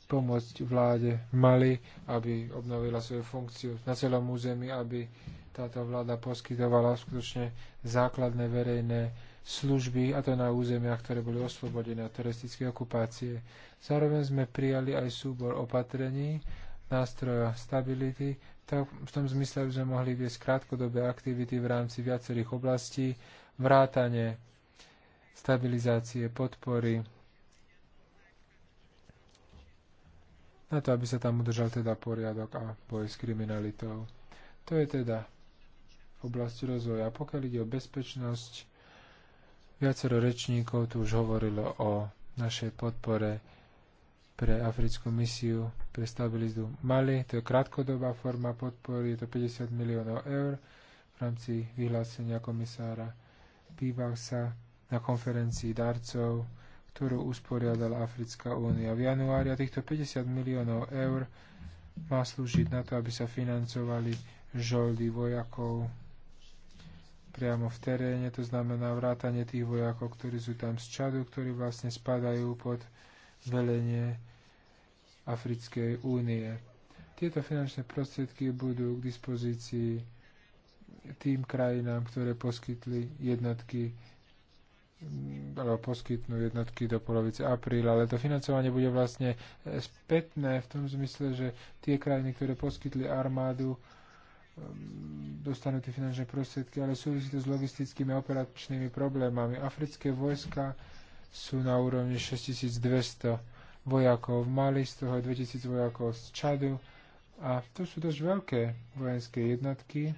pomôcť vláde v Mali, aby obnovila svoju funkciu na celom území, aby táto vláda poskytovala skutočne základné verejné služby, a to na územiach, ktoré boli oslobodené od turistické okupácie. Zároveň sme prijali aj súbor opatrení, nástroja stability, tak v tom zmysle by sme mohli viesť krátkodobé aktivity v rámci viacerých oblastí, vrátane stabilizácie podpory, na to, aby sa tam udržal teda poriadok a boj s kriminalitou. To je teda v oblasti rozvoja. Pokiaľ ide o bezpečnosť, viacero rečníkov tu už hovorilo o našej podpore pre africkú misiu pre stabilizu Mali. To je krátkodobá forma podpory, je to 50 miliónov eur v rámci vyhlásenia komisára Pivaxa na konferencii darcov, ktorú usporiadala Africká únia v januári. A týchto 50 miliónov eur má slúžiť na to, aby sa financovali žoldy vojakov priamo v teréne, to znamená vrátanie tých vojakov, ktorí sú tam z Čadu, ktorí vlastne spadajú pod velenie Africkej únie. Tieto finančné prostriedky budú k dispozícii tým krajinám, ktoré poskytli jednotky alebo poskytnú jednotky do polovice apríla, ale to financovanie bude vlastne spätné v tom zmysle, že tie krajiny, ktoré poskytli armádu, mm, dostanú tie finančné prostriedky, ale súvisí to s logistickými operačnými problémami. Africké vojska sú na úrovni 6200 vojakov v Mali, z toho 2000 vojakov z Čadu. A to sú dosť veľké vojenské jednotky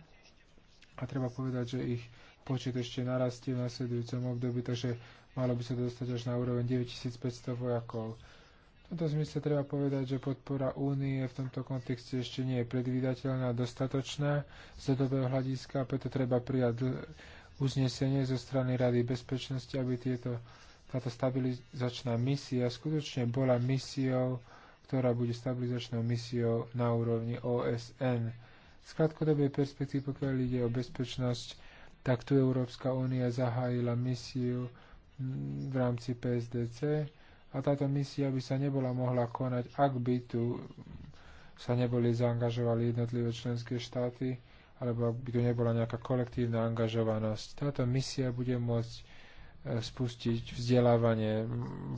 a treba povedať, že ich počet ešte narastie v nasledujúcom období, takže malo by sa dostať až na úroveň 9500 vojakov. V tomto zmysle treba povedať, že podpora únie v tomto kontexte ešte nie je predvídateľná a dostatočná z dobeho hľadiska, preto treba prijať uznesenie zo strany Rady bezpečnosti, aby tieto táto stabilizačná misia skutočne bola misiou, ktorá bude stabilizačnou misiou na úrovni OSN. Z krátkodobej perspektívy, pokiaľ ide o bezpečnosť, tak tu Európska únia zahájila misiu mm, v rámci PSDC a táto misia by sa nebola mohla konať, ak by tu sa neboli zaangažovali jednotlivé členské štáty alebo ak by tu nebola nejaká kolektívna angažovanosť. Táto misia bude môcť spustiť vzdelávanie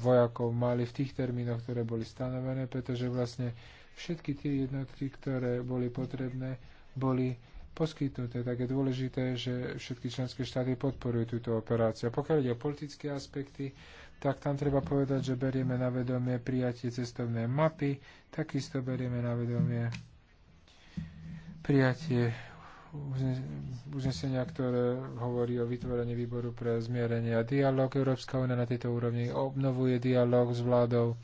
vojakov mali v tých termínoch, ktoré boli stanovené, pretože vlastne všetky tie jednotky, ktoré boli potrebné, boli poskytnuté. Tak je dôležité, že všetky členské štáty podporujú túto operáciu. A pokiaľ ide o politické aspekty, tak tam treba povedať, že berieme na vedomie prijatie cestovnej mapy, takisto berieme na vedomie prijatie uznesenia, ktoré hovorí o vytvorení výboru pre zmierenie a dialog. Európska únia na tejto úrovni obnovuje dialog s vládou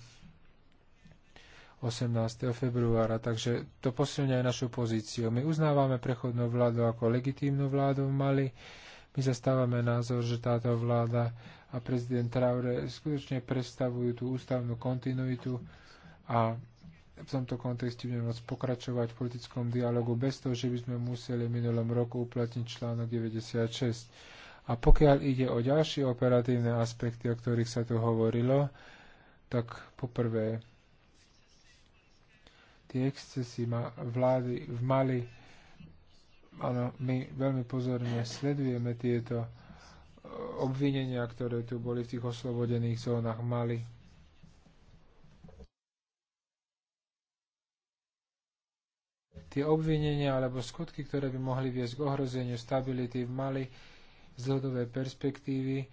18. februára, takže to posilňuje našu pozíciu. My uznávame prechodnú vládu ako legitímnu vládu v Mali. My zastávame názor, že táto vláda a prezident Traore skutočne predstavujú tú ústavnú kontinuitu a v tomto kontexte budeme môcť pokračovať v politickom dialogu bez toho, že by sme museli v minulom roku uplatniť článok 96. A pokiaľ ide o ďalšie operatívne aspekty, o ktorých sa tu hovorilo, tak poprvé, tie excesy vlády v Mali, áno, my veľmi pozorne sledujeme tieto eh, obvinenia, ktoré tu boli v tých oslobodených zónach Mali tie obvinenia alebo skutky, ktoré by mohli viesť k ohrozeniu stability v Mali z dlhodobej perspektívy, e,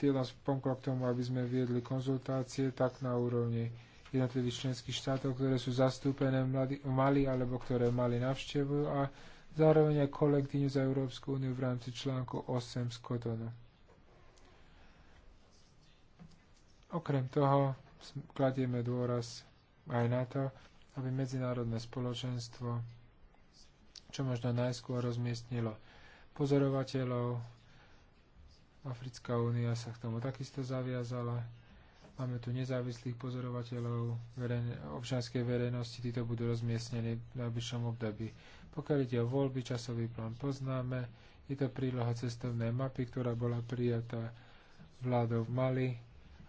tie nás pomkla k tomu, aby sme viedli konzultácie tak na úrovni jednotlivých členských štátov, ktoré sú zastúpené v Mali alebo ktoré Mali navštevujú a zároveň aj kolektívne za Európsku úniu v rámci článku 8 z Kotonu. Okrem toho kladieme dôraz aj na to, aby medzinárodné spoločenstvo čo možno najskôr rozmiestnilo pozorovateľov. Africká únia sa k tomu takisto zaviazala. Máme tu nezávislých pozorovateľov verejne, občanskej verejnosti, títo budú rozmiestnení v najbližšom období. Pokiaľ ide o voľby, časový plán poznáme. Je to príloha cestovnej mapy, ktorá bola prijatá vládou v Mali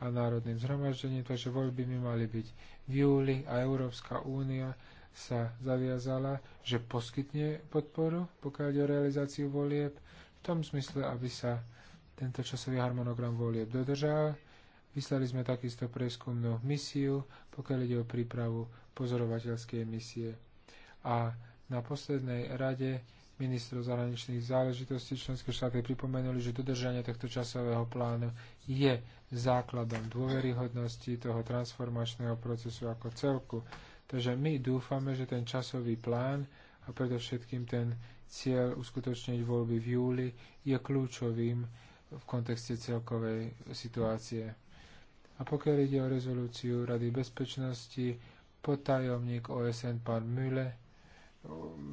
a národným zhromaždením, takže voľby by mali byť v júli a Európska únia sa zaviazala, že poskytne podporu, pokiaľ ide o realizáciu volieb, v tom smysle, aby sa tento časový harmonogram volieb dodržal. Vyslali sme takisto preskumnú misiu, pokiaľ ide o prípravu pozorovateľskej misie. A na poslednej rade ministrov zahraničných záležitostí členské štáty pripomenuli, že dodržanie tohto časového plánu je základom dôveryhodnosti toho transformačného procesu ako celku. Takže my dúfame, že ten časový plán a predovšetkým ten cieľ uskutočniť voľby v júli je kľúčovým v kontexte celkovej situácie. A pokiaľ ide o rezolúciu Rady bezpečnosti, potajomník OSN pán Müller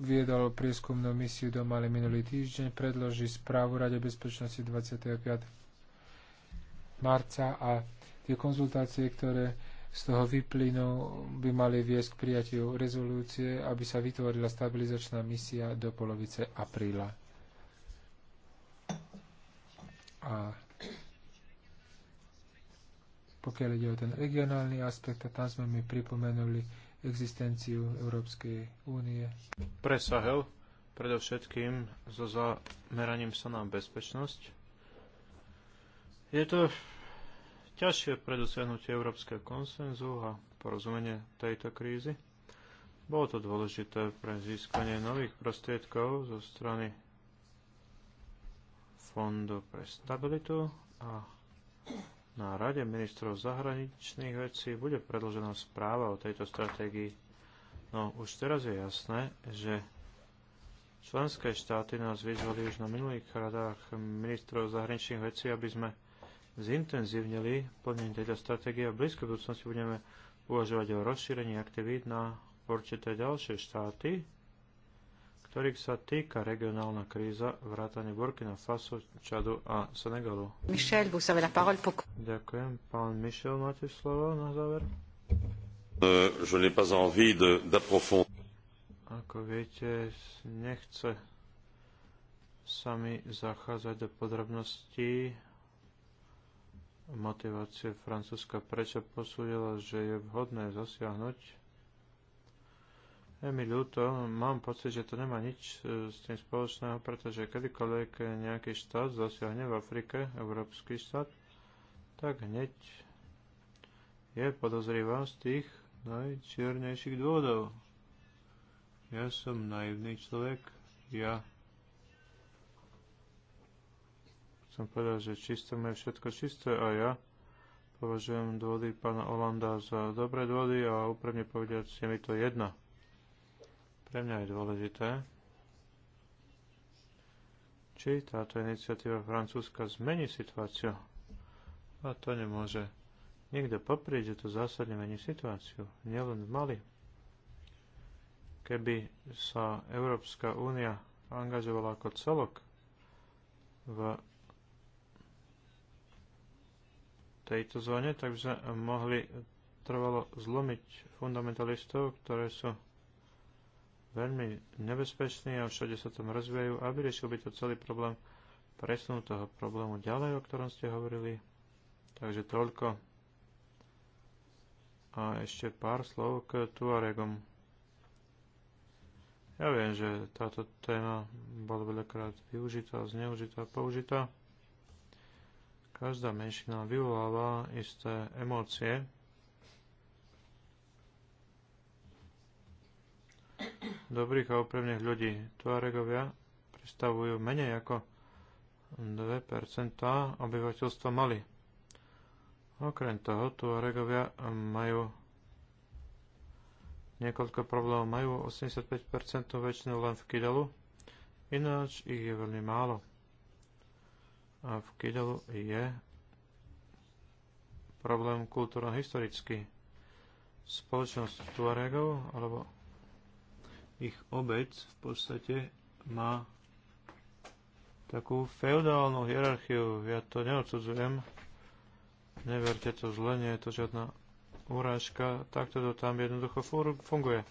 viedol prieskumnú misiu do Mali minulý týždeň, predloží správu Rade bezpečnosti 25. marca a tie konzultácie, ktoré z toho vyplynú, by mali viesť k prijatiu rezolúcie, aby sa vytvorila stabilizačná misia do polovice apríla. A pokiaľ ide o ten regionálny aspekt, a tam sme mi pripomenuli, existenciu Európskej únie. Presahel predovšetkým so zameraním sa na bezpečnosť. Je to ťažšie pre dosiahnutie európskeho konsenzu a porozumenie tejto krízy. Bolo to dôležité pre získanie nových prostriedkov zo strany Fondu pre stabilitu a na Rade ministrov zahraničných vecí bude predložená správa o tejto stratégii. No už teraz je jasné, že členské štáty nás vyzvali už na minulých radách ministrov zahraničných vecí, aby sme zintenzívnili plnenie tejto stratégie a v blízkej budúcnosti budeme uvažovať o rozšírení aktivít na určité ďalšie štáty, ktorých sa týka regionálna kríza vrátane Burkina Faso, Čadu a Senegalu. Michel, vous avez la parole pour... Ďakujem. Pán Michel, máte slovo na záver? Uh, je n'ai pas envie d'approfond... Ako viete, nechce sami zachádzať do podrobností motivácie Francúzska, prečo posúdila, že je vhodné zasiahnuť je mi ľúto, mám pocit, že to nemá nič e, s tým spoločného, pretože kedykoľvek nejaký štát zasiahne v Afrike, európsky štát, tak hneď je podozrivá z tých najčiernejších dôvodov. Ja som naivný človek, ja som povedal, že čisté je všetko čisté a ja považujem dôvody pána Olanda za dobré dôvody a úprimne povedať, je mi to jedna. Pre mňa je dôležité, či táto iniciatíva Francúzska zmení situáciu. A to nemôže nikto poprieť, že to zásadne mení situáciu, nielen v Mali. Keby sa Európska únia angažovala ako celok v tejto zóne, tak by sme mohli trvalo zlomiť fundamentalistov, ktoré sú veľmi nebezpečný a všade sa tam rozvíjajú a vyriešil by to celý problém presunú toho problému ďalej, o ktorom ste hovorili. Takže toľko. A ešte pár slov k Tuaregom. Ja viem, že táto téma bola veľakrát využitá, zneužitá, použitá. Každá menšina vyvoláva isté emócie, dobrých a úprimných ľudí. Tuaregovia predstavujú menej ako 2% obyvateľstva Mali. Okrem toho, Tuaregovia majú niekoľko problémov. Majú 85% väčšinu len v Kidalu, ináč ich je veľmi málo. A v Kidalu je problém kultúrno-historický. Spoločnosť Tuaregov alebo ich obec v podstate má takú feudálnu hierarchiu. Ja to neodsudzujem. Neverte to zle, nie je to žiadna urážka. Takto to tam jednoducho funguje.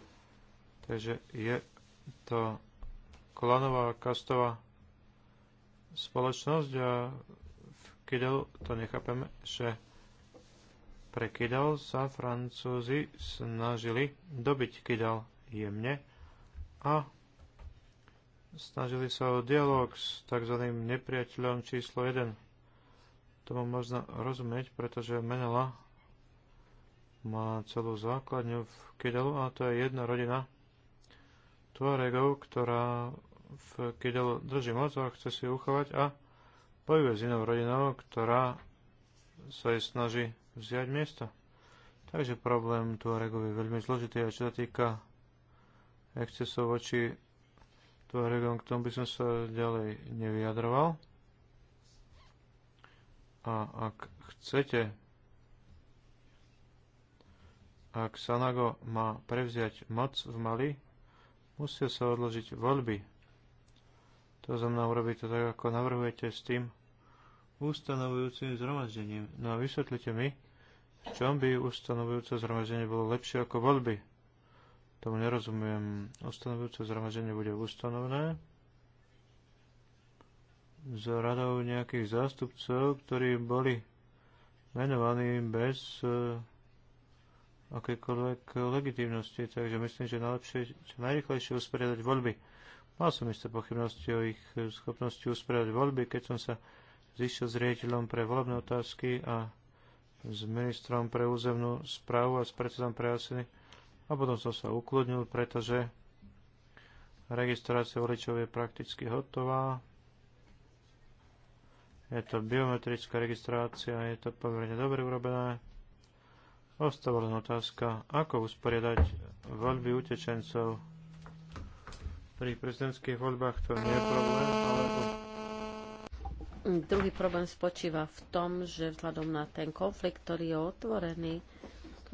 Takže je to klanová, kastová spoločnosť a v Kidel to nechápeme, že pre Kidel sa Francúzi snažili dobiť Kidel jemne a snažili sa o dialog s tzv. nepriateľom číslo 1. Tomu možno rozumieť, pretože Menela má celú základňu v Kidelu a to je jedna rodina Tuaregov, ktorá v Kidelu drží moc a chce si uchovať a bojuje s inou rodinou, ktorá sa jej snaží vziať miesto. Takže problém Tuaregov je veľmi zložitý a čo sa týka excesov voči Tuaregom, k tomu by som sa ďalej nevyjadroval. A ak chcete, ak Sanago má prevziať moc v Mali, musia sa odložiť voľby. To znamená urobiť to tak, ako navrhujete s tým ustanovujúcim zhromaždením. No a vysvetlite mi, v čom by ustanovujúce zhromaždenie bolo lepšie ako voľby. Tomu nerozumiem. Ustanovujúce zhromaždenie bude ustanovené s radou nejakých zástupcov, ktorí boli menovaní bez e, akékoľvek legitimnosti, takže myslím, že najlepšie, čo najrychlejšie usporiadať voľby. Mal som isté pochybnosti o ich schopnosti usporiadať voľby, keď som sa zišiel s riaditeľom pre volebné otázky a s ministrom pre územnú správu a s predsedom pre asiny a potom som sa ukludnil, pretože registrácia voličov je prakticky hotová. Je to biometrická registrácia, je to pomerne dobre urobené. Ostáva len otázka, ako usporiadať voľby utečencov. Pri prezidentských voľbách to nie je problém, ale Druhý problém spočíva v tom, že vzhľadom na ten konflikt, ktorý je otvorený,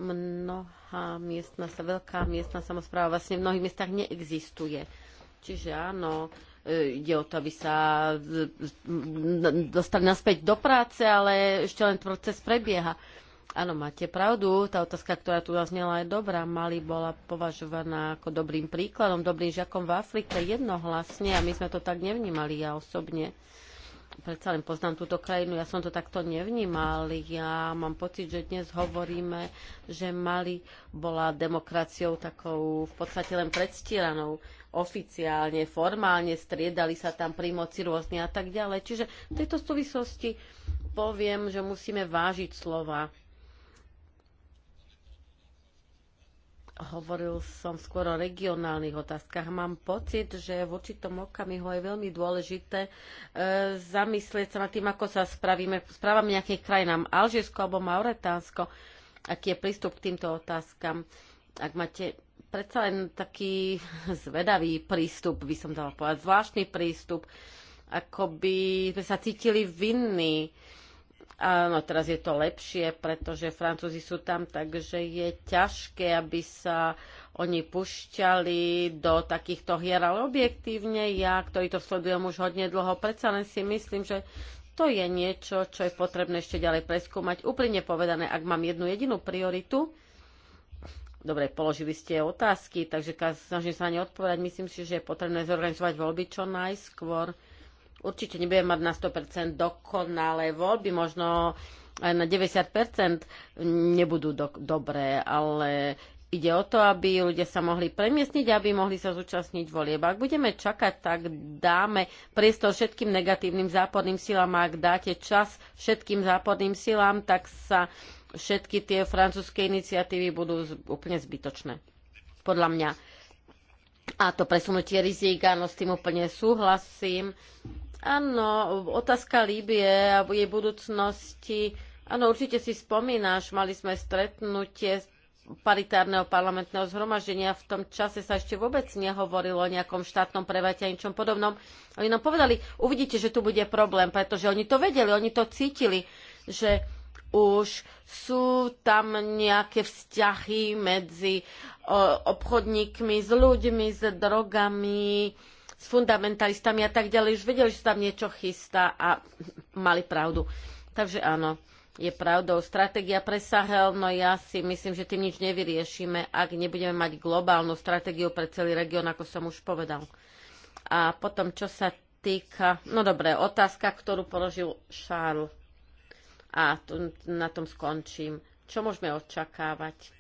mnohá miestna, veľká miestna samozpráva vlastne v mnohých miestach neexistuje. Čiže áno, e, ide o to, aby sa e, e, dostali naspäť do práce, ale ešte len proces prebieha. Áno, máte pravdu. Tá otázka, ktorá tu zaznela, je dobrá. Mali bola považovaná ako dobrým príkladom, dobrým žiakom v Afrike jednohlasne a my sme to tak nevnímali, ja osobne predsa len poznám túto krajinu, ja som to takto nevnímal. Ja mám pocit, že dnes hovoríme, že Mali bola demokraciou takou v podstate len predstieranou oficiálne, formálne, striedali sa tam pri moci rôzne a tak ďalej. Čiže v tejto súvislosti poviem, že musíme vážiť slova Hovoril som skôr o regionálnych otázkach. Mám pocit, že v určitom okamihu je veľmi dôležité e, zamyslieť sa nad tým, ako sa spravíme, správame nejakých krajinám Alžírsko alebo Mauretánsko, aký je prístup k týmto otázkam. Ak máte predsa len taký zvedavý prístup, by som dala povedať, zvláštny prístup, ako by sme sa cítili vinní Áno, teraz je to lepšie, pretože Francúzi sú tam, takže je ťažké, aby sa oni pušťali do takýchto hier. Ale objektívne ja, ktorý to sledujem už hodne dlho, predsa len si myslím, že to je niečo, čo je potrebné ešte ďalej preskúmať. Úplne povedané, ak mám jednu jedinú prioritu, dobre, položili ste otázky, takže snažím sa na ne odpovedať. Myslím si, že je potrebné zorganizovať voľby čo najskôr Určite nebudeme mať na 100% dokonalé voľby, možno aj na 90% nebudú do- dobré, ale Ide o to, aby ľudia sa mohli premiestniť, aby mohli sa zúčastniť volieb. Ak budeme čakať, tak dáme priestor všetkým negatívnym záporným silám a ak dáte čas všetkým záporným silám, tak sa všetky tie francúzske iniciatívy budú úplne zbytočné. Podľa mňa. A to presunutie rizik, no s tým úplne súhlasím. Áno, otázka Líbie a jej budúcnosti. Áno, určite si spomínáš, mali sme stretnutie paritárneho parlamentného zhromaždenia. V tom čase sa ešte vôbec nehovorilo o nejakom štátnom prevate a ničom podobnom. Oni nám povedali, uvidíte, že tu bude problém, pretože oni to vedeli, oni to cítili, že už sú tam nejaké vzťahy medzi obchodníkmi s ľuďmi, s drogami, s fundamentalistami a tak ďalej, už vedeli, že sa tam niečo chystá a mali pravdu. Takže áno, je pravdou. Stratégia pre Sahel, no ja si myslím, že tým nič nevyriešime, ak nebudeme mať globálnu stratégiu pre celý región, ako som už povedal. A potom, čo sa týka... No dobré, otázka, ktorú položil Charles. A to, na tom skončím. Čo môžeme očakávať?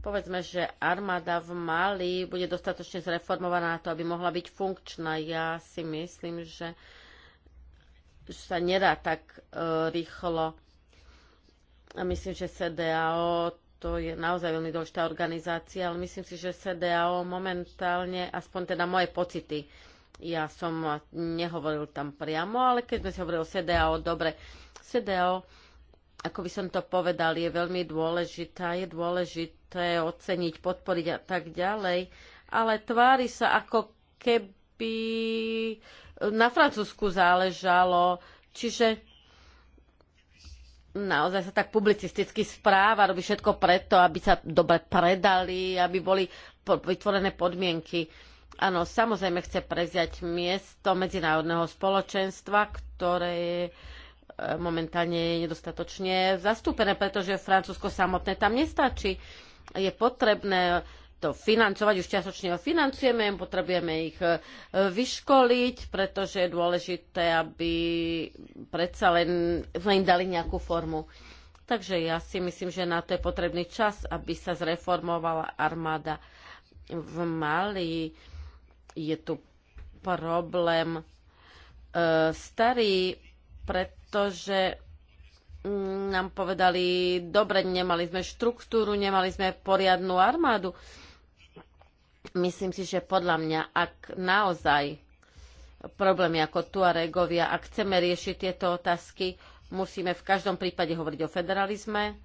Povedzme, že armáda v Mali bude dostatočne zreformovaná na to, aby mohla byť funkčná. Ja si myslím, že sa nedá tak e, rýchlo. A myslím, že CDAO to je naozaj veľmi dôležitá organizácia, ale myslím si, že CDAO momentálne, aspoň teda moje pocity, ja som nehovoril tam priamo, ale keď sme si hovorili o CDAO, dobre, CDAO ako by som to povedal, je veľmi dôležitá, je dôležité oceniť, podporiť a tak ďalej, ale tvári sa ako keby na Francúzsku záležalo, čiže naozaj sa tak publicisticky správa, robí všetko preto, aby sa dobre predali, aby boli vytvorené podmienky. Áno, samozrejme chce preziať miesto medzinárodného spoločenstva, ktoré je momentálne je nedostatočne zastúpené, pretože Francúzsko samotné tam nestačí. Je potrebné to financovať, už čiastočne ho financujeme, potrebujeme ich e, vyškoliť, pretože je dôležité, aby predsa len sme im dali nejakú formu. Takže ja si myslím, že na to je potrebný čas, aby sa zreformovala armáda v Mali. Je tu problém e, starý pred pretože mm, nám povedali, dobre, nemali sme štruktúru, nemali sme poriadnu armádu. Myslím si, že podľa mňa, ak naozaj problémy ako Tuaregovia, ak chceme riešiť tieto otázky, musíme v každom prípade hovoriť o federalizme,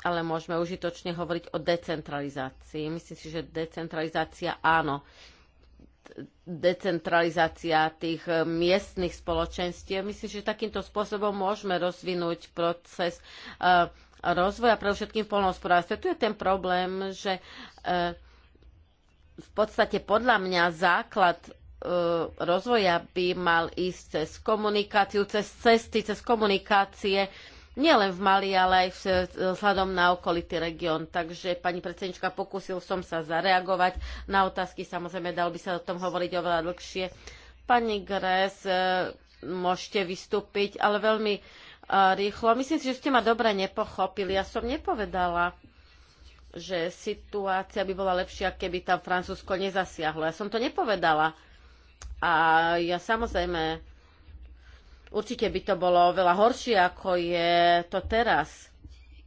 ale môžeme užitočne hovoriť o decentralizácii. Myslím si, že decentralizácia áno, decentralizácia tých eh, miestnych spoločenstiev. Myslím, že takýmto spôsobom môžeme rozvinúť proces eh, rozvoja pre všetkým v polnohospodárstve. Tu je ten problém, že eh, v podstate podľa mňa základ rozvoja by mal ísť cez komunikáciu, cez cesty, cez komunikácie nielen v Mali, ale aj e, vzhľadom na okolitý región. Takže, pani predsednička, pokúsil som sa zareagovať na otázky. Samozrejme, dal by sa o tom hovoriť oveľa dlhšie. Pani Gres, e, môžete vystúpiť, ale veľmi e, rýchlo. Myslím si, že ste ma dobre nepochopili. Ja som nepovedala, že situácia by bola lepšia, keby tam Francúzsko nezasiahlo. Ja som to nepovedala. A ja samozrejme Určite by to bolo veľa horšie, ako je to teraz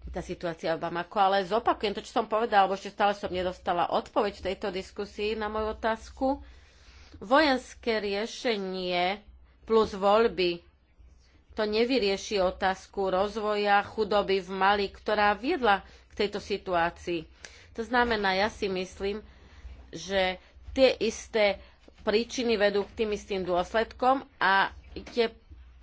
tá situácia v Bamako, ale zopakujem to, čo som povedala, alebo ešte stále som nedostala odpoveď v tejto diskusii na moju otázku. Vojenské riešenie plus voľby to nevyrieši otázku rozvoja chudoby v Mali, ktorá viedla k tejto situácii. To znamená, ja si myslím, že tie isté príčiny vedú k tým istým dôsledkom a tie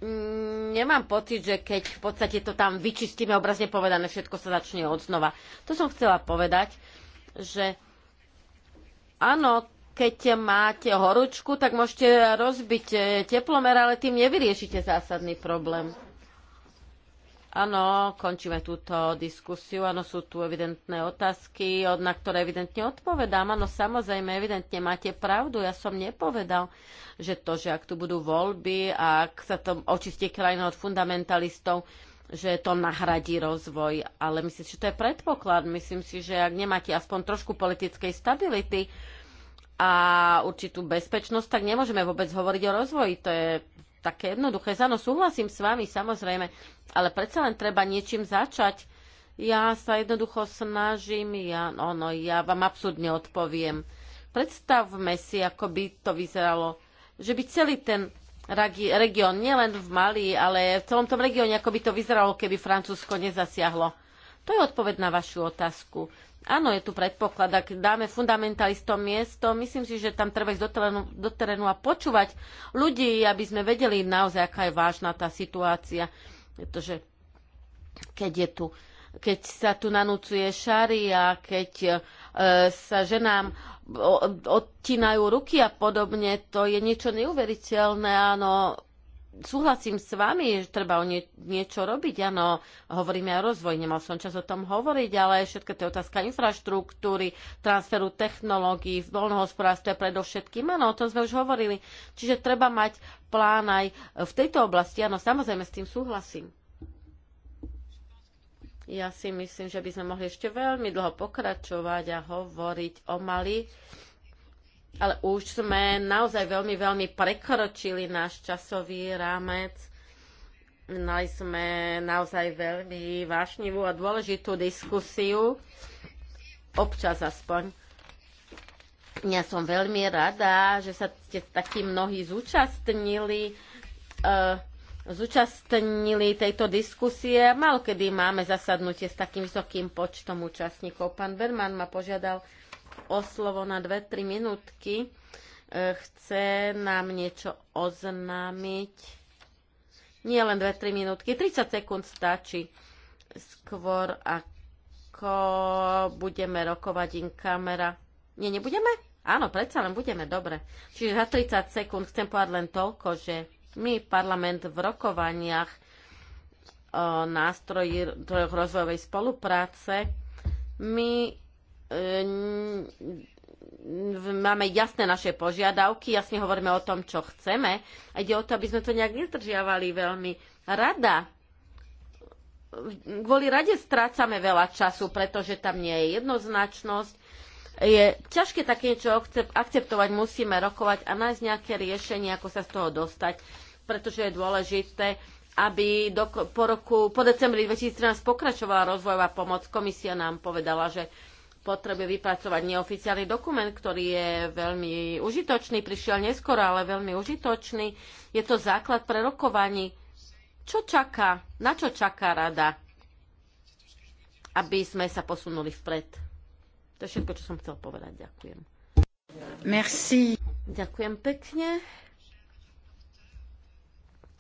Mm, nemám pocit, že keď v podstate to tam vyčistíme obrazne povedané, všetko sa začne od znova. To som chcela povedať, že áno, keď máte horúčku, tak môžete rozbiť eh, teplomer, ale tým nevyriešite zásadný problém. Áno, končíme túto diskusiu. Áno, sú tu evidentné otázky, na ktoré evidentne odpovedám. Áno, samozrejme, evidentne máte pravdu. Ja som nepovedal, že to, že ak tu budú voľby a ak sa to očistí krajina od fundamentalistov, že to nahradí rozvoj. Ale myslím si, že to je predpoklad. Myslím si, že ak nemáte aspoň trošku politickej stability a určitú bezpečnosť, tak nemôžeme vôbec hovoriť o rozvoji. To je také jednoduché. Áno, súhlasím s vami, samozrejme, ale predsa len treba niečím začať. Ja sa jednoducho snažím, ja, no, no ja vám absurdne odpoviem. Predstavme si, ako by to vyzeralo, že by celý ten región, nielen v Mali, ale v celom tom regióne, ako by to vyzeralo, keby Francúzsko nezasiahlo. To je odpoveď na vašu otázku. Áno, je tu predpoklad, ak dáme fundamentalistom miesto, myslím si, že tam treba ísť do terénu, do terénu a počúvať ľudí, aby sme vedeli naozaj, aká je vážna tá situácia. Pretože keď je tu keď sa tu nanúcuje šaria, keď e, sa ženám odtínajú ruky a podobne, to je niečo neuveriteľné. Áno, súhlasím s vami, že treba o nie, niečo robiť, áno, hovoríme o rozvoji, nemal som čas o tom hovoriť, ale všetko to je otázka infraštruktúry, transferu technológií, v voľnohospodárstve predovšetkým, áno, o tom sme už hovorili. Čiže treba mať plán aj v tejto oblasti, áno, samozrejme s tým súhlasím. Ja si myslím, že by sme mohli ešte veľmi dlho pokračovať a hovoriť o malých ale už sme naozaj veľmi, veľmi prekročili náš časový rámec. Mali sme naozaj veľmi vášnivú a dôležitú diskusiu, občas aspoň. Ja som veľmi rada, že sa ste takí mnohí zúčastnili. uh, zúčastnili tejto diskusie. Malkedy máme zasadnutie s takým vysokým počtom účastníkov. Pán Berman ma požiadal, o slovo na 2-3 minútky. E, chce nám niečo oznámiť. Nie len 2-3 minútky, 30 sekúnd stačí. Skôr ako budeme rokovať in kamera. Nie, nebudeme? Áno, predsa len budeme, dobre. Čiže za 30 sekúnd chcem povedať len toľko, že my parlament v rokovaniach o nástroji rozvojovej spolupráce my máme jasné naše požiadavky, jasne hovoríme o tom, čo chceme. A ide o to, aby sme to nejak nezdržiavali veľmi. Rada. Kvôli rade strácame veľa času, pretože tam nie je jednoznačnosť. Je ťažké také niečo akceptovať, musíme rokovať a nájsť nejaké riešenie, ako sa z toho dostať, pretože je dôležité, aby do, po, roku, po decembri 2013 pokračovala rozvojová pomoc. Komisia nám povedala, že potrebe vypracovať neoficiálny dokument, ktorý je veľmi užitočný, prišiel neskoro, ale veľmi užitočný. Je to základ pre rokovaní. Čo čaká? Na čo čaká rada? Aby sme sa posunuli vpred. To je všetko, čo som chcel povedať. Ďakujem. Merci. Ďakujem pekne.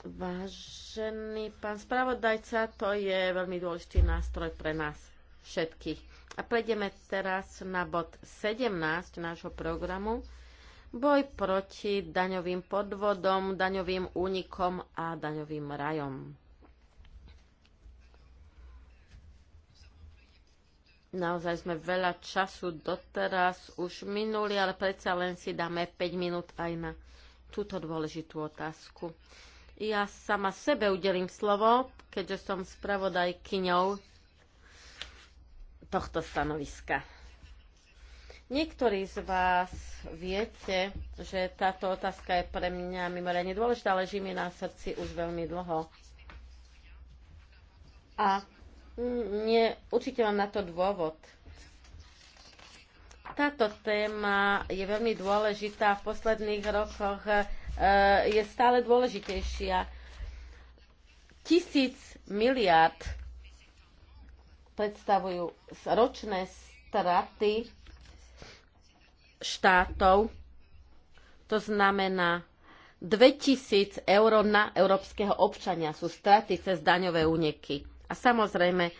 Vážený pán spravodajca, to je veľmi dôležitý nástroj pre nás všetkých a prejdeme teraz na bod 17 nášho programu. Boj proti daňovým podvodom, daňovým únikom a daňovým rajom. Naozaj sme veľa času doteraz už minuli, ale predsa len si dáme 5 minút aj na túto dôležitú otázku. Ja sama sebe udelím slovo, keďže som spravodajkyňou tohto stanoviska. Niektorí z vás viete, že táto otázka je pre mňa mimoriadne dôležitá, leží mi na srdci už veľmi dlho. A nie, určite mám na to dôvod. Táto téma je veľmi dôležitá. V posledných rokoch e, je stále dôležitejšia. Tisíc miliard predstavujú ročné straty štátov, to znamená 2000 eur na európskeho občania sú straty cez daňové úniky. A samozrejme,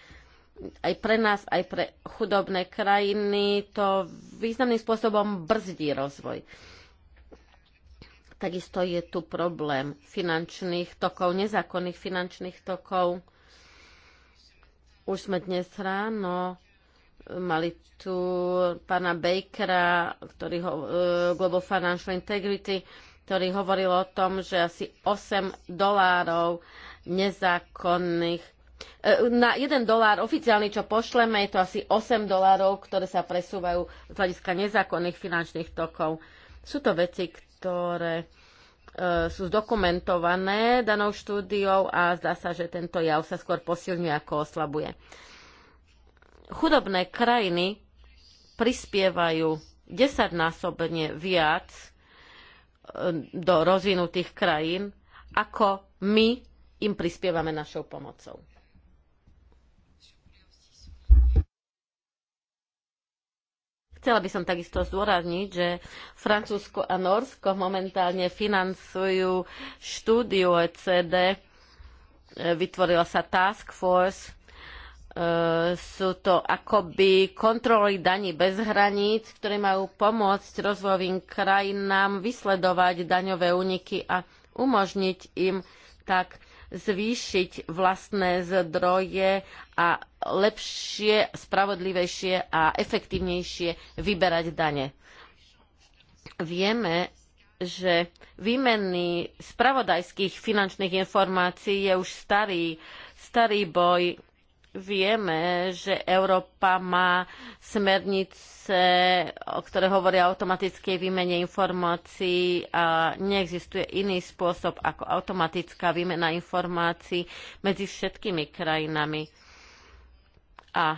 aj pre nás, aj pre chudobné krajiny to významným spôsobom brzdí rozvoj. Takisto je tu problém finančných tokov, nezákonných finančných tokov už sme dnes ráno mali tu pána Bakera, ktorý ho, e, Global Financial Integrity, ktorý hovoril o tom, že asi 8 dolárov nezákonných e, na 1 dolár oficiálny, čo pošleme, je to asi 8 dolárov, ktoré sa presúvajú z hľadiska nezákonných finančných tokov. Sú to veci, ktoré E, sú zdokumentované danou štúdiou a zdá sa, že tento jav sa skôr posilňuje ako oslabuje. Chudobné krajiny prispievajú desaťnásobne viac e, do rozvinutých krajín, ako my im prispievame našou pomocou. Chcela by som takisto zdôrazniť, že Francúzsko a Norsko momentálne financujú štúdiu OECD. E, vytvorila sa Task Force. E, sú to akoby kontroly daní bez hraníc, ktoré majú pomôcť rozvojovým krajinám vysledovať daňové úniky a umožniť im tak zvýšiť vlastné zdroje a lepšie, spravodlivejšie a efektívnejšie vyberať dane. Vieme, že výmeny spravodajských finančných informácií je už starý, starý boj vieme, že Európa má smernice, o ktoré hovoria o automatickej výmene informácií a neexistuje iný spôsob ako automatická výmena informácií medzi všetkými krajinami. A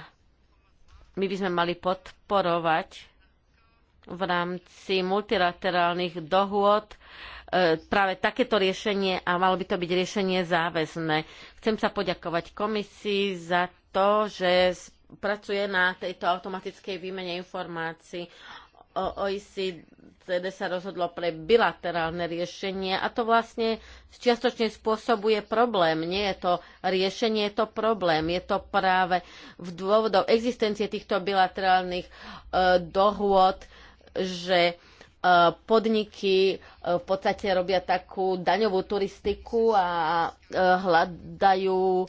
my by sme mali podporovať v rámci multilaterálnych dohôd E, práve takéto riešenie a malo by to byť riešenie záväzné. Chcem sa poďakovať komisii za to, že pracuje na tejto automatickej výmene informácií. OECD sa rozhodlo pre bilaterálne riešenie a to vlastne čiastočne spôsobuje problém. Nie je to riešenie, je to problém. Je to práve v dôvodov existencie týchto bilaterálnych e, dohôd, že e, podniky e, v podstate robia takú daňovú turistiku a e, hľadajú e,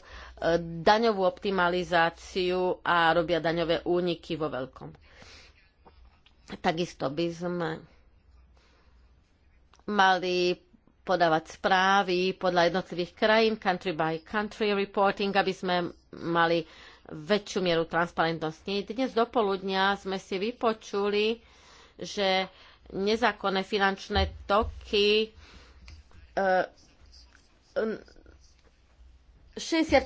daňovú optimalizáciu a robia daňové úniky vo veľkom. Takisto by sme mali podávať správy podľa jednotlivých krajín, country by country reporting, aby sme mali väčšiu mieru transparentnosti. Dnes do poludnia sme si vypočuli, že nezákonné finančné toky. 65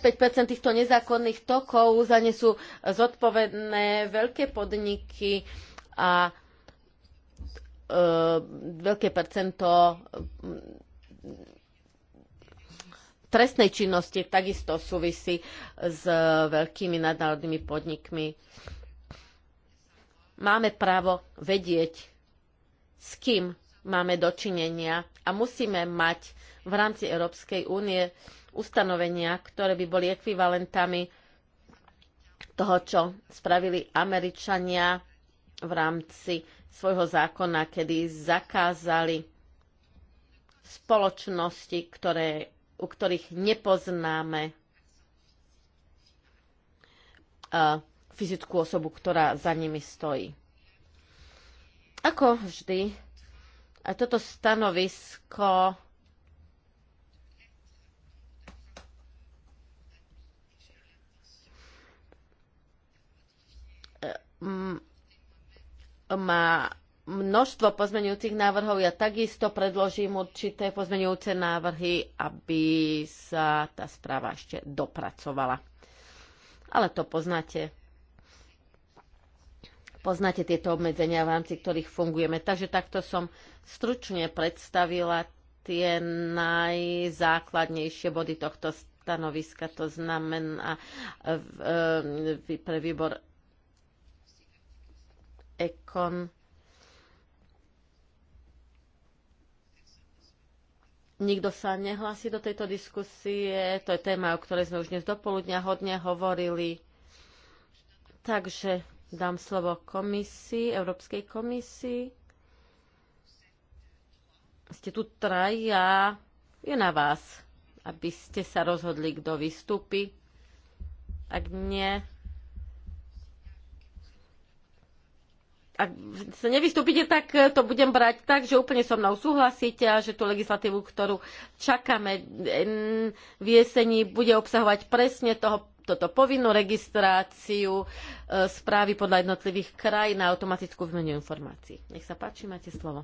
eh, týchto nezákonných tokov za sú zodpovedné veľké podniky a eh, veľké percento mm, trestnej činnosti takisto súvisí s veľkými nadnárodnými podnikmi. Máme právo vedieť, s kým máme dočinenia a musíme mať v rámci Európskej únie ustanovenia, ktoré by boli ekvivalentami toho, čo spravili Američania v rámci svojho zákona, kedy zakázali spoločnosti, ktoré, u ktorých nepoznáme uh, fyzickú osobu, ktorá za nimi stojí. Ako vždy, a toto stanovisko má množstvo pozmeňujúcich návrhov. Ja takisto predložím určité pozmeňujúce návrhy, aby sa tá správa ešte dopracovala. Ale to poznáte. Poznáte tieto obmedzenia, v rámci ktorých fungujeme. Takže takto som stručne predstavila tie najzákladnejšie body tohto stanoviska. To znamená e, pre výbor Ekon Nikto sa nehlási do tejto diskusie. To je téma, o ktorej sme už dnes dopoludňa hodne hovorili. Takže Dám slovo komisii, Európskej komisii. Ste tu traja. Je na vás, aby ste sa rozhodli, kto vystúpi. Ak nie, ak sa nevystúpite, tak e, to budem brať tak, že úplne so mnou súhlasíte a že tú legislatívu, ktorú čakáme v jeseni, bude obsahovať presne toho toto povinnú registráciu e, správy podľa jednotlivých krajín na automatickú zmenu informácií. Nech sa páči, máte slovo.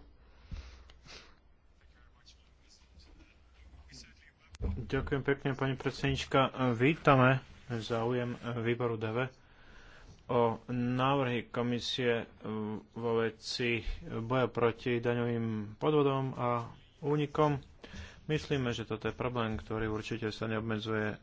Ďakujem pekne, pani predsednička. Vítame záujem výboru DV o návrhy komisie vo veci boja proti daňovým podvodom a únikom Myslíme, že toto je problém, ktorý určite sa neobmedzuje eh,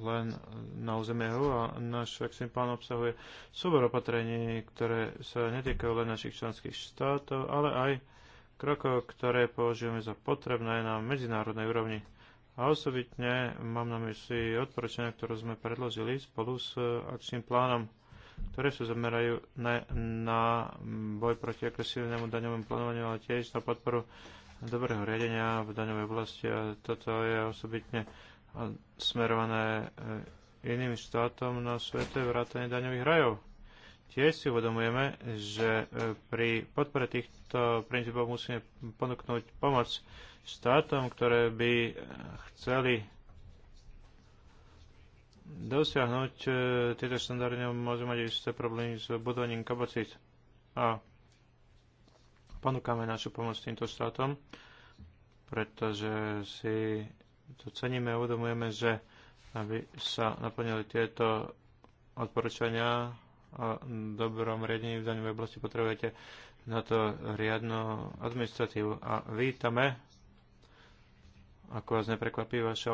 len na územie EU a náš akčný plán obsahuje súbor opatrení, ktoré sa netýkajú len našich členských štátov, ale aj krokov, ktoré považujeme za potrebné na medzinárodnej úrovni. A osobitne mám na mysli odporúčania, ktoré sme predložili spolu s eh, akčným plánom, ktoré sa zamerajú na, na boj proti agresívnemu daňovému plánovaniu, ale tiež na podporu dobrého riadenia v daňovej oblasti a toto je osobitne smerované eh, iným štátom na svete vrátane daňových rajov. Tiež si uvedomujeme, že eh, pri podpore týchto princípov musíme ponúknuť pomoc štátom, ktoré by eh, chceli dosiahnuť tieto štandardy, môžu mať isté problémy s budovaním kapacít. A ponúkame našu pomoc týmto štátom, pretože si to ceníme a uvedomujeme, že aby sa naplnili tieto odporúčania o dobrom riadení v danej oblasti potrebujete na to riadnu administratívu. A vítame ako vás neprekvapí váš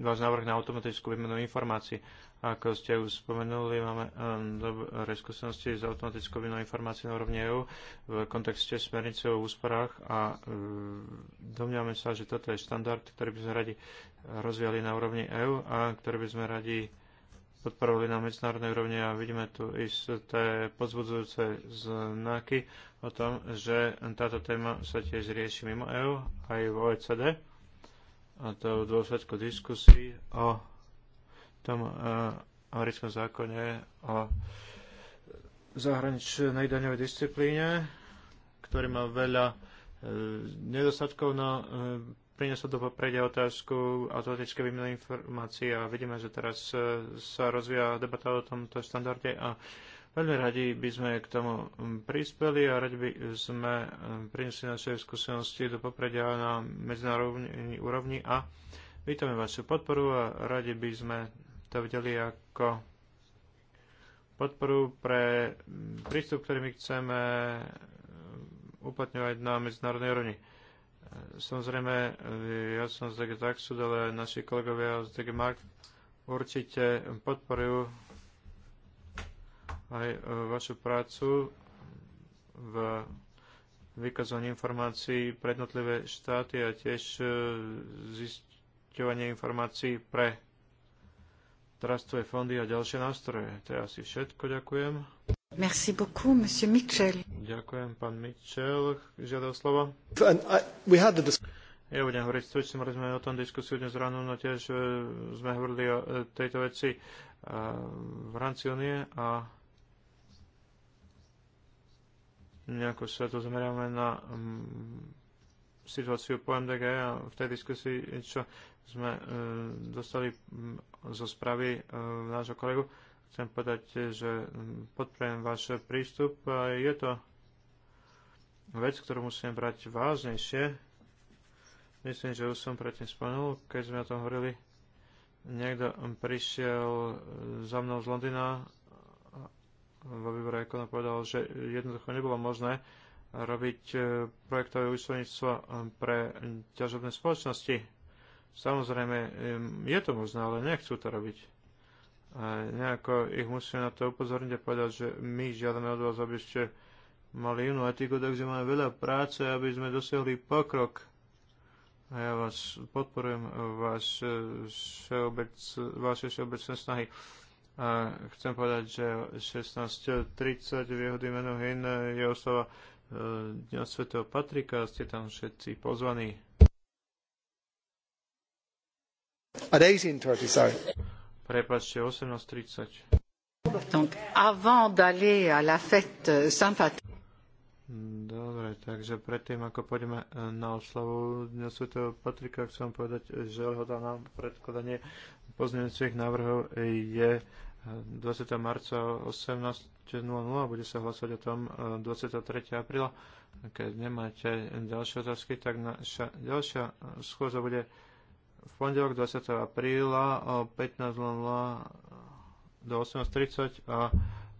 váš návrh na automatickú výmenu informácií. Ako ste už spomenuli, máme ehm, dobré skúsenosti s automatickou výmenou informácií na úrovni EU v kontexte smernice o úsporách a ehm, domňame sa, že toto je štandard, ktorý by sme radi rozvíjali na úrovni EU a ktorý by sme radi podporovali na medzinárodnej úrovni a vidíme tu isté pozbudzujúce znaky o tom, že táto téma sa tiež rieši mimo EU aj v OECD a to v dôsledku diskusí o tom e, americkom zákone o zahraničnej daňovej disciplíne, ktorý má veľa e, nedostatkov na e, priniesol do popredia otázku automatické výmeny informácií a vidíme, že teraz e, sa rozvíja debata o tomto štandarde a veľmi radi by sme k tomu prispeli a radi by sme priniesli naše skúsenosti do popredia na medzinárodnej úrovni a vítame vašu podporu a radi by sme to videli ako podporu pre prístup, ktorý my chceme uplatňovať na medzinárodnej úrovni. Samozrejme, e, ja som z DG Taxud, ale naši kolegovia z DG Mark určite podporujú aj e, vašu prácu v vykazovaní informácií pre jednotlivé štáty a tiež e, zisťovanie informácií pre trastové fondy a ďalšie nástroje. To je asi všetko. Ďakujem. Merci beaucoup, monsieur Mitchell. Ďakujem, pán Mitchell. Žiadal slovo. Ja budem hovoriť stručne, mali sme o tom diskusiu dnes ráno, no tiež e, sme hovorili o e, tejto veci e, v rámci Unie a nejako sa tu zmeriame na situáciu po MDG a v tej diskusii, čo sme dostali zo správy nášho kolegu, Chcem povedať, že mm, podporujem váš prístup. Je to vec, ktorú musím brať vážnejšie. Myslím, že už som predtým spomenul, keď sme o tom hovorili. Niekto prišiel mm, za mnou z Londýna vo výbore ekonom povedal, že jednoducho nebolo možné robiť e, projektové účtovníctvo mm, pre ťažobné spoločnosti. Samozrejme, je to možné, ale nechcú to robiť a nejako ich musíme na to upozorniť a povedať, že my žiadame od vás, aby ste mali inú etiku, takže máme veľa práce, aby sme dosiahli pokrok. A ja vás podporujem, vás, všeobec, vaše všeobecné snahy. A chcem povedať, že 16.30 v jeho dimenu hin je oslava e, Dňa svätého Patrika, a ste tam všetci pozvaní. At 18.30, sorry. Prepačte, 18.30. Donc, avant d'aller à la fête Saint-Patrick. Dobre, takže predtým, ako pôjdeme e, na oslavu Dňa Sv. Patrika, chcem povedať, že lehoda na predkladanie pozdňujúcich návrhov je 20. E, marca 18.00 a bude sa hlasovať o tom 23. E, apríla. Keď nemáte ďalšie otázky, tak naša ďalšia schôza bude v pondelok 20. apríla o 15.00 do 18.30 a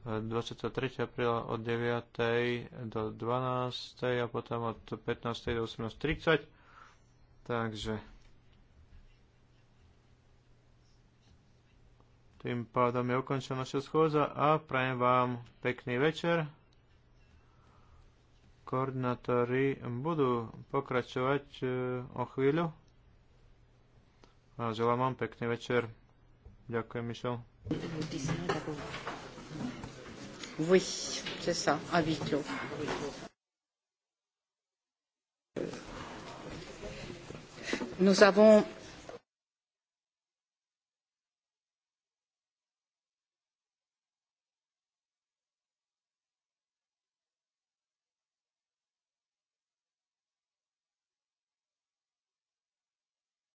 23. apríla od 9. do 12. a potom od 15. do 18.30. Takže tým pádom je ukončená naša schôdza a prajem vám pekný večer. Koordinátori budú pokračovať eh, o chvíľu. A želám vám pekný večer. Ďakujem, Mišel. Oui, c'est ça, à huis Nous avons